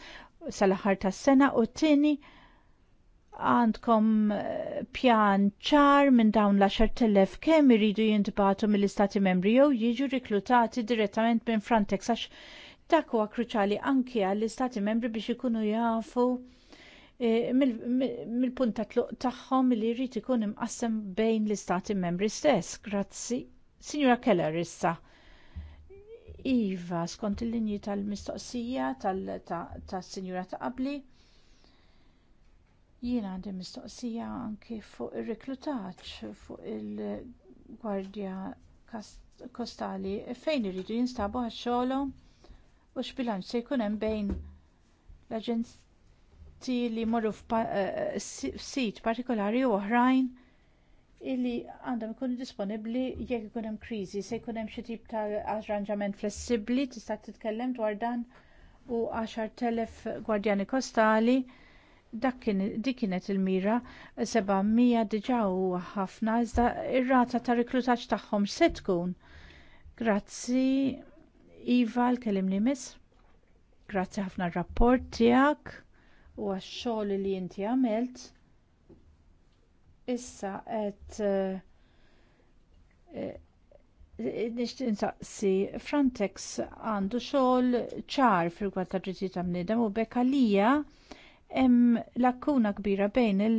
sal-aħħar tas-sena u tieni għandkom eh, pjan ċar minn dawn l-10,000 kemm iridu jintbagħtu mill-Istati Membri jew jiġu riklutati direttament minn Frontex għax dak huwa kruċali anke għall-Istati Membri biex ikunu jafu Eh, mill-punt tluq tagħhom li jrid ikun imqassem bejn l-istati membri stess. Grazzi. Signora Keller issa. Iva, skont il-linji tal-mistoqsija tas-sinjura ta' qabli. Jiena għandi mistoqsija anke fuq ir-reklutaġġ fuq il-gwardja kostali fejn iridu jinstabu għax-xogħolhom u x'bilanċ se jkun hemm bejn prodotti li jmorru f'sit eh, partikolari u oħrajn illi għandhom ikunu disponibbli jekk ikun hemm kriżi, se jkun hemm xi tip ta' arranġament flessibbli tista' titkellem dwar dan u 10,000 gwardjani kostali dik kienet il-mira 700 diġà huwa ħafna iżda ir-rata ta' riklutaġġ tagħhom se tkun. Grazzi Iva l-kelim li miss. Grazzi ħafna r-rapport tiegħek u għax-xogħol li inti għamilt issa qed eh, eh, nixtieq Frontex għandu xogħol ċar fil-gwad ta' drittijiet ta' bniedem u bekk għalija hemm lakuna kbira bejn il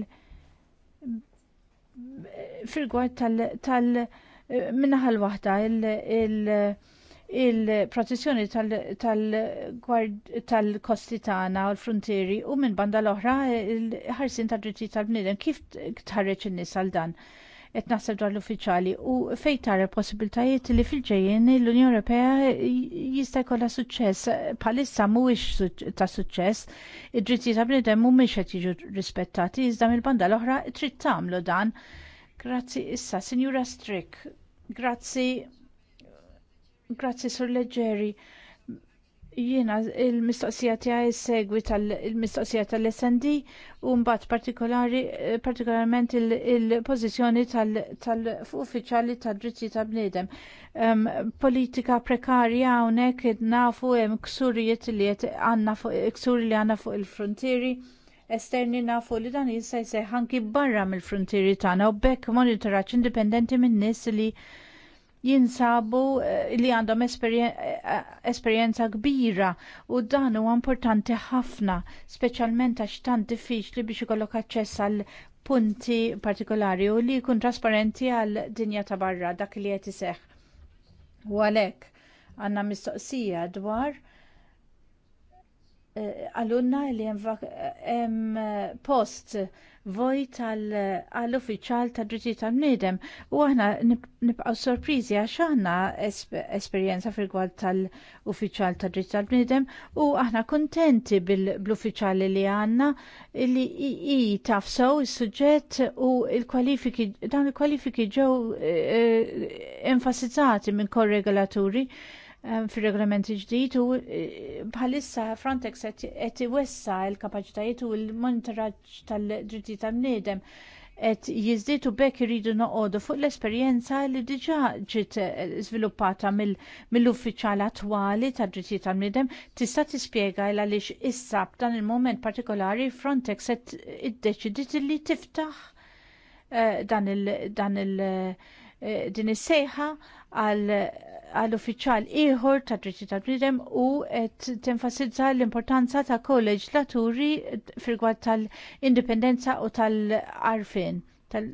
fil-gwad tal-minaħal waħda il-, il, il il-protezzjoni tal-kosti tagħna u l-frontieri u minn banda l-oħra il-ħarsin tad-drittijiet tal-bniedem kif tħarreġ in-nies għal dan qed naħseb dwar l-uffiċjali u fejn tara possibiltajiet li fil-ġejjin l-Unjoni Ewropea jista' jkollha suċċess bħalissa mhuwiex ta' suċċess, id-drittijiet tal-bniedem mhumiex qed jiġu rispettati iżda mill-banda l-oħra trid tagħmlu dan. Grazzi issa, Sinjura Strick. Grazzi Grazzi sur Leggeri. Jiena il-mistoqsija tiegħi segwi tal-mistoqsija tal-SND u mbagħad partikolari eh, partikolarment il-pożizzjoni tal-uffiċjali tad-dritti ta' bniedem. Politika prekarja hawnhekk nafu hemm ksurijiet li qed għandna fuq ksuri li għandna fuq il-frontieri esterni nafu li dan jista' jseħħ anki barra mill-frontieri tagħna u bekk monitoraġġ indipendenti minn nies li jinsabu eh, li għandhom eh, esperjenza kbira u dan huwa importanti ħafna, speċjalment għax tant diffiċli biex ikollok aċċess għal punti partikolari u li jkun trasparenti għal dinja ta' barra dak li qed iseħħ. U għalhekk għandna mistoqsija dwar eh, għalunna li hemm post Voj tal uffiċjal tad drittijiet tal-bniedem u aħna nibqaw sorpriżi għax għandna esperjenza fil-gwad tal-uffiċjal tad drittijiet tal-bniedem u aħna kuntenti bil uffiċjali li għandna li i tafsaw il suġġett u l-kwalifiki dan il-kwalifiki ġew eh, eh, enfasizzati minn korregolaturi regolaturi fir regolamenti ġdid u e, bħalissa Frontex qed iwessa l-kapaċitajiet u l-monitoraġġ tal-drittijiet tan-niedem qed u bekk iridu noqogħdu fuq l-esperjenza li diġà ġiet e, żviluppata mill-uffiċjal attwali tad-drittijiet tal niedem tista' tispjega l għaliex issa b'dan il-mument partikolari Frontex qed iddeċidiet li tiftaħ e, dan il- din is-sejħa għall-uffiċjal ieħor ta' dritti ta' bridem u qed tenfasizza l-importanza ta' kolleġ laturi firgwad tal-indipendenza u tal-arfin tal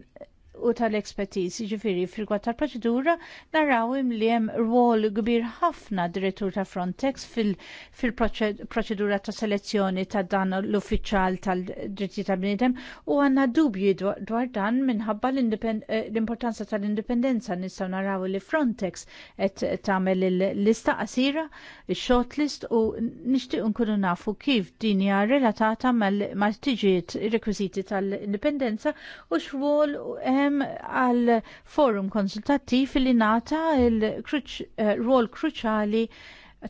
u tal ekspertiz Ġifiri, fil tal-proċedura naraw li hemm rwol kbir ħafna direttur ta' Frontex fil-proċedura ta' selezzjoni ta' dan l-uffiċjal tal-dritti ta' bnidem u għandna dubji dwar dan minħabba eh, l-importanza tal-indipendenza nistgħu naraw li Frontex qed tagħmel l-lista qasira, il-shortlist u nixtieq nkunu nafu kif din hija relatata mal-tiġiet ir-rekwiżiti tal-indipendenza u xwol hemm nitkellem għal forum konsultattiv li nata il-rol eh, kruċali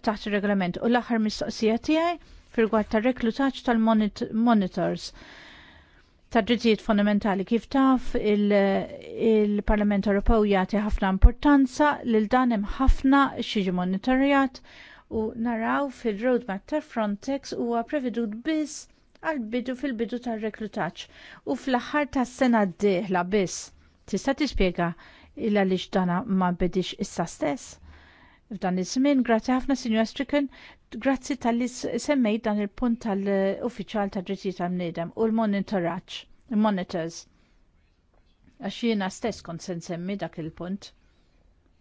taħt il-regolament u l-aħħar mistoqsija tiegħi fil ta' reklutaċ tal-monitors ta' drittijiet fondamentali kif taf il-Parlament il Ewropew jagħti ħafna importanza lil dan hemm ħafna xiġi monitorjat u naraw fil-roadmap ta' Frontex huwa prevedut biss għal-bidu fil-bidu tal-reklutaċ u fl-axħar tas sena d-dieħla biss. Tista' tispjega il għaliex dana ma bidix issa stess? F'dan iż-żmien, grazzi ħafna Sinjor Stricken, grazzi tal-li semmejt dan il-punt tal-uffiċjal tad drittijiet ta' bniedem u l-monitoraġġ, il-monitors. Għax jiena stess kont se nsemmi dak il-punt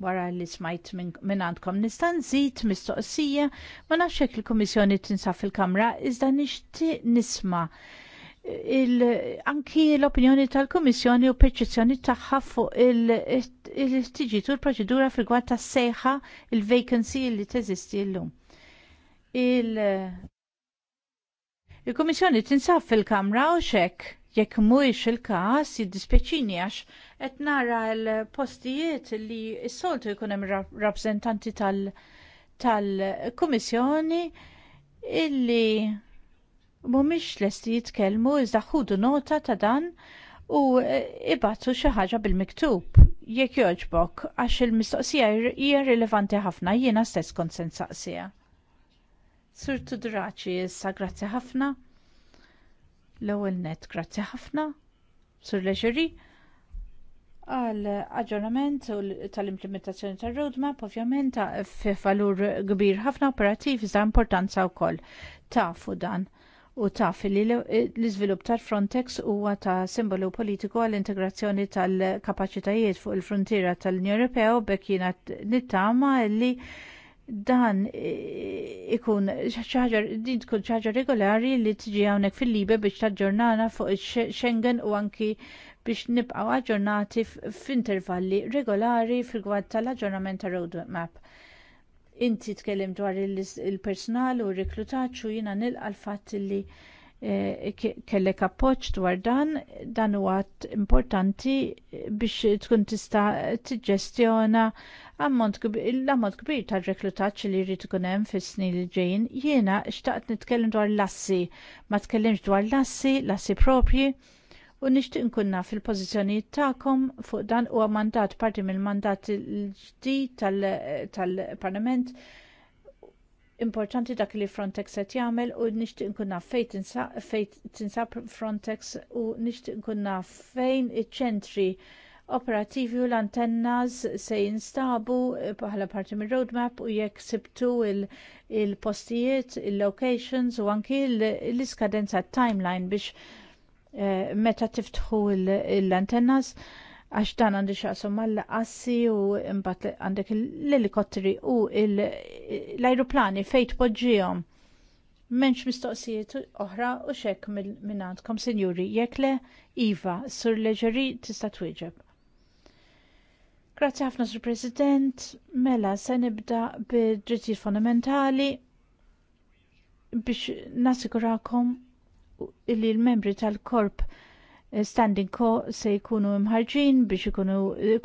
wara li smajt minn għandkom. Nista' nżid mistoqsija ma nafx hekk il-Kummissjoni tinsaf fil-Kamra iżda nixti nisma' anki l-opinjoni tal-Kummissjoni u perċezzjoni tagħha fuq il-tiġitu l-proċedura fil-gwad tas-sejħa il-vacancy li teżisti llum. Il-Kummissjoni tinsaf fil-Kamra u xek Jekk mhuwiex il-każ, jiddispjaċini għax qed nara l-postijiet li s-soltu jkun hemm rappreżentanti tal-Kummissjoni illi mhumiex lesti jitkellmu iżda ħudu nota ta' dan u ibazzu xi ħaġa bil-miktub jekk jogħġbok għax il-mistoqsija hija rilevanti ħafna jiena stess kont sensaqsija. Sur Tudraċi issa grazzi ħafna. L-ewwel net, grazzi ħafna, Sur Leġeri, għal aġġornament tal-implementazzjoni tal-roadmap, ovvjament fi valur kbir ħafna operattiv iżda importanza wkoll tafu dan u taf li l-iżvilupp tal-Frontex huwa ta' simbolu politiku għall integrazzjoni tal-kapaċitajiet fuq il-frontiera tal-Unjoni Ewropea u jien nittama li dan ikun ċaġar, din tkun ċaġar regolari li tiġi hawnhekk fil-libe biex taġġornana fuq Schengen u anki biex nibqgħu aġġornati f'intervalli regolari fil-gwad tal-aġġornament ta' roadmap. Inti tkellim dwar il-personal u r-reklutaċċju jiena nilqa l-fatt li eh, kellek appoġġ dwar dan, dan huwa importanti biex tkun tista' tiġġestjona l-ammont kbir tar reklutat li jrid ikun hemm fis-snin li ġejjin, jiena xtaqt nitkellem dwar l-assi, ma tkellimx dwar l-assi, l-assi propji, u nixtieq nkunna fil pożizzjonijiet tagħkom fuq dan huwa mandat parti mill-mandat l-ġdid tal-Parlament importanti dak li Frontex qed jagħmel u nixtieq nkun naf fejn tinsab Frontex u nixtieq nkun naf fejn iċ-ċentri operativi u l-antennas se jinstabu eh, bħala parti mir roadmap u jekk sibtu il-postijiet, il il-locations u anki l-iskadenza timeline biex eh, meta tiftħu l-antennas għax dan għandi xaqsum mal-assi u imbat għandek l-elikotteri u l-aeroplani fejn tpoġġihom Menx mistoqsijiet oħra u xek minn għandkom, sinjuri, jekk le Iva, sur leġeri tista' twieġeb. Grazzi ħafna sur President, mela se nibda bid-drittijiet fondamentali biex nasigurakom li l-membri tal-korp eh, standing Co se jkunu imħarġin biex ikunu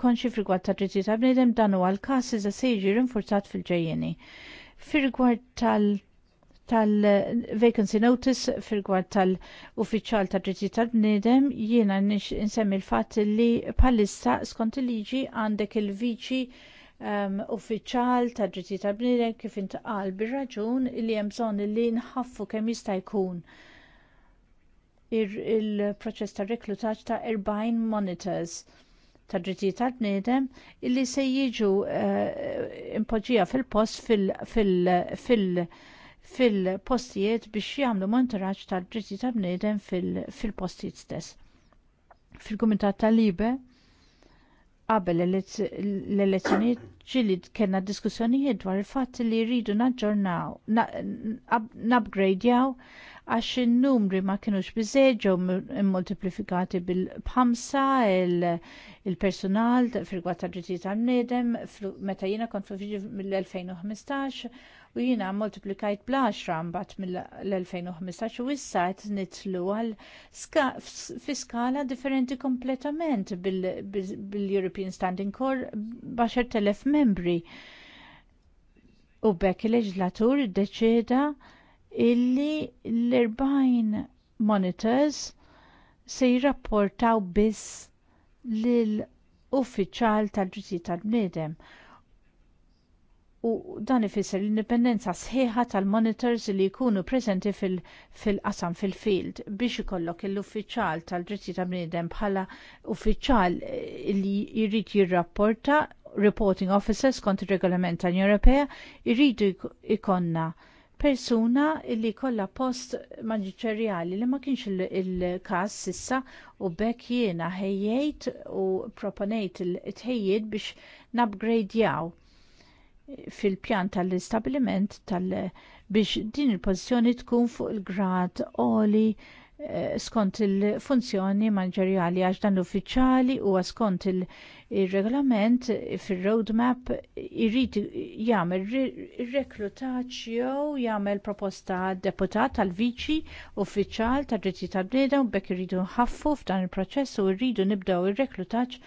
konxi frigwad ta' dritti ta' bnidem dan huwa l-każ iżda se jiġi rinforzat fil-ġejjeni. Firgward tal- tal-vacancy notice fil-gwad tal-uffiċjal ta' dritti tal-bnidem jiena nix insemmi l-fat li palissa skont il-liġi għandek il-viċi um, uffiċjal ta' dritti tal-bnidem kif intqal bir-raġun li hemm bżonn li nħaffu kemm jista' jkun il-proċess ta' reklutaġġ ta' 40 monitors ta' dritti ta' bnedem illi se jiġu uh, eh, impoġija fil-post fil-, fil, fil fil-postijiet biex jagħmlu monitoraġġ tal-dritti tal-bniedem fil-postijiet stess. Fil-Kumitat tal-Libe qabel l-elezzjonijiet ġili kellna diskussjonijiet dwar il-fatt li rridu naġġornaw, nabgradjaw għax in-numri ma kienux biżeġu immultiplifikati bil-bħamsa il-personal fil-gwad ta' tal bniedem meta jiena kont mill-2015 u jiena multiplikajt bl-10 mbagħad mill-2015 u issa qed nitlu għal fi skala differenti kompletament bil-European Standing Core baxar telef membri. U bekk il-leġlatur iddeċieda illi l-40 monitors se jirrapportaw biss lil uffiċjal tad-drittijiet tal-bniedem u dan ifisser l-indipendenza sħiħa tal-monitors li jkunu preżenti fil-qasam fil fil-field biex ikollok l-uffiċjal tal-dritti ta' bniedem bħala uffiċjal eh, li jrid jirrapporta reporting officers kont ir-regolament tal-Ewropea jridu ikonna persuna li jkollha post maġiċerjali li ma kienx il-każ sissa u bekk jiena ħejjejt u proponejt il-tħejjiet biex nabgradjaw fil-pjan tal-istabiliment tal biex din il-pozizjoni tkun fuq il-grad oli eh, skont il-funzjoni manġerjali għax dan l-uffiċjali u skont il-regolament fil-roadmap irrid jagħmel reklutaċ jew jagħmel proposta deputat tal-viċi uffiċjal tad-dritti tal-bniedem u bekk irridu nħaffu f'dan il-proċess u rridu nibdew ir-reklutaċ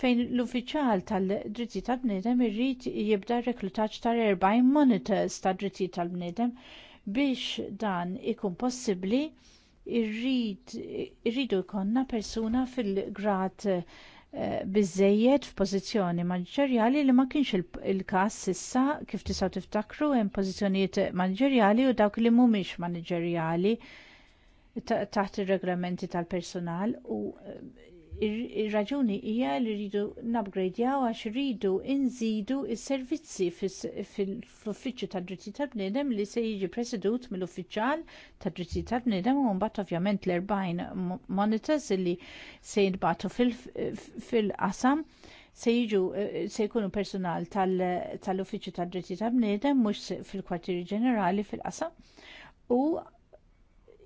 fejn l-uffiċjal tal-drittijiet tal-bniedem irrid jibda r reklutaġġ tal-40 monitors tad-drittijiet tal-bniedem biex dan ikun possibbli irridu jkollna persuna fil-grad eh, biżżejjed f'pożizzjoni manġerjali li ma kienx il-każ issa kif tistgħu tiftakru hemm pożizzjonijiet manġerjali u dawk li mhumiex maniġerjali taħt ir-reglamenti tal-personal u eh, ir-raġuni hija li rridu nabgradjaw għax rridu nżidu s servizzi fl-uffiċċju tad dritti tal-bniedem li se jiġi presedut mill-uffiċjal tad dritti tal-bniedem u mbagħad ovvjament l-40 monitors li se jinbagħtu fil-qasam se jiġu eh, se jkunu personal tal-uffiċċju tad dritti tal-bniedem mhux fil-kwartieri ġenerali fil-qasam u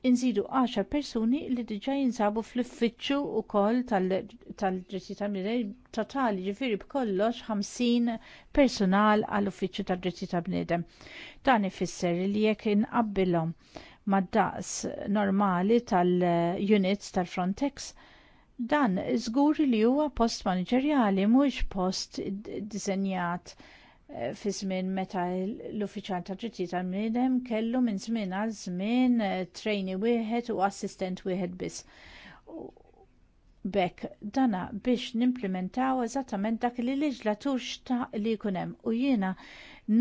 inżidu 10 persuni li diġà jinsabu fl-uffiċċju wkoll tal-drittijiet tal-bniedem totali ġifiri b'kollox 50 personal għall uffiċċju tad-drittijiet tal-bniedem. Dan ifisser li jekk inqabbilhom mad-daqs normali tal-units tal-Frontex, dan żgur li huwa post manġerjali mhuwiex post disenjat Eh, fi żmien meta l-uffiċjal ta' drittijiet tal mniedem kellu minn żmien għal żmien eh, trejni wieħed u assistent wieħed biss. B'hekk dana biex nimplementaw eżattament dak li leġlatur xtaq li jkun hemm u jiena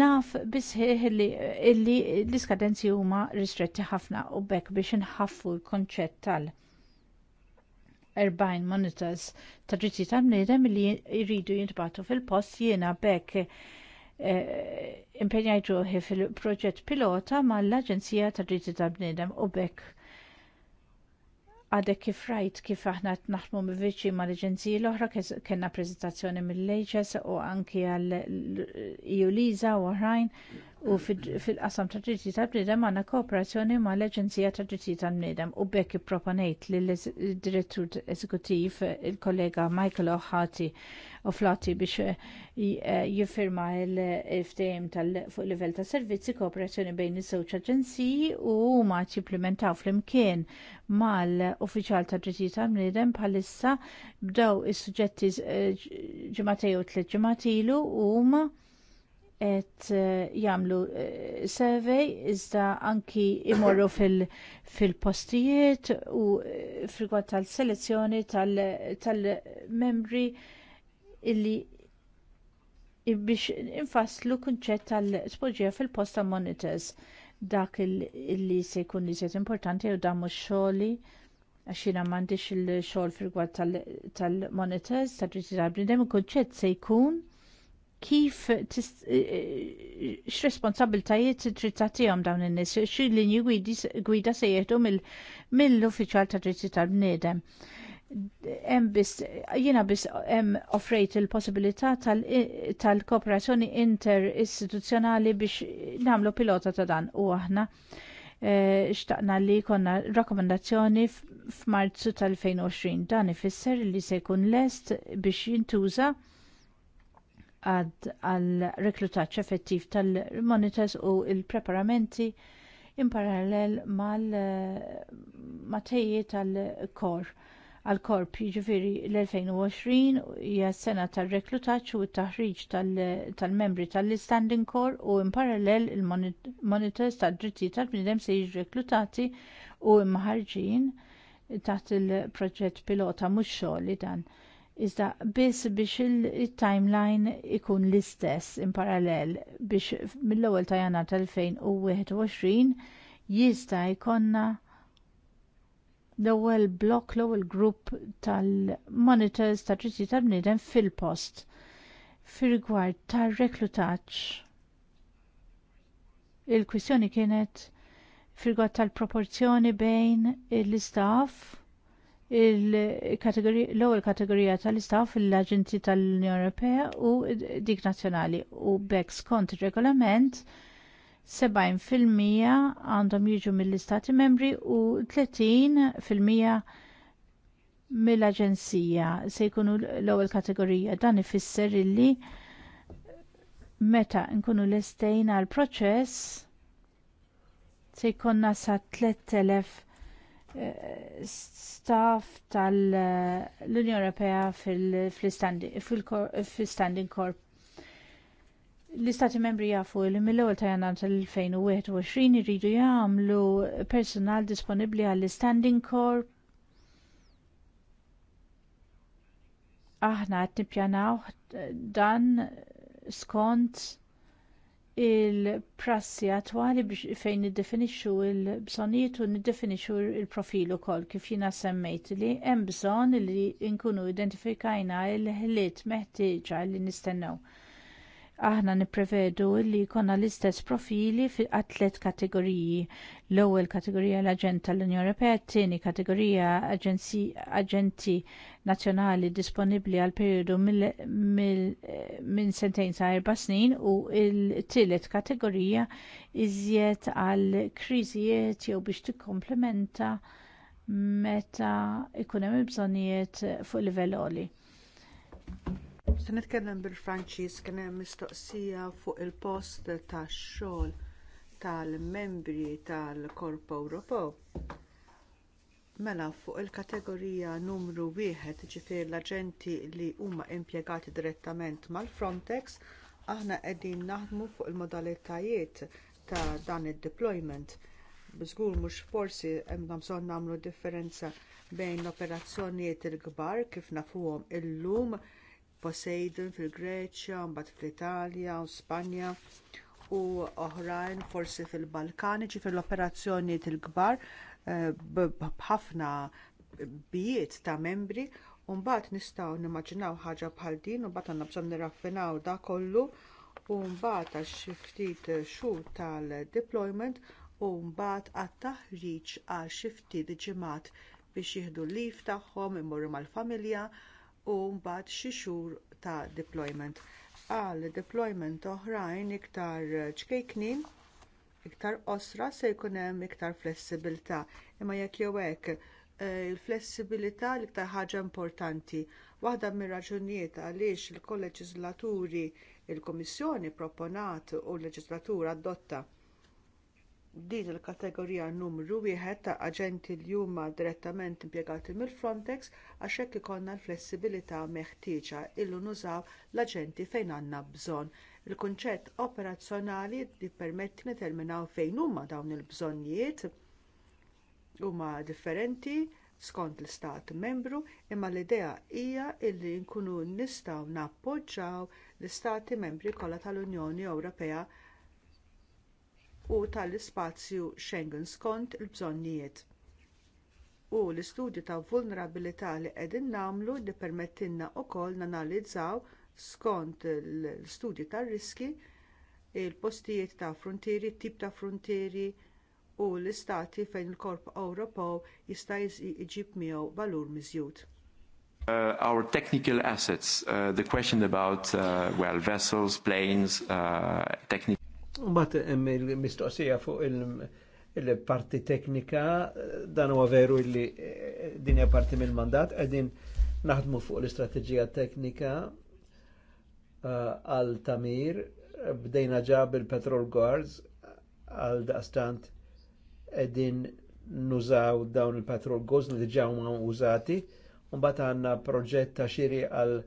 naf bisħiħ eh, li l-iskadenzi huma ristretti ħafna u bekk biex inħaffu l-konċett tal- 40 monitors ta' ġitti ta' bniedem li jridu jintbatu fil-post jiena bekk Eh, impenjajt ruħi fil-proġett pilota mal-Aġenzija ta' Dritti tal-Bniedem u bekk għadek kif rajt kif aħna naħdmu miviċi mal aġenziji l-oħra kena prezentazzjoni mill-Leġes u anki għal EU u oħrajn u fil-qasam ta' dritti tal-bniedem għandna kooperazzjoni mal l-Aġenzija ta' dritti tal-bniedem u bekk ipproponejt lill direttur eżekutiv il-kollega Michael O'Hati u Flati biex eh, jiffirma l-FTM fuq livell ta' servizzi kooperazzjoni bejn iż-żewġ aġenziji u huma jipplementaw flimkien mal-Uffiċjal ta' dritti tal-bniedem bħalissa bdew is-suġġetti eh, ġimatej u tliet ġimatilu u huma qed eh, jagħmlu eh, survey iżda anki imorru fil-postijiet u eh, frigwat tal-selezzjoni tal-membri illi biex infasslu kunċett tal-spoġija fil posta ta' monitors dak illi se jkun li se importanti u dan mhux xogħli għax jiena m'għandix il-xogħol fil-gwad tal-monitors tad-dritti tal-bniedem il-kunċett se jkun kif eh, eh, x-responsabiltajiet trittatijom dawn in-nies, xil-linji gwida se jieħdu mill-uffiċjal ta' dritti tal-bniedem hemm bis jiena biss hemm offrejt il-possibilità eh, tal-kooperazzjoni inter interistituzzjonali biex nagħmlu pilota ta' dan u aħna xtaqna li konna rakkomandazzjoni f'Marzu tal-2020 dan ifisser li se jkun lest biex jintuża għad għal reklutaċ effettiv tal-monitors u l preparamenti in parallel mal-matejji eh, tal-kor għal-korp jiġifieri l-2020 hija s-sena tar-reklutaġġ u t-taħriġ tal-membri tal-Standing kor u parallel il-monitors tad dritti tal bnidem se reklutati u mħarġin taħt il-proġett pilota mhux xogħol dan. Iżda biss biex il-timeline ikun l-istess in parallel biex mill-ewwel ta' jannar tal-2021 jista' jkollna l-ewwel blokk l-ewwel grupp tal-monitors ta' ġritti tal-bniedem fil-post fir-rigward tar-reklutaġġ. Il-kwistjoni kienet fil-rigward tal-proporzjoni bejn il istaff l-ewwel kategorija tal-istaff l-Aġenti tal-Unjoni Ewropea u dik nazzjonali u BEX skont ir-regolament 70% għandhom jiġu mill-Istati membri u 30% mill-Aġenzija se jkunu l-ewwel kategorija dan ifisser illi meta nkunu lestejn l proċess se jkollna sa 3000 staff tal-Unjoni Ewropea fil-Standing Corp. L-Istati membri jafu li mill-ewwel ta' jannar tal-2021 iridu jagħmlu personal disponibbli għall-Standing Corp. Aħna qed nippjanaw dan skont il-prassi attwali fejn niddefinixxu l-bżonnijiet u niddefinixxu l-profil ukoll kif jiena semmejt li hemm bżonn li nkunu identifikajna l-ħiliet meħtieġa li nistennew aħna nipprevedu li jkollna l-istess profili fi tliet kategoriji. L-ewwel kategorija l-Aġent tal-Unjoni Ewropea, t-tieni kategorija aġenti nazzjonali disponibbli għal perjodu minn sentejn sa' erba' snin u l-tielet kategorija iżjed għal kriżijiet jew biex tikkomplementa meta ikun hemm bżonnijiet fuq livell għoli Se nitkellem bil-Franċiż kien hemm mistoqsija fuq il-post tax-xogħol tal-membri tal-Korp Ewropew. Mela fuq il-kategorija numru wieħed ġifier l-aġenti li huma impjegati direttament mal-Frontex, aħna qegħdin naħdmu fuq il-modalitajiet ta' dan id-deployment. Żgur, mhux forsi hemm bżonn nagħmlu differenza bejn l operazzjonijiet il-kbar kif nafuhom illum Poseidon fil-Greċja, mbagħad fl-Italja u Spanja u oħrajn forsi fil-Balkani, ġifir l-operazzjoni il kbar eh, b'ħafna bijiet ta' membri u mbagħad nistgħu nimmaġinaw ħaġa bħal din u mbagħad għandna bżonn niraffinaw da kollu u mbagħad għax xi ftit xhur tal-deployment u mbagħad għat-taħriġ għal xi ftit ġimgħat biex jieħdu l-lif tagħhom imorru mal-familja u mbagħad xi xhur ta' deployment. Għal deployment oħrajn iktar ċkejknin, iktar osra se jkun hemm iktar flessibilità. Imma jekk jew hekk eh, il-flessibilità l-iktar ħaġa importanti. Waħda mir-raġunijiet għaliex il-kolleġislaturi il-Komissjoni proponat u l-leġislatura adotta din il-kategorija numru wieħed ta' aġenti li huma direttament impjegati mill-Frontex għax hekk ikollna l-flessibilità meħtieġa illu nużaw l-aġenti fejn għandna bżonn. Il-kunċett operazzjonali jippermetti niterminaw fejn huma dawn il-bżonnijiet huma differenti skont l-istat membru imma l-idea hija li nkunu nistgħu nappoġġjaw l-istati membri kollha tal-Unjoni Ewropea u tal-ispazju Schengen skont il-bżonnijiet. U l-istudju ta' vulnerabilità li qegħdin nagħmlu li permettinna wkoll nanalizzaw skont l-istudju tar-riski il-postijiet ta' frontieri, tip ta' frontieri u l-istati fejn il-Korp Ewropew jista' jġib miegħu valur miżjud. Uh, our technical assets, uh, the question about, uh, well, vessels, planes, uh, technical Mbagħad hemm il-mistoqsija fuq il-parti teknika dan huwa veru li eh, din hija parti mill-mandat qegħdin naħdmu fuq l-istrateġija teknika eh, għal Tamir bdejna ġab il-Petrol Guards għal daqstant qegħdin nużaw dawn il-Petrol Guards li ġaw ma' użati u mbagħad għandna proġett ta' xiri għal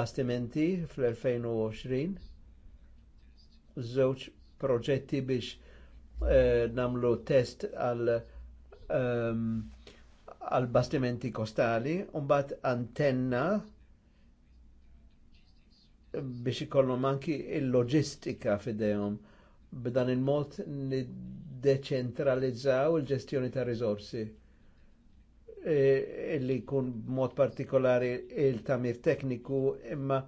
bastimenti fl-2020 żewġ proġetti biex eh, namlu test għal ehm, għal um, bastimenti kostali, unbat antenna biex ikollhom anki il-loġistika fidejhom b'dan il-mod deċentralizzaw il-ġestjoni ta' risorsi eh, illi kun mod partikolari il-tamir tekniku imma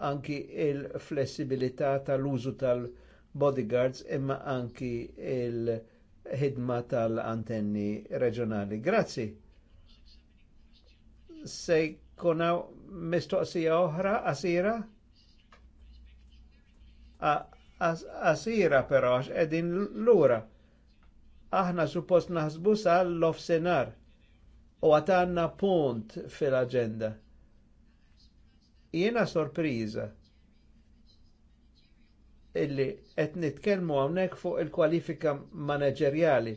anki il-flessibilità tal-użu tal-bodyguards imma anki il-ħidma tal-antenni reġjonali. Grazzi. Se jkunaw mistoqsija oħra qasira? Qasira però għax qegħdin lura. Aħna suppost naħsbu sal l-offsenar u għatanna punt fil-aġenda Jiena sorpriża illi qed nitkellmu hawnhekk fuq il-kwalifika managerjali.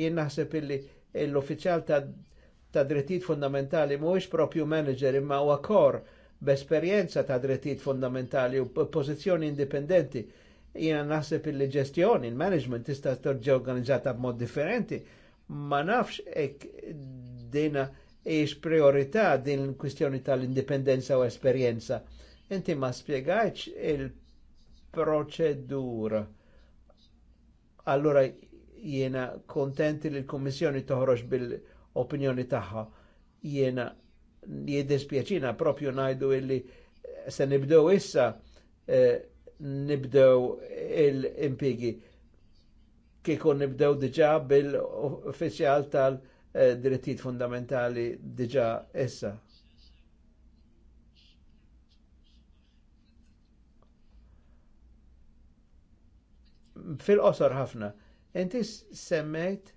Jien naħseb illi l-uffiċjal ta', ta drittijiet fundamentali mhuwiex propju manager imma huwa kor b'esperjenza ta' drittijiet fundamentali u pożizzjoni indipendenti. Jiena naħseb illi ġestjoni, il-management tista' torġi organizzata b'mod differenti. Ma nafx hekk dejna ix priorità din kwistjoni tal-indipendenza u esperienza. Inti ma spiegajċ il-proċedura. Allora jiena kontenti li l-Kommissjoni toħroġ bil-opinjoni tagħha. Jiena jiddispjaċina propju najdu illi se nibdew issa eh, nibdew il-impigi Kikun nibdew diġa bil -official tal- Eh, drittijiet fundamentali diġa essa. Fil-qosor ħafna, inti semmejt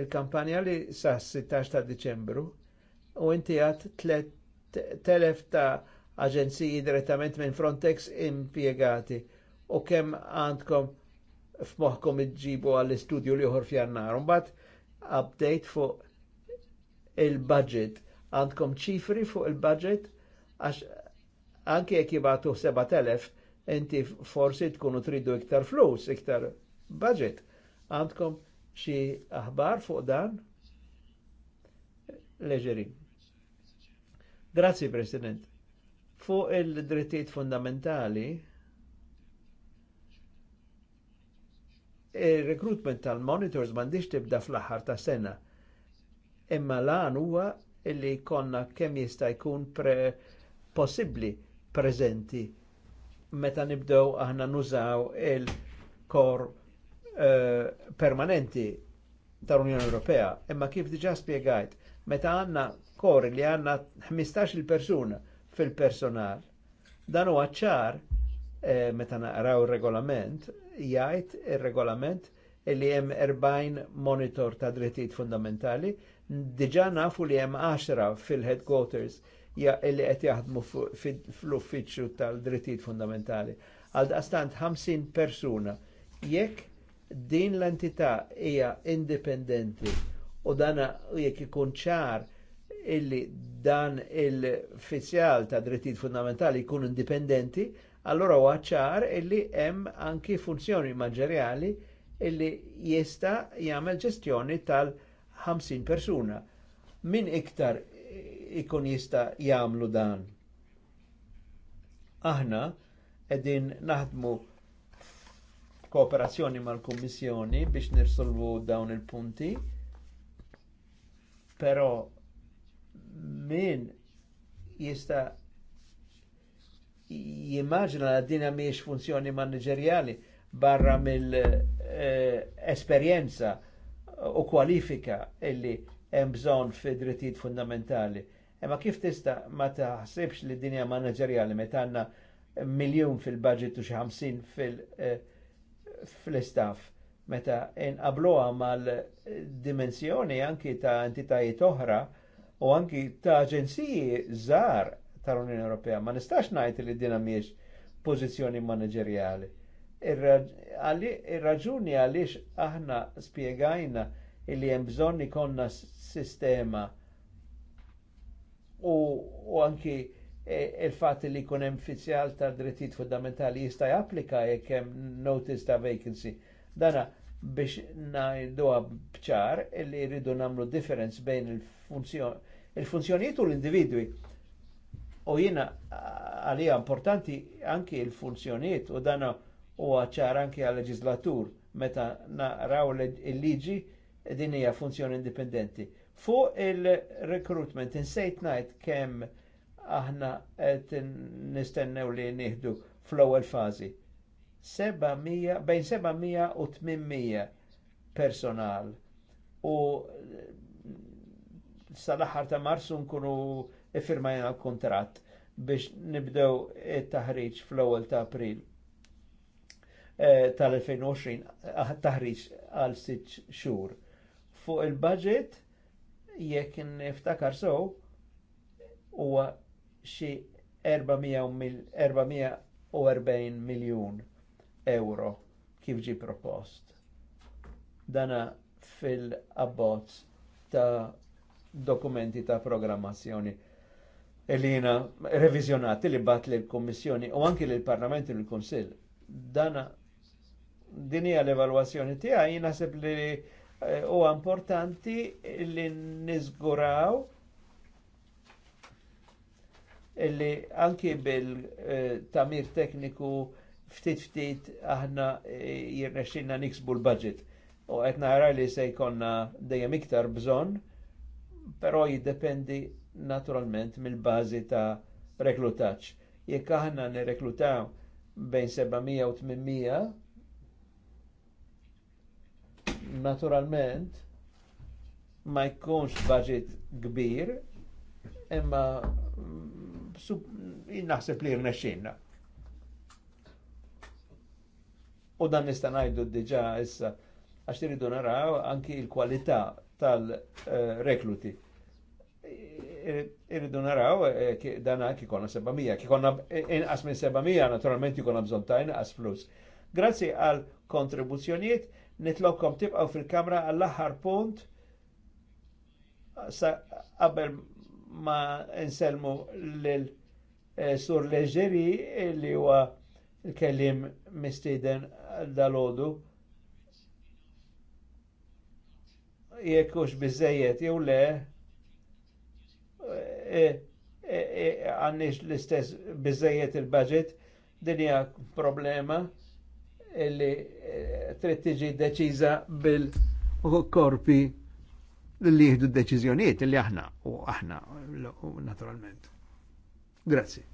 il-kampanja li sa' 16 ta' Deċembru u inti għat 3000 ta' aġenziji direttament minn Frontex impiegati u kemm għandkom f'moħħkom iġġibu għall-istudju li uħor fjannar. Mbagħad update fuq il-budget. Għandkom ċifri fuq il-budget? Għax anki jek jibatu 7000, inti forsi tkunu tridu iktar flus, iktar budget. Għandkom xi aħbar fuq dan? Leġeri. Grazzi, President. Fuq il-drittijiet fundamentali, Il-recruitment tal-monitors mandiġ tibda fl-aħħar ta' sena. Imma lan huwa illi konna kemm jista' jkun pre possibbli preżenti meta nibdew aħna nużaw il-kor uh, permanenti tal-Unjoni Ewropea. Imma kif diġà spjegajt, meta għandna kor li għandna 15 il persuna fil-personal, dan huwa ċar eh, meta naqraw il regolament jgħid ir-regolament li hemm 40 monitor ta' drittijiet fundamentali, diġà nafu li hemm 10 fil-headquarters ja, li qed jaħdmu fl-uffiċċju tal-drittijiet fundamentali. Għal daqstant 50 persuna. Jekk din l-entità hija indipendenti u dana jekk ikun ċar illi dan il-fizzjal ta' drittijiet fundamentali jkun indipendenti, allora huwa ċar illi hemm anki funzjoni manġerjali illi jista jagħmel ġestjoni tal-50 persuna. Min iktar ikun jista jagħmlu dan? Aħna edin naħdmu kooperazzjoni mal-Kummissjoni biex nirsolvu dawn il-punti, però min jista' jimmaġina dinja miex funzjoni manageriali barra mill-esperjenza eh, u kwalifika illi hemm bżonn fi drittijiet fundamentali. Imma kif tista' ma taħsibx li dinja manageriali meta għandna miljun fil-budget u xi ħamsin fil-istaff eh, meta inqabluha mal-dimensjoni anki ta' entitajiet oħra u anki ta' aġenziji żgħar tal-Unjoni Ewropea. Ma nistax ngħid li dina mhijiex pożizzjoni manageriali. Ir-raġuni għaliex aħna spiegajna li hemm bżonn ikonna sistema u, u anki e, il fatt li kun hemm fizzjal ta' drittijiet fundamentali jista' japplika jekk hemm notice ta' vacancy. Dana biex ngħiduha bċar li jridu nagħmlu difference bejn il-funzjonijiet il u l-individwi. U jina għalija importanti anki il-funzjoniet u dana u ċar anki għal leġislatur meta naraw il-liġi din hija funzjoni indipendenti. Fuq il-recruitment, insejt najt kemm aħna qed nistennew li nieħdu fl-ewwel fażi. 700 bejn 700 u 800 personal u sal-aħħar ta' Marsu nkunu firmajna l-kontrat biex nibdew it-taħriġ fl-ewwel ta' April tal-2020 taħriġ għal sitt xhur. Fuq il-budget jekk niftakar so huwa xi 440 miljun euro kif ġi propost. Dana fil-abbozz ta' dokumenti ta' programmazzjoni li jina revizjonati li bat li l-Kommissjoni u anki li l-Parlament u l-Konsil. Dana dinija l-evaluazzjoni tija jina sepp li eh, u importanti li nizguraw li anki bil-tamir eh, tekniku ftit ftit aħna eh, jirnexinna niksbu l-budget. U għetna nara li sejkonna dejjem iktar bżon, pero jiddependi naturalment mill-bażi ta' reklutaċ. Jekk aħna nirreklutaw bejn 700 u 800, naturalment ma jkunx budget kbir, imma mm, naħseb li rnexxinna. U dan nista' ngħidu diġà issa għax tiridu naraw anki l-kwalità tal-rekluti. Eh, uh, irridu naraw eh, dana ki konna 700, ki konna inqas minn 700 naturalment jikonna bżon ta' inqas flus. Grazzi għal kontribuzzjonijiet nitlobkom tibqaw fil-kamra għall-aħħar punt sa qabel ma nselmu lil eh, sur leġeri li huwa il-kellim mistiden dal-ħodu. Jekkux bizzejiet jew le, E, e, e, għannix l-istess bizzejiet il-budget, dinja problema li trid tiġi deċiża bil-korpi li jihdu d-deċiżjonijiet li aħna u aħna naturalment. Grazie.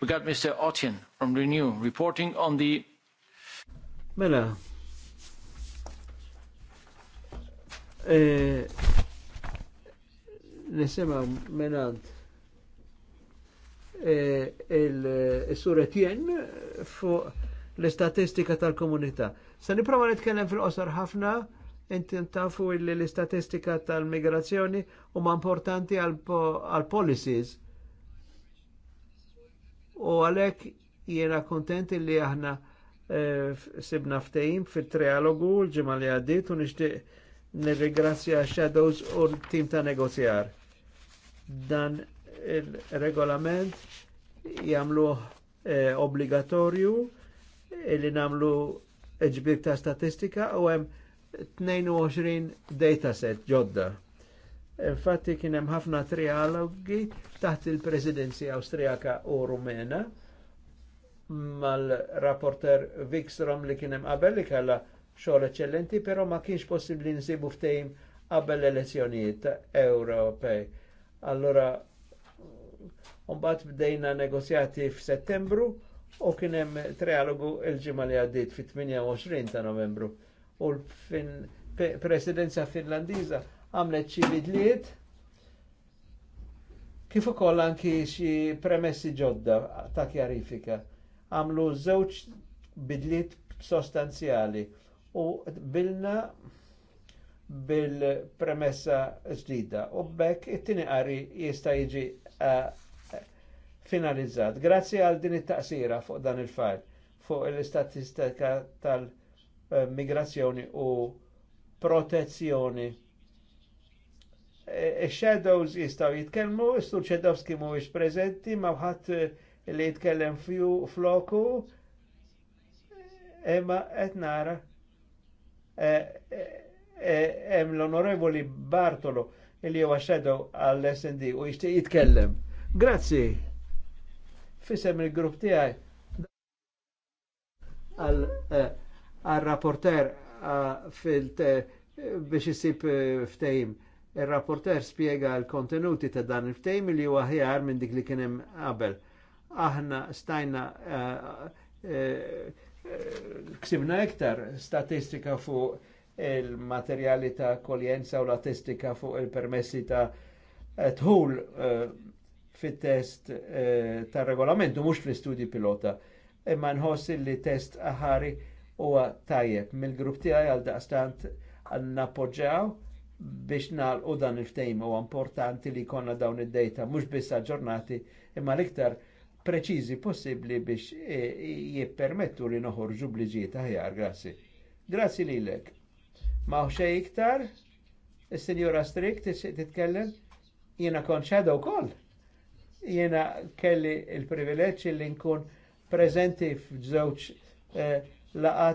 we got Mr. Otien from Renew reporting on the. Mela. Eh, Nisema menant eh, Il-sur eh, Etienne fuq l-istatistika tal-komunità. Se niprofa nitkellem fil-qosor ħafna, inti tafu li l-istatistika tal-migrazzjoni huma importanti għal-policies. U għalhekk jiena kontent li aħna eh, sibna ftehim fit-trialogu l-ġimgħa li għaddiet u nixtieq nirringrazzja Shadows u l-tim ta' negozjar. Dan il-regolament jagħmluh eh, obbligatorju li namlu ġbir ta' statistika u hemm 22 dataset ġodda. Infatti kien hemm ħafna trialogi taħt il-Presidenzi Awstrijaka u Rumena mal-rapporter Wikstrom li kien hemm qabel li kellha xogħol eċċellenti, però ma kienx possibbli nsibu ftehim qabel l-elezzjonijiet Ewropej. Allora, mbagħad bdejna negozjati f'Settembru u kien hemm trialogu l ġimgħa li għaddiet fit-28 ta' Novembru u l-Presidenza Finlandiża għamlet xi bidliet kif ukoll anki xi premessi ġodda ta' kjarifika. Għamlu żewġ bidliet sostanzjali u bilna bil-premessa ġdida u bekk it-tieni qari jista' jiġi eh, finalizzat. Grazzi għal din it-taqsira fuq dan il-fajl, fuq l-istatistika tal-migrazzjoni u protezzjoni. E, e shadows jistaw jitkelmu, istu Shadows kimu ix prezenti, ma bħat li jitkellem fju floku, emma etnara em e, l-onorevoli Bartolo, il-li huwa Shadow għall-SND u jishtiq jitkellem. Grazie fisem il-grupp tijaj għal-rapporter eh, eh, eh, biex jisib ftejim. Il-rapporter spiega l-kontenuti ta' dan il ftejim li huwa ħjar minn dik li kienem hemm qabel. Aħna stajna ksibna iktar statistika fu il-materjali ta' koljenza u statistika fu il-permessi ta' tħul fit-test eh, tar-regolamentu mhux fl-istudji pilota. Imma nħoss li test aħari huwa tajjeb mill-grupp tiegħi għal daqstant nappoġġjaw biex nagħlqu dan il-ftejm u importanti li konna dawn id-dejta mhux biss aġġornati imma l-iktar preċiżi possibbli biex eh, jippermettu li noħorġu bliġiet aħjar, grazzi. Grazzi lilek. Ma xej iktar? Is-Sinjora Strik titkellem? Jiena kon ukoll. Jena kelli il-privileġġ li nkun prezenti f'żewġ eh,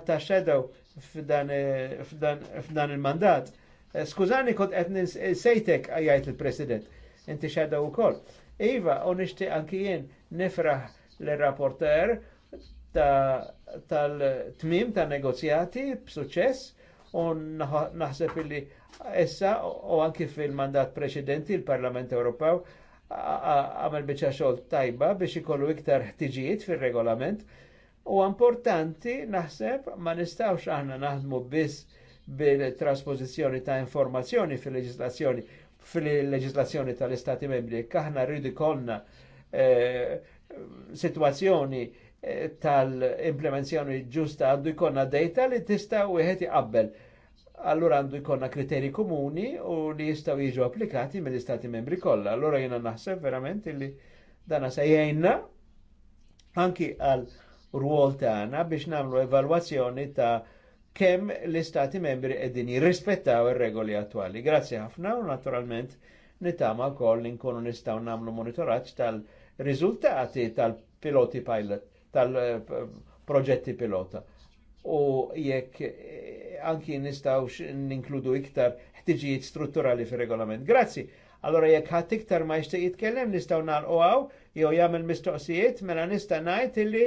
ta' shadow f'dan eh, il-mandat. Eh, skużani kont qed sejtek eh, għajajt il-President, inti shadow ukoll. Iva, u nixtieq anki jien nifraħ l-rapporter tal-tmim ta' negozjati b'suċċess u naħseb illi essa u anki fil-mandat preċedenti il-Parlament Ewropew għamel bieċa xogħol tajba biex ikollu iktar ħtiġijiet fil-regolament u importanti naħseb ma nistawx aħna naħdmu biss bil-trasposizjoni ta' informazzjoni fil-leġislazzjoni fil-leġislazzjoni tal-Istati membri. Kaħna rridu konna eh, situazzjoni eh, tal-implementazzjoni ġusta għandu jkollna data li tista' wieħed iqabbel allura għandu jkollna kriteri komuni u li jistaw jiġu applikati mill-istati membri kollha. Allura jena naħseb verament li dana se jgħinna anki għal ruol tagħna biex nagħmlu evalwazzjoni ta' kemm l-istati membri qegħdin jirrispettaw ir-regoli attwali. Grazzi ħafna u naturalment nitama wkoll li nkunu nistgħu nagħmlu monitoraġġ tal-riżultati tal-piloti pilot tal-proġetti eh, pilota. U jekk anki nistawx ninkludu iktar ħtiġijiet strutturali fir-regolament. Grazzi. Allora jekk ħat iktar ma jixtieq jitkellem nistgħu nagħlqu hawn jew jagħmel mistoqsijiet mela nista' ngħid illi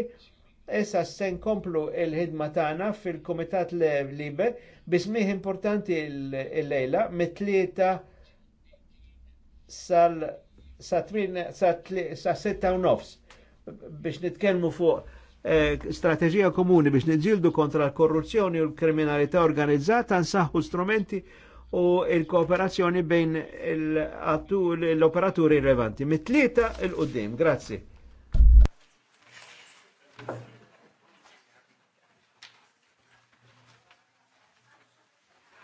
essa se nkomplu il-ħidma tagħna fil-Kumitat Libe biss bismih importanti l-lejla mit-tlieta sal sa' sitta u nofs biex nitkellmu fuq Eh, strateġija komuni biex nidżildu kontra l-korruzzjoni u l-kriminalità organizzata nsaħħu strumenti u il-kooperazzjoni bejn l-operaturi rilevanti. Mitlieta il-qoddim, grazzi.